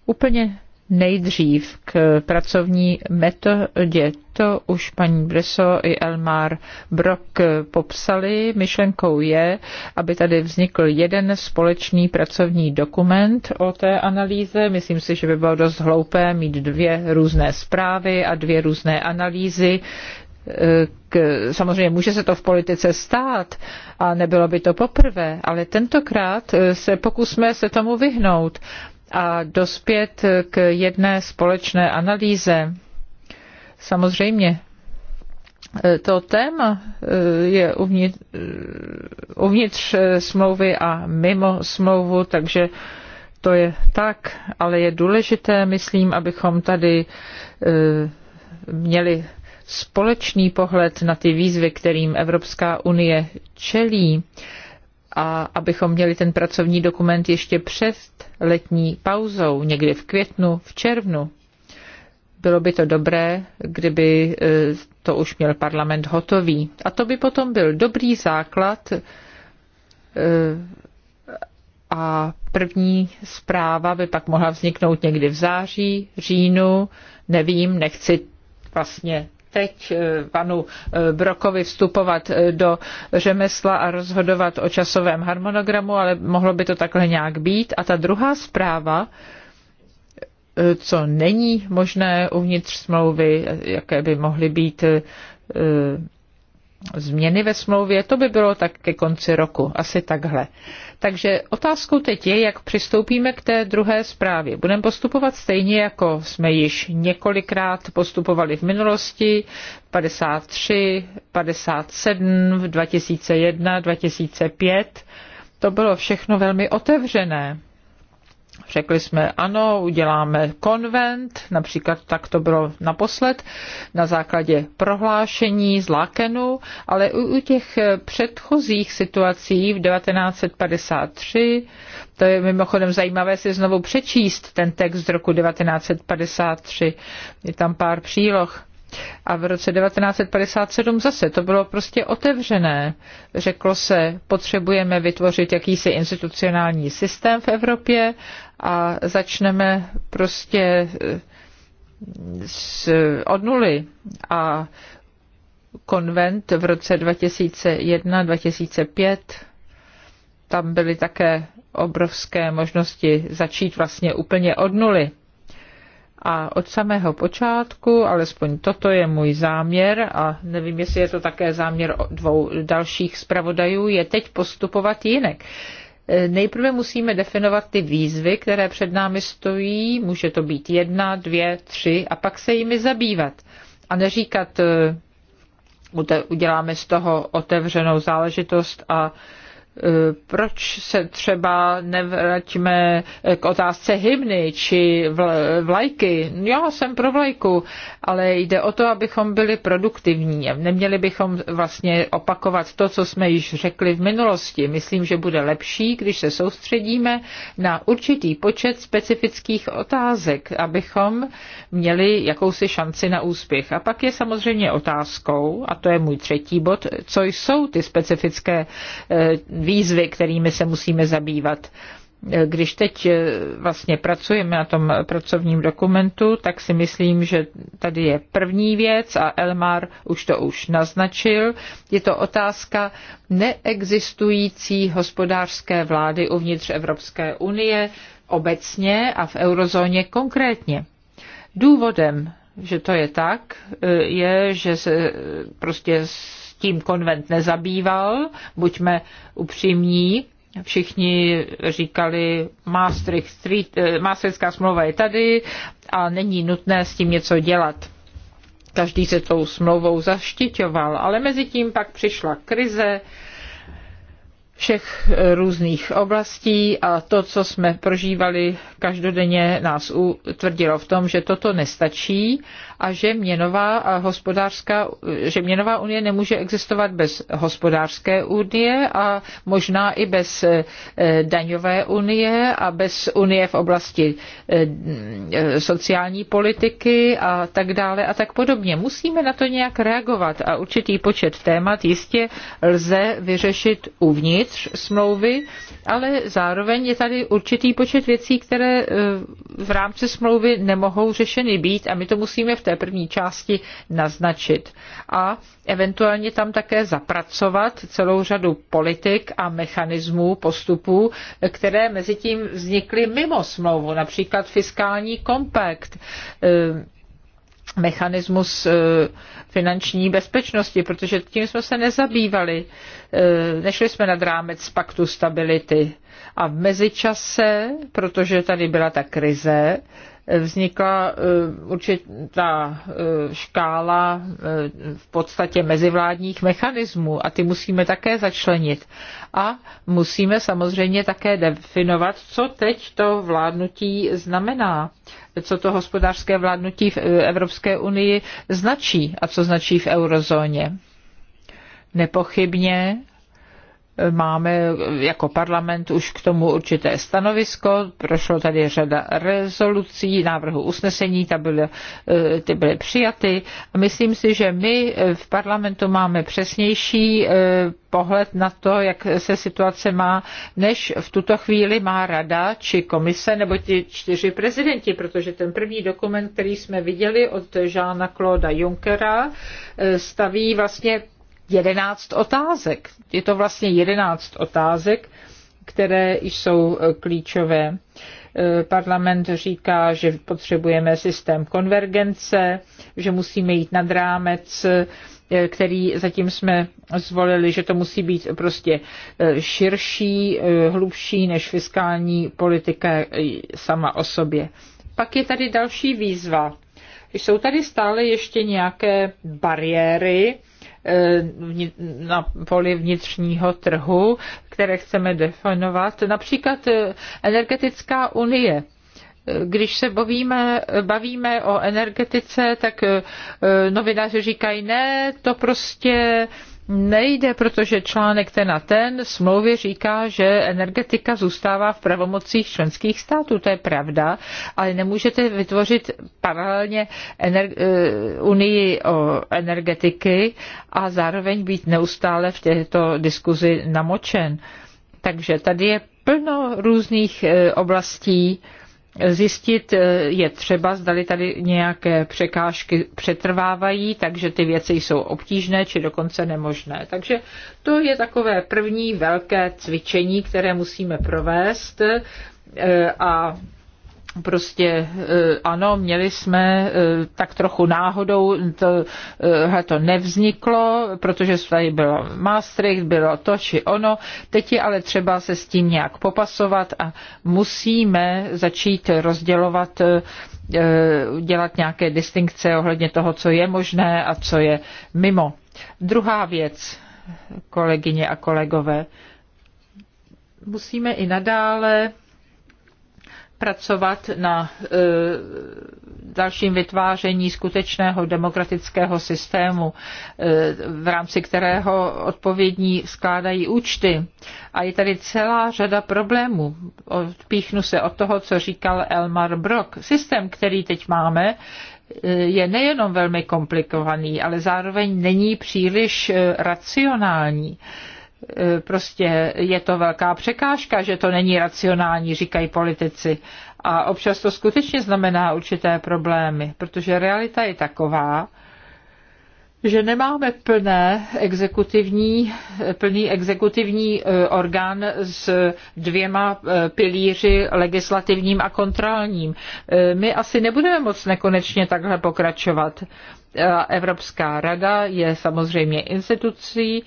úplně nejdřív k pracovní metodě to už paní Breso i Elmar Brock popsali. Myšlenkou je, aby tady vznikl jeden společný pracovní dokument o té analýze. Myslím si, že by bylo dost hloupé mít dvě různé zprávy a dvě různé analýzy, k, samozřejmě může se to v politice stát a nebylo by to poprvé, ale tentokrát se pokusme se tomu vyhnout a dospět k jedné společné analýze Samozřejmě, e, to téma e, je uvnitř, e, uvnitř smlouvy a mimo smlouvu, takže to je tak, ale je důležité, myslím, abychom tady měli společný pohled na ty výzvy, kterým Evropská unie čelí a abychom měli ten pracovní dokument ještě před letní pauzou, někdy v květnu, v červnu. Bylo by to dobré, kdyby e, to už měl parlament hotový. A to by potom byl dobrý základ e, a první zpráva by pak mohla vzniknout někdy v září, říjnu, nevím, nechci vlastně teď e, panu Brokovi vstupovat do řemesla a rozhodovat o časovém harmonogramu, ale mohlo by to takhle nějak být. A ta druhá zpráva, E, co není možné uvnitř smlouvy, jaké by mohly být e, změny ve smlouvě, to by bylo tak ke konci roku, asi takhle. Takže otázkou teď je, jak přistoupíme k té druhé zprávě. Budeme postupovat stejně, jako jsme již několikrát postupovali v minulosti, 53, 57, 2001, 2005. To bylo všechno velmi otevřené. Řekli jsme ano, uděláme konvent, například tak to bylo naposled, na základě prohlášení z Lakenu, ale u, u těch předchozích situací v 1953, to je mimochodem zajímavé si znovu přečíst ten text z roku 1953, je tam pár příloh, a v roce 1957 zase to bylo prostě otevřené. Řeklo se, potřebujeme vytvořit jakýsi institucionální systém v Evropě a začneme prostě eh, od nuly a konvent v roce 2001-2005. Tam byly také obrovské možnosti začít vlastně úplně od nuly. A od samého počátku, alespoň toto je můj záměr, a nevím, jestli je to také záměr dvou dalších zpravodajů, je teď postupovat jinak. Nejprve musíme definovat ty výzvy, které před námi stojí. Může to být jedna, dvě, tři a pak se jimi zabývat. A neříkat, eh, uděláme z toho otevřenou záležitost a proč se třeba nevrátíme k otázce hymny či vlajky. Já jsem pro vlajku, ale jde o to, abychom byli produktivní. Neměli bychom vlastně opakovat to, co jsme již řekli v minulosti. Myslím, že bude lepší, když se soustředíme na určitý počet specifických otázek, abychom měli jakousi šanci na úspěch. A pak je samozřejmě otázkou, a to je můj třetí bod, co jsou ty specifické eh, výzvy, kterými se musíme zabývat. E, když teď e, vlastně pracujeme na tom pracovním dokumentu, tak si myslím, že tady je první věc a Elmar už to už naznačil. Je to otázka neexistující hospodářské vlády uvnitř Evropské unie obecně a v eurozóně konkrétně. Důvodem že to je tak, e, je, že se prostě tím konvent nezabýval, buďme upřímní, všichni říkali, eh, Maastrichtská smlouva je tady a není nutné s tím něco dělat. Každý se tou smlouvou zaštiťoval, ale mezi tím pak přišla krize, všech eh, různých oblastí a to, co jsme prožívali každodenně, nás utvrdilo v tom, že toto nestačí a že měnová a eh, hospodářská, eh, že měnová unie nemůže existovat bez hospodářské unie a možná i bez daňové unie a bez unie v oblasti sociální politiky a tak dále a tak podobně. Musíme na to nějak reagovat a určitý počet témat jistě lze vyřešit uvnitř uvnitř smlouvy, ale zároveň je tady určitý počet věcí, které e, v rámci smlouvy nemohou řešeny být a my to musíme v té první části naznačit. A eventuálně tam také zapracovat celou řadu politik a mechanismů, postupů, které mezi tím vznikly mimo smlouvu, například fiskální kompakt, e, mechanismus eh, finanční bezpečnosti, protože tím jsme se nezabývali. Eh, nešli jsme nad rámec paktu stability. A v mezičase, protože tady byla ta krize, vznikla eh, určitá eh, škála eh, v podstatě mezivládních mechanismů a ty musíme také začlenit. A musíme samozřejmě také definovat, co teď to vládnutí znamená, co to hospodářské vládnutí v Evropské unii značí a co značí v eurozóně. Nepochybně máme jako parlament už k tomu určité stanovisko. Prošlo tady řada rezolucí, návrhu usnesení, ta byly, eh, ty byly přijaty. myslím si, že my v parlamentu máme přesnější eh, pohled na to, jak se situace má, než v tuto chvíli má rada či komise nebo ti čtyři prezidenti, protože ten první dokument, který jsme viděli od Žána Claude Junckera, eh, staví vlastně jedenáct otázek. Je to vlastně jedenáct otázek, které jsou e, klíčové. E, parlament říká, že potřebujeme systém konvergence, že musíme jít nad rámec e, který zatím jsme zvolili, že to musí být prostě širší, hlubší než fiskální politika sama o sobě. Pak je tady další výzva. Jsou tady stále ještě nějaké bariéry, Eh, na poli vnitřního trhu, které chceme definovat. Například eh, energetická unie eh, když se bavíme, bavíme o energetice, tak novináři říkají, ne, to prostě Nejde, protože článek ten a ten smlouvy říká, že energetika zůstává v pravomocích členských států. To je pravda, ale nemůžete vytvořit paralelně ener- eh, unii o energetiky a zároveň být neustále v této diskuzi namočen. Takže tady je plno různých eh, oblastí, zjistit eh, je třeba, zdali tady nějaké překážky přetrvávají, takže ty věci jsou obtížné či dokonce nemožné. Takže to je takové první velké cvičení, které musíme provést eh, a prostě e, ano, měli jsme e, tak trochu náhodou, to, e, to nevzniklo, protože tady bylo Maastricht, bylo to či ono, teď je ale třeba se s tím nějak popasovat a musíme začít rozdělovat dělat nějaké distinkce ohledně toho, co je možné a co je mimo. Druhá věc, kolegyně a kolegové, musíme i nadále pracovat na eh, dalším vytváření skutečného demokratického systému, eh, v rámci kterého odpovědní skládají účty. A je tady celá řada problémů. Odpíchnu se od toho, co říkal Elmar Brock. Systém, který teď máme, eh, je nejenom velmi komplikovaný, ale zároveň není příliš racionální. Eh, prostě je to velká překážka, že to není racionální, říkají politici. A občas to skutečně znamená určité problémy, protože realita je taková, že nemáme plné exekutivní, plný exekutivní e, orgán s dvěma e, pilíři legislativním a kontrolním. E, my asi nebudeme moc nekonečně takhle pokračovat. Evropská rada je samozřejmě institucí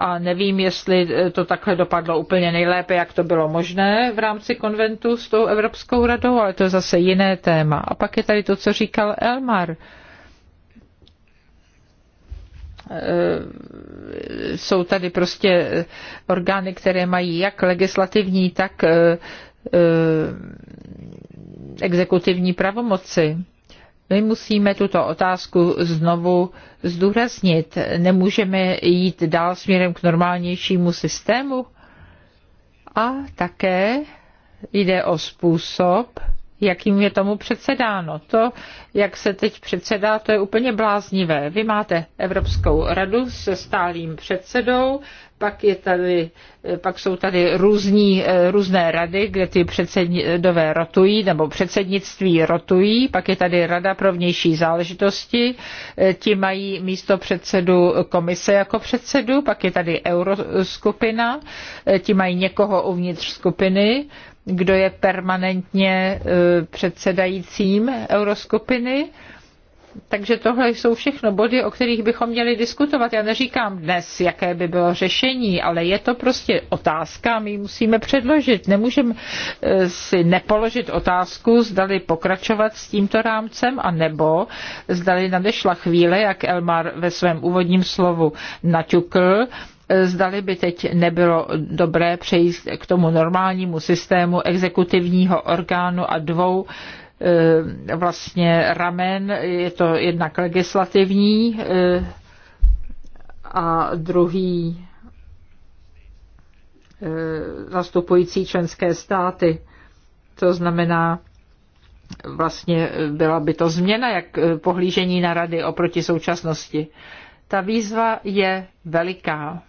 a nevím, jestli to takhle dopadlo úplně nejlépe, jak to bylo možné v rámci konventu s tou Evropskou radou, ale to je zase jiné téma. A pak je tady to, co říkal Elmar Eh, jsou tady prostě eh, orgány, které mají jak legislativní, tak eh, exekutivní pravomoci. My musíme tuto otázku znovu zdůraznit. Nemůžeme jít dál směrem k normálnějšímu systému. A také jde o způsob, jakým je tomu předsedáno. To, jak se teď předsedá, to je úplně bláznivé. Vy máte Evropskou radu se stálým předsedou, pak, je tady, pak jsou tady různí, eh, různé rady, kde ty předsedové rotují, nebo předsednictví rotují, pak je tady Rada pro vnější záležitosti, eh, ti mají místo předsedu komise jako předsedu, pak je tady euroskupina, eh, ti mají někoho uvnitř skupiny, kdo je permanentně e, předsedajícím euroskupiny. Takže tohle jsou všechno body, o kterých bychom měli diskutovat. Já neříkám dnes, jaké by bylo řešení, ale je to prostě otázka, my ji musíme předložit. Nemůžeme si nepoložit otázku, zdali pokračovat s tímto rámcem, anebo zdali nadešla chvíle, jak Elmar ve svém úvodním slovu naťukl, zdali by teď nebylo dobré přejít k tomu normálnímu systému exekutivního orgánu a dvou eh, vlastně ramen, je to jednak legislativní eh, a druhý eh, zastupující členské státy. To znamená, vlastně byla by to změna, jak pohlížení na rady oproti současnosti. Ta výzva je veliká.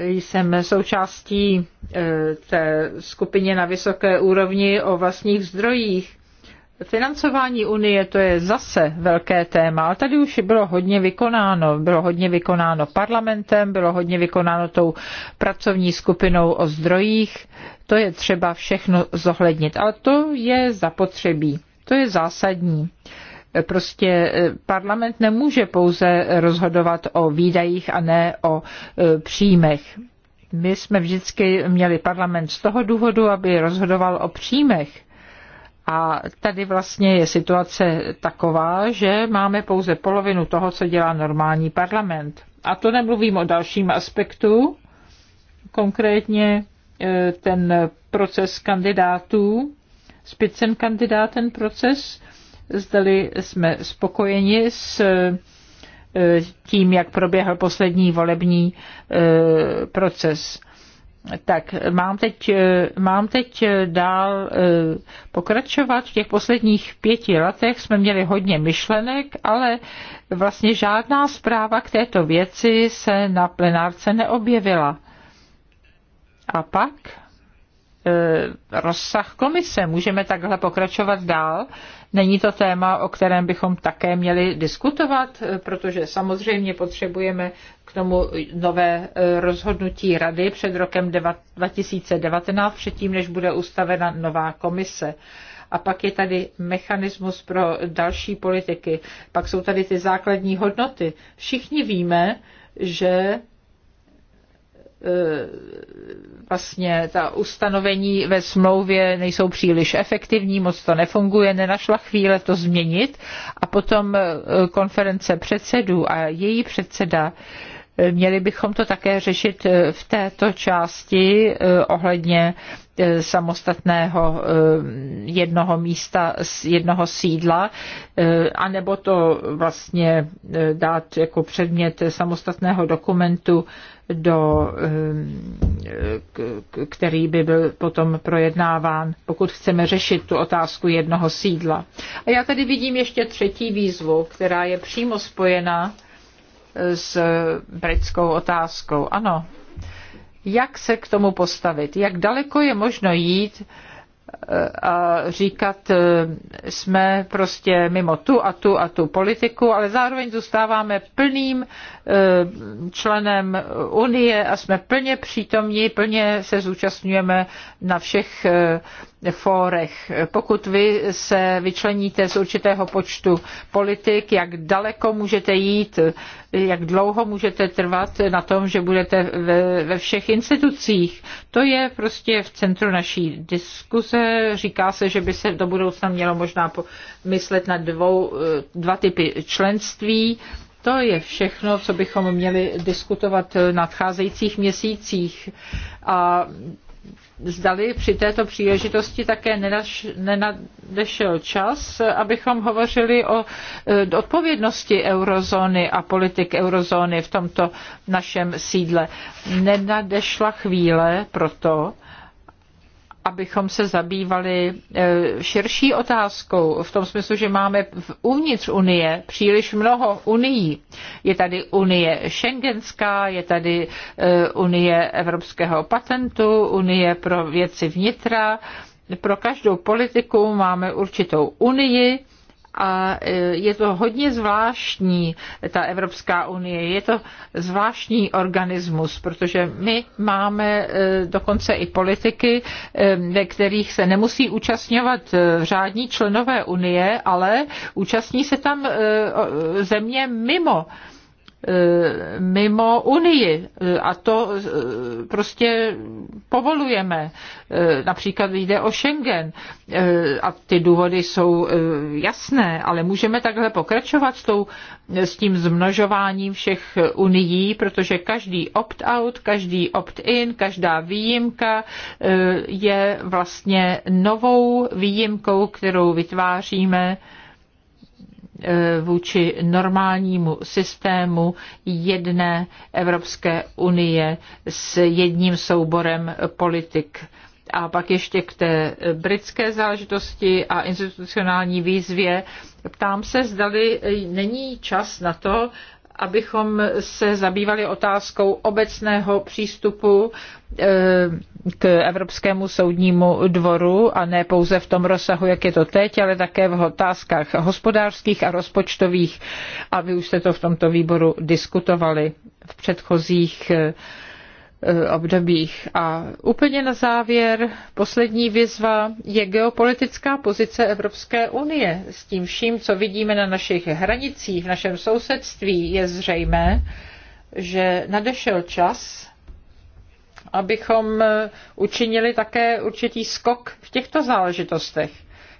jsem součástí eh, té skupině na vysoké úrovni o vlastních zdrojích. Financování Unie to je zase velké téma, ale tady už bylo hodně vykonáno. Bylo hodně vykonáno parlamentem, bylo hodně vykonáno tou pracovní skupinou o zdrojích. To je třeba všechno zohlednit, ale to je zapotřebí. To je zásadní. Prostě eh, parlament nemůže pouze rozhodovat o výdajích a ne o eh, příjmech. My jsme vždycky měli parlament z toho důvodu, aby rozhodoval o příjmech. A tady vlastně je situace taková, že máme pouze polovinu toho, co dělá normální parlament. A to nemluvím o dalším aspektu, konkrétně eh, ten proces kandidátů, spicen kandidát, ten proces, zdali jsme spokojeni s e, tím, jak proběhl poslední volební e, proces. Tak mám teď, e, mám teď dál pokračovat. V těch posledních pěti letech jsme měli hodně myšlenek, ale vlastně žádná zpráva k této věci se na plenárce neobjevila. A pak rozsah komise. Můžeme takhle pokračovat dál. Není to téma, o kterém bychom také měli diskutovat, protože samozřejmě potřebujeme k tomu nové e, rozhodnutí rady před rokem 2019, předtím, než bude ustavena nová komise a pak je tady mechanismus pro další politiky, pak jsou tady ty základní hodnoty. Všichni víme, že E, vlastně ta ustanovení ve smlouvě nejsou příliš efektivní, moc to nefunguje, nenašla chvíle to změnit a potom e, konference předsedů a její předseda e, Měli bychom to také řešit v této části ohledně samostatného jednoho místa, jednoho sídla, anebo to vlastně dát jako předmět samostatného dokumentu do, ehm, který by byl potom projednáván, pokud chceme řešit tu otázku jednoho sídla. A já tady vidím ještě třetí výzvu, která je přímo spojena s britskou otázkou. Ano, jak se k tomu postavit, jak daleko je možno jít a říkat, e, jsme prostě mimo tu a tu a tu politiku, ale zároveň zůstáváme plným e, členem Unie a jsme plně přítomní, plně se zúčastňujeme na všech e, fórech. Pokud vy se vyčleníte z určitého počtu politik, jak daleko můžete jít, jak dlouho můžete trvat na tom, že budete ve, ve všech institucích, to je prostě v centru naší diskuse se, Říká se, že by se do budoucna mělo možná myslet na dvou, e, dva typy členství. To je všechno, co bychom měli diskutovat v nadcházejících měsících. A zdali při této příležitosti také nenaš, nenadešel čas, abychom hovořili o e, odpovědnosti eurozóny a politik eurozóny v tomto našem sídle. Nenadešla chvíle proto, abychom se zabývali e, širší otázkou, v tom smyslu, že máme uvnitř Unie příliš mnoho unií. Je tady Unie Schengenská, je tady e, Unie Evropského patentu, Unie pro věci vnitra. Pro každou politiku máme určitou unii, a e, je to hodně zvláštní, ta Evropská unie. Je to zvláštní organismus, protože my máme e, dokonce i politiky, e, ve kterých se nemusí účastňovat řádní členové unie, ale účastní se tam země mimo E, mimo Unii e, a to e, prostě povolujeme. Například jde o Schengen a ty důvody jsou jasné, ale můžeme takhle pokračovat s, tou, s tím zmnožováním všech unií, protože každý opt-out, každý opt-in, každá výjimka je vlastně novou výjimkou, kterou vytváříme E, vůči normálnímu systému jedné Evropské unie s jedním souborem politik. A pak ještě k té britské záležitosti a institucionální výzvě. Ptám se, zdali není čas na to, abychom se zabývali otázkou obecného přístupu eh, k Evropskému soudnímu dvoru a ne pouze v tom rozsahu, jak je to teď, ale také v otázkách hospodářských a rozpočtových. A vy už jste to v tomto výboru diskutovali v předchozích eh, Eh, obdobích. A úplně na závěr, poslední výzva je geopolitická pozice Evropské unie. S tím vším, co vidíme na našich hranicích, v našem sousedství, je zřejmé, že nadešel čas, abychom eh, učinili také určitý skok v těchto záležitostech.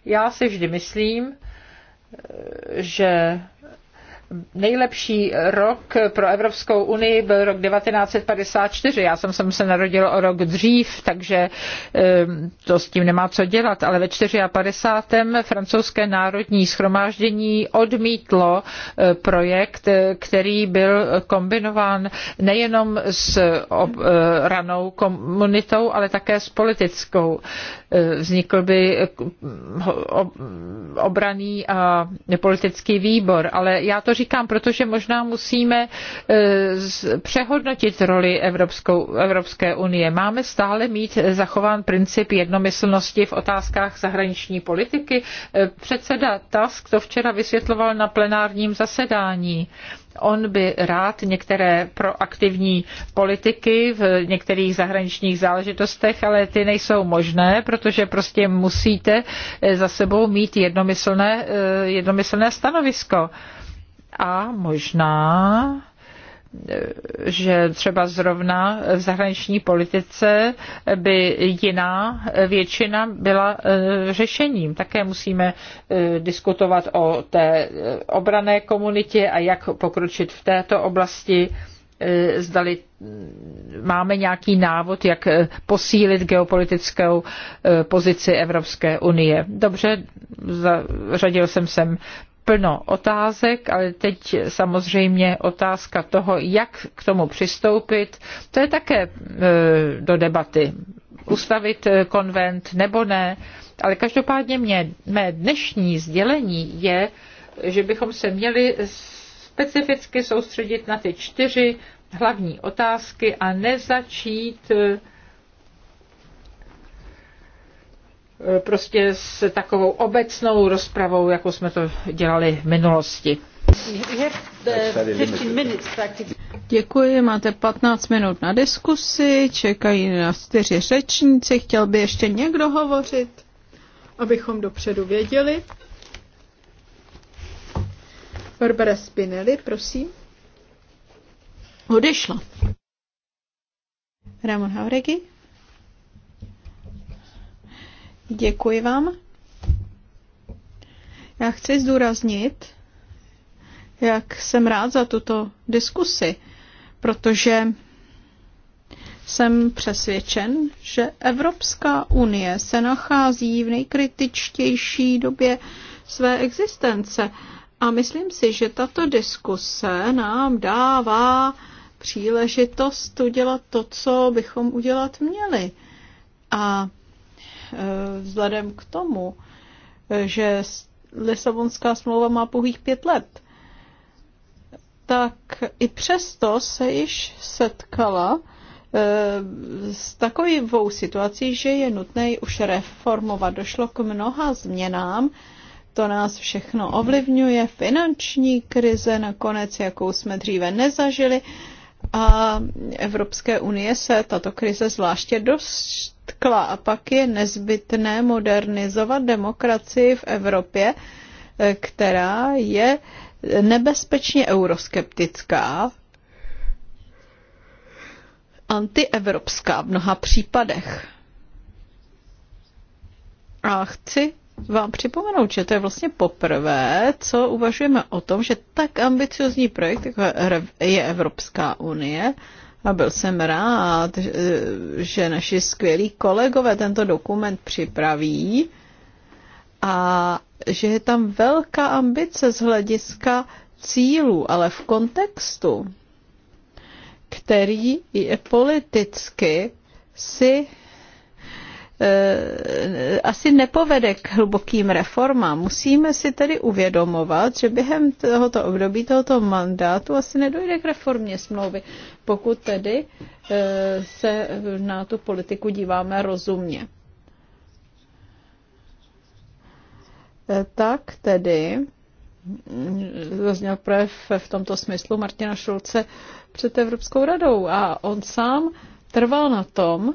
Já si vždy myslím, eh, že nejlepší rok pro Evropskou unii byl rok 1954. Já jsem, jsem se narodil o rok dřív, takže ehm, to s tím nemá co dělat. Ale ve 54. francouzské národní schromáždění odmítlo eh, projekt, eh, který byl kombinován nejenom s eh, ranou komunitou, ale také s politickou. Vznikl by obraný a politický výbor, ale já to říkám, protože možná musíme e, přehodnotit roli Evropskou, Evropské unie. Máme stále mít zachován princip jednomyslnosti v otázkách zahraniční politiky. E, předseda Tusk to včera vysvětloval na plenárním zasedání on by rád některé proaktivní politiky v některých zahraničních záležitostech, ale ty nejsou možné, protože prostě musíte e, za sebou mít jednomyslné, jednomyslné stanovisko a možná e, že třeba zrovna v zahraniční politice by jiná většina byla e, řešením. Také musíme e, diskutovat o té obrané komunitě a jak pokročit v této oblasti. Zdali máme nějaký návod, jak posílit geopolitickou pozici Evropské unie. Dobře, zařadil jsem sem plno otázek, ale teď samozřejmě otázka toho, jak k tomu přistoupit, to je také e, do debaty. Ustavit e, konvent nebo ne, ale každopádně mě, mé dnešní sdělení je, že bychom se měli specificky soustředit na ty čtyři hlavní otázky a nezačít e, Eh, prostě s takovou obecnou rozpravou, jako jsme to dělali v minulosti. Děkuji, máte 15 minut na diskusi, čekají na čtyři řečníci, chtěl by ještě někdo hovořit, abychom dopředu věděli. Barbara Spinelli, prosím. Odešla. Ramon Hauregi. Děkuji vám. Já chci zdůraznit, jak jsem rád za tuto diskusi, protože jsem přesvědčen, že Evropská unie se nachází v nejkritičtější době své existence. A myslím si, že tato diskuse nám dává příležitost udělat to, co bychom udělat měli. A Eh, vzhledem k tomu, eh, že Lisabonská smlouva má pouhých pět let, tak i přesto se již setkala eh, s takovou situací, že je nutné ji už reformovat. Došlo k mnoha změnám, to nás všechno ovlivňuje, finanční krize nakonec, jakou jsme dříve nezažili, a Evropské unie se tato krize zvláště dostkla a pak je nezbytné modernizovat demokracii v Evropě, která je nebezpečně euroskeptická, antievropská v mnoha případech. A chci vám připomenout, že to je vlastně poprvé, co uvažujeme o tom, že tak ambiciozní projekt, jako je Evropská unie, a byl jsem rád, že naši skvělí kolegové tento dokument připraví a že je tam velká ambice z hlediska cílů, ale v kontextu, který je politicky si Eh, asi nepovede k hlubokým reformám. Musíme si tedy uvědomovat, že během tohoto období, tohoto mandátu asi nedojde k reformě smlouvy, pokud tedy eh, se na tu politiku díváme rozumně. Eh, tak tedy mm, zazněl projev v tomto smyslu Martina Šulce před Evropskou radou a on sám trval na tom,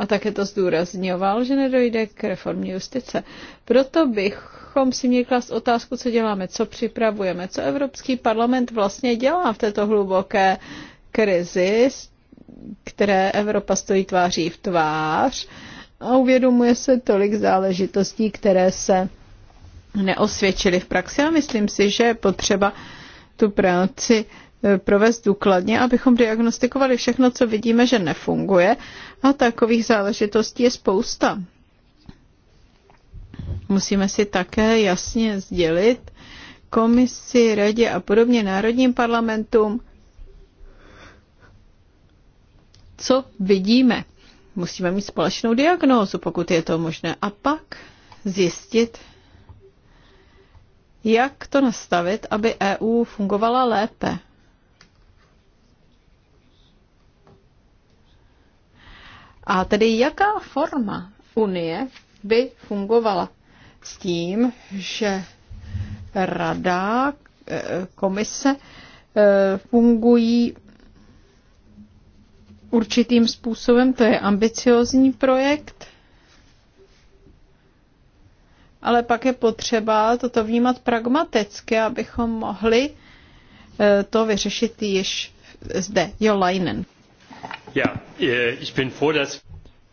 a také to zdůrazňoval, že nedojde k reformě justice. Proto bychom si měli klást otázku, co děláme, co připravujeme, co Evropský parlament vlastně dělá v této hluboké krizi, které Evropa stojí tváří v tvář a uvědomuje se tolik záležitostí, které se neosvědčily v praxi a myslím si, že je potřeba tu práci eh, provést důkladně, abychom diagnostikovali všechno, co vidíme, že nefunguje a takových záležitostí je spousta. Musíme si také jasně sdělit komisi, radě a podobně národním parlamentům, co vidíme. Musíme mít společnou diagnózu, pokud je to možné, a pak zjistit, jak to nastavit, aby EU fungovala lépe. A tedy jaká forma Unie by fungovala s tím, že rada, eh, komise eh, fungují určitým způsobem. To je ambiciozní projekt, ale pak je potřeba toto vnímat pragmaticky, abychom mohli eh, to vyřešit již zde. Jo, Leinen. Eh,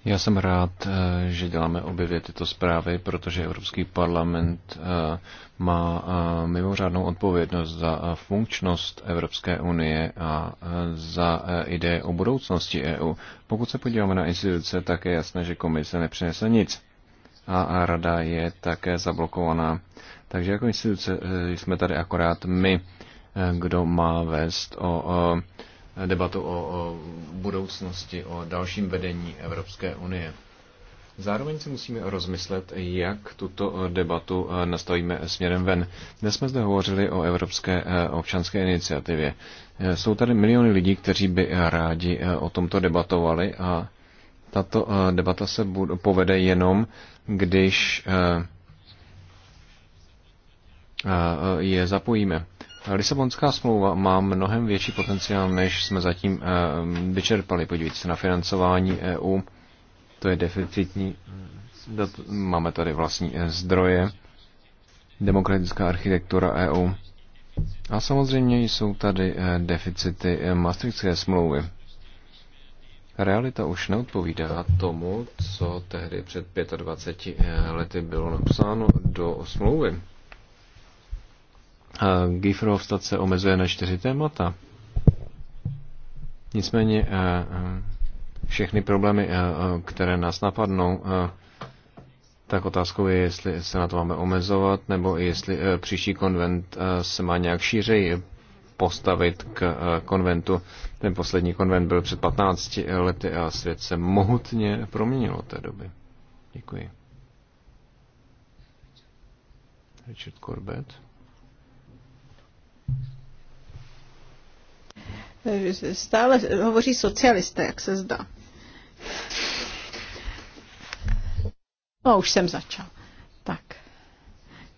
Já jsem rád, eh, že děláme obě dvě tyto zprávy, protože Evropský parlament eh, má mimořádnou odpovědnost za funkčnost Evropské unie a za ideje o budoucnosti EU. Pokud se podíváme na instituce, tak je jasné, že komise nepřinese nic. A rada je také zablokovaná. Takže jako instituce jsme tady akorát my, kdo má vést o debatu o, o budoucnosti, o dalším vedení Evropské unie. Zároveň si musíme rozmyslet, jak tuto debatu eh, nastavíme směrem ven. Dnes jsme zde hovořili o Evropské eh, občanské iniciativě. Eh, jsou tady miliony lidí, kteří by rádi o tomto debatovali a tato debata se povede jenom, když je zapojíme. Lisabonská smlouva má mnohem větší potenciál, než jsme zatím eh, vyčerpali. Podívejte se na financování EU. To je deficitní. Eh, máme tady vlastní eh, zdroje. Demokratická architektura EU. A samozřejmě jsou tady deficity Maastrichtské smlouvy. Realita už neodpovídá tomu, co tehdy před 25 lety bylo napsáno do smlouvy. Gifrovstat se omezuje na čtyři témata. Nicméně eh, eh, všechny problémy, eh, které nás napadnou, tak otázkou je, jestli se na to máme omezovat, nebo jestli příští konvent se má nějak šířej postavit k konventu. Ten poslední konvent byl před 15 lety a svět se mohutně proměnil od té doby. Děkuji. Richard Corbett. Eh, stále hovoří socialisté, jak se zdá. No, už jsem začal. Tak.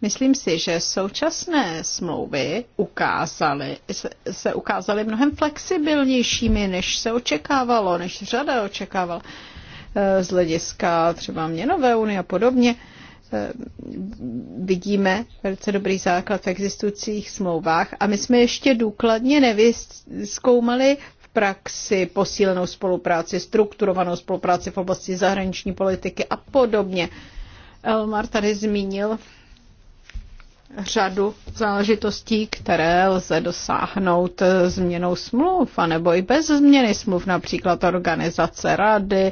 Myslím si, že současné smlouvy ukázaly, se ukázaly mnohem flexibilnějšími, než se očekávalo, než řada očekávala eh, z hlediska třeba měnové unie a podobně. Eh, vidíme velice dobrý základ v existujících smlouvách a my jsme ještě důkladně nevyzkoumali v praxi posílenou spolupráci, strukturovanou spolupráci v oblasti zahraniční politiky a podobně. Elmar tady zmínil řadu záležitostí, které lze dosáhnout změnou smluv, anebo i bez změny smluv, například organizace rady,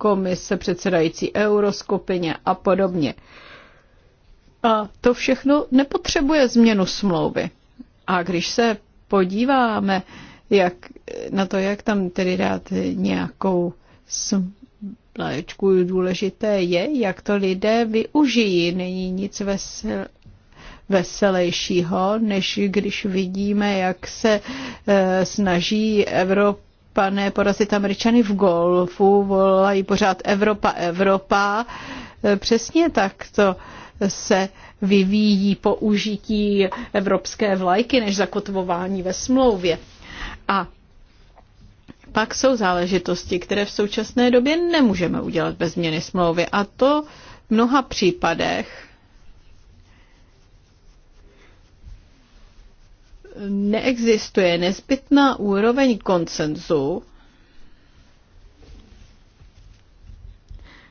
komise, předsedající euroskupině a podobně. A to všechno nepotřebuje změnu smlouvy. A když se podíváme jak, na to, jak tam tedy dát nějakou smlečku, důležité je, jak to lidé využijí. Není nic vesel, veselejšího, než když vidíme, jak se e, snaží Evropa pane, porazit Američany v golfu, volají pořád Evropa, Evropa. E, přesně tak to se vyvíjí použití evropské vlajky než zakotvování ve smlouvě. A pak jsou záležitosti, které v současné době nemůžeme udělat bez změny smlouvy. A to v mnoha případech neexistuje nezbytná úroveň konsenzu,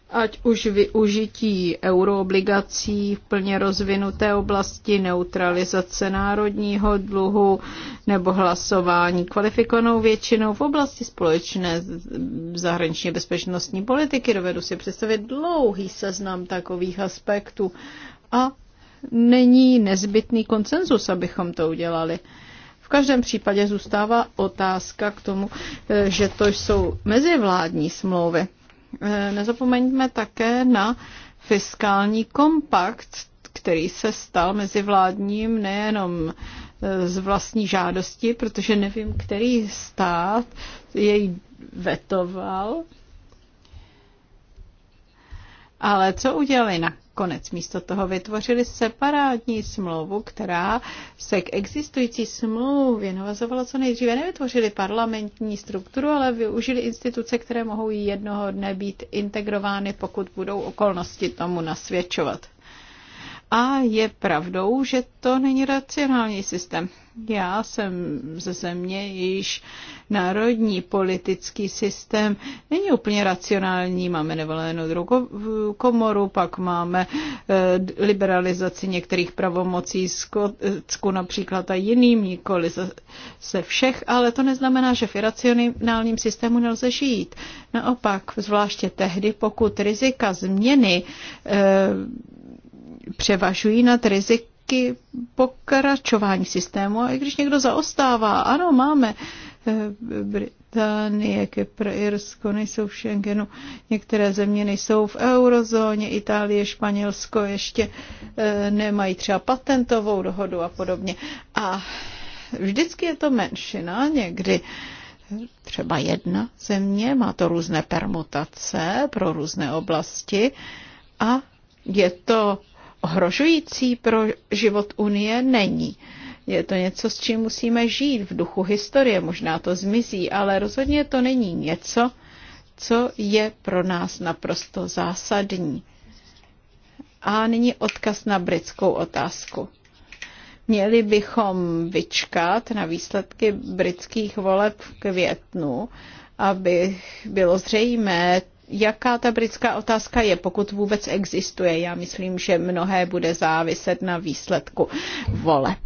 ať už využití euroobligací v plně rozvinuté oblasti, neutralizace národního dluhu nebo hlasování kvalifikovanou většinou v oblasti společné zahraničně bezpečnostní politiky. Dovedu si představit dlouhý seznam takových aspektů a není nezbytný konsenzus, abychom to udělali. V každém případě zůstává otázka k tomu, eh, že to jsou mezivládní smlouvy. Eh, nezapomeňme také na fiskální kompakt, který se stal mezivládním nejenom eh, z vlastní žádosti, protože nevím, který stát jej vetoval. Ale co udělali na Nakonec místo toho vytvořili separátní smlouvu, která se k existující smlouvě navazovala co nejdříve. Nevytvořili parlamentní strukturu, ale využili instituce, které mohou jednoho dne být integrovány, pokud budou okolnosti tomu nasvědčovat. A je pravdou, že to není racionální systém. Já jsem ze země, již národní politický systém není úplně racionální. Máme nevolenou druhou komoru, pak máme eh, liberalizaci některých pravomocí Skotsku například a jiným, nikoli se všech, ale to neznamená, že v iracionálním systému nelze žít. Naopak, zvláště tehdy, pokud rizika změny eh, převažují nad riziky pokračování systému. A i když někdo zaostává, ano, máme eh, Británie, Kypr, Irsko nejsou v Schengenu, některé země nejsou v eurozóně, Itálie, Španělsko ještě eh, nemají třeba patentovou dohodu a podobně. A vždycky je to menšina, někdy třeba jedna země, má to různé permutace pro různé oblasti a je to ohrožující pro život Unie není. Je to něco, s čím musíme žít v duchu historie. Možná to zmizí, ale rozhodně to není něco, co je pro nás naprosto zásadní. A nyní odkaz na britskou otázku. Měli bychom vyčkat na výsledky britských voleb v květnu, aby bylo zřejmé, jaká ta britská otázka je, pokud vůbec existuje. Já myslím, že mnohé bude záviset na výsledku voleb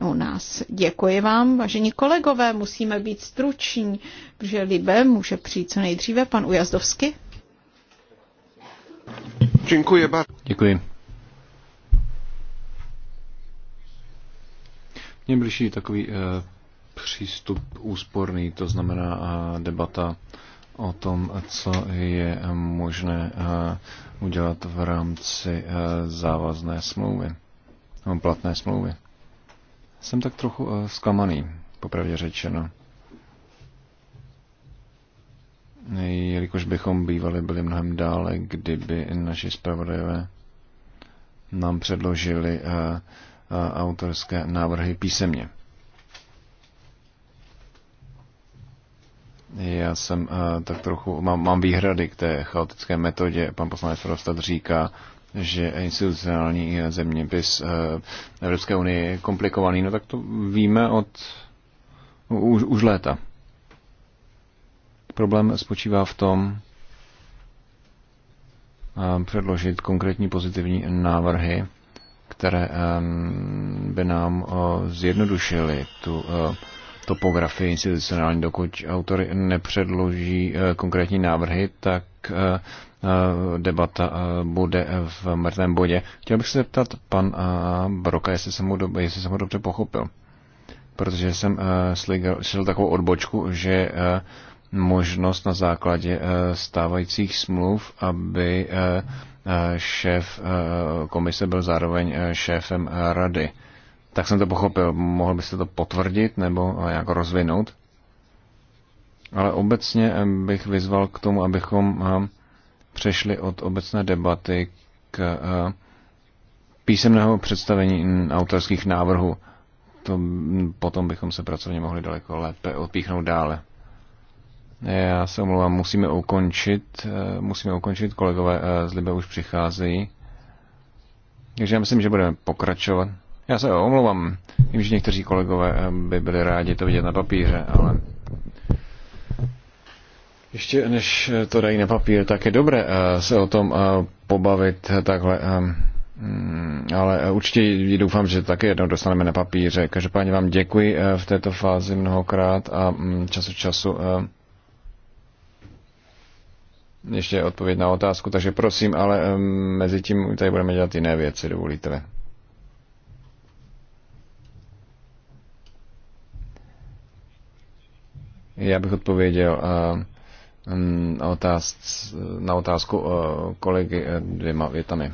u nás. Děkuji vám, vážení kolegové, musíme být struční, protože Libe může přijít co nejdříve. Pan Ujazdovsky. Děkuji. Děkuji. Mně bližší takový uh, přístup úsporný, to znamená uh, debata o tom, co je možné eh, udělat v rámci eh, závazné smlouvy, platné smlouvy. Jsem tak trochu eh, zklamaný, popravdě řečeno. Jelikož bychom bývali byli mnohem dále, kdyby naši zpravodajové nám předložili autorské návrhy písemně. Já jsem uh, tak trochu, mám, mám výhrady k té chaotické metodě. Pan poslanec Rostad říká, že institucionální eh, zeměpis uh, Evropské unie je komplikovaný. No tak to víme od už, už léta. Problém spočívá v tom, předložit konkrétní pozitivní návrhy, které ehm, by nám zjednodušily tu topografii institucionální. Dokud autory nepředloží eh, konkrétní návrhy, tak eh, eh, debata bude v mrtvém bodě. Chtěl bych se zeptat pan Broka, jestli jsem ho, do, jestli jsem ho dobře pochopil. Protože jsem slyšel takovou odbočku, že možnost na základě stávajících smluv, aby šéf komise byl zároveň šéfem rady. Tak jsem to pochopil. Mohl byste to potvrdit nebo jak rozvinout? Ale obecně eh, bych vyzval k tomu, abychom eh, přešli od obecné debaty k eh, písemného představení autorských návrhů. To potom bychom se pracovně mohli daleko lépe odpíchnout dále. Já se omlouvám, musíme ukončit, musíme ukončit, kolegové z Libe už přicházejí. Takže já myslím, že budeme pokračovat. Já se omlouvám, vím, že někteří kolegové eh, by byli rádi to vidět na papíře, ale ještě než eh, to dají na papír, tak je dobré eh, se o tom pobavit takhle. Mm, ale určitě doufám, že také jednou dostaneme na papíře. Každopádně vám děkuji v této fázi mnohokrát a mm, čas od času ještě odpověď na otázku, takže prosím, ale mezi tím tady budeme dělat jiné věci, dovolíte. Já bych odpověděl na, eh, mm, otázc, na otázku eh, kolegy eh, dvěma větami.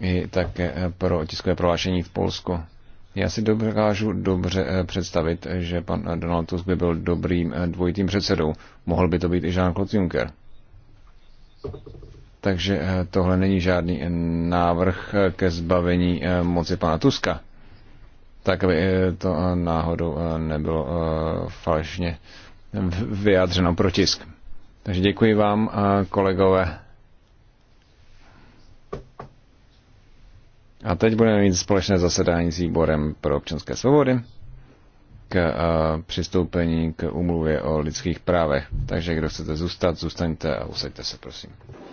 I také pro tiskové prohlášení v Polsku. Já si dokážu dobře představit, že pan Donald Tusk by byl dobrým dvojitým předsedou. Mohl by to být i Jean-Claude Juncker. Takže tohle není žádný návrh ke zbavení moci pana Tuska tak aby eh, to eh, náhodou eh, nebylo falešně vyjádřeno protisk. Takže děkuji vám, kolegové. A teď budeme mít společné zasedání s výborem pro občanské svobody k přistoupení k umluvě o lidských právech. Takže kdo chcete zůstat, zůstaňte a usaďte se, prosím.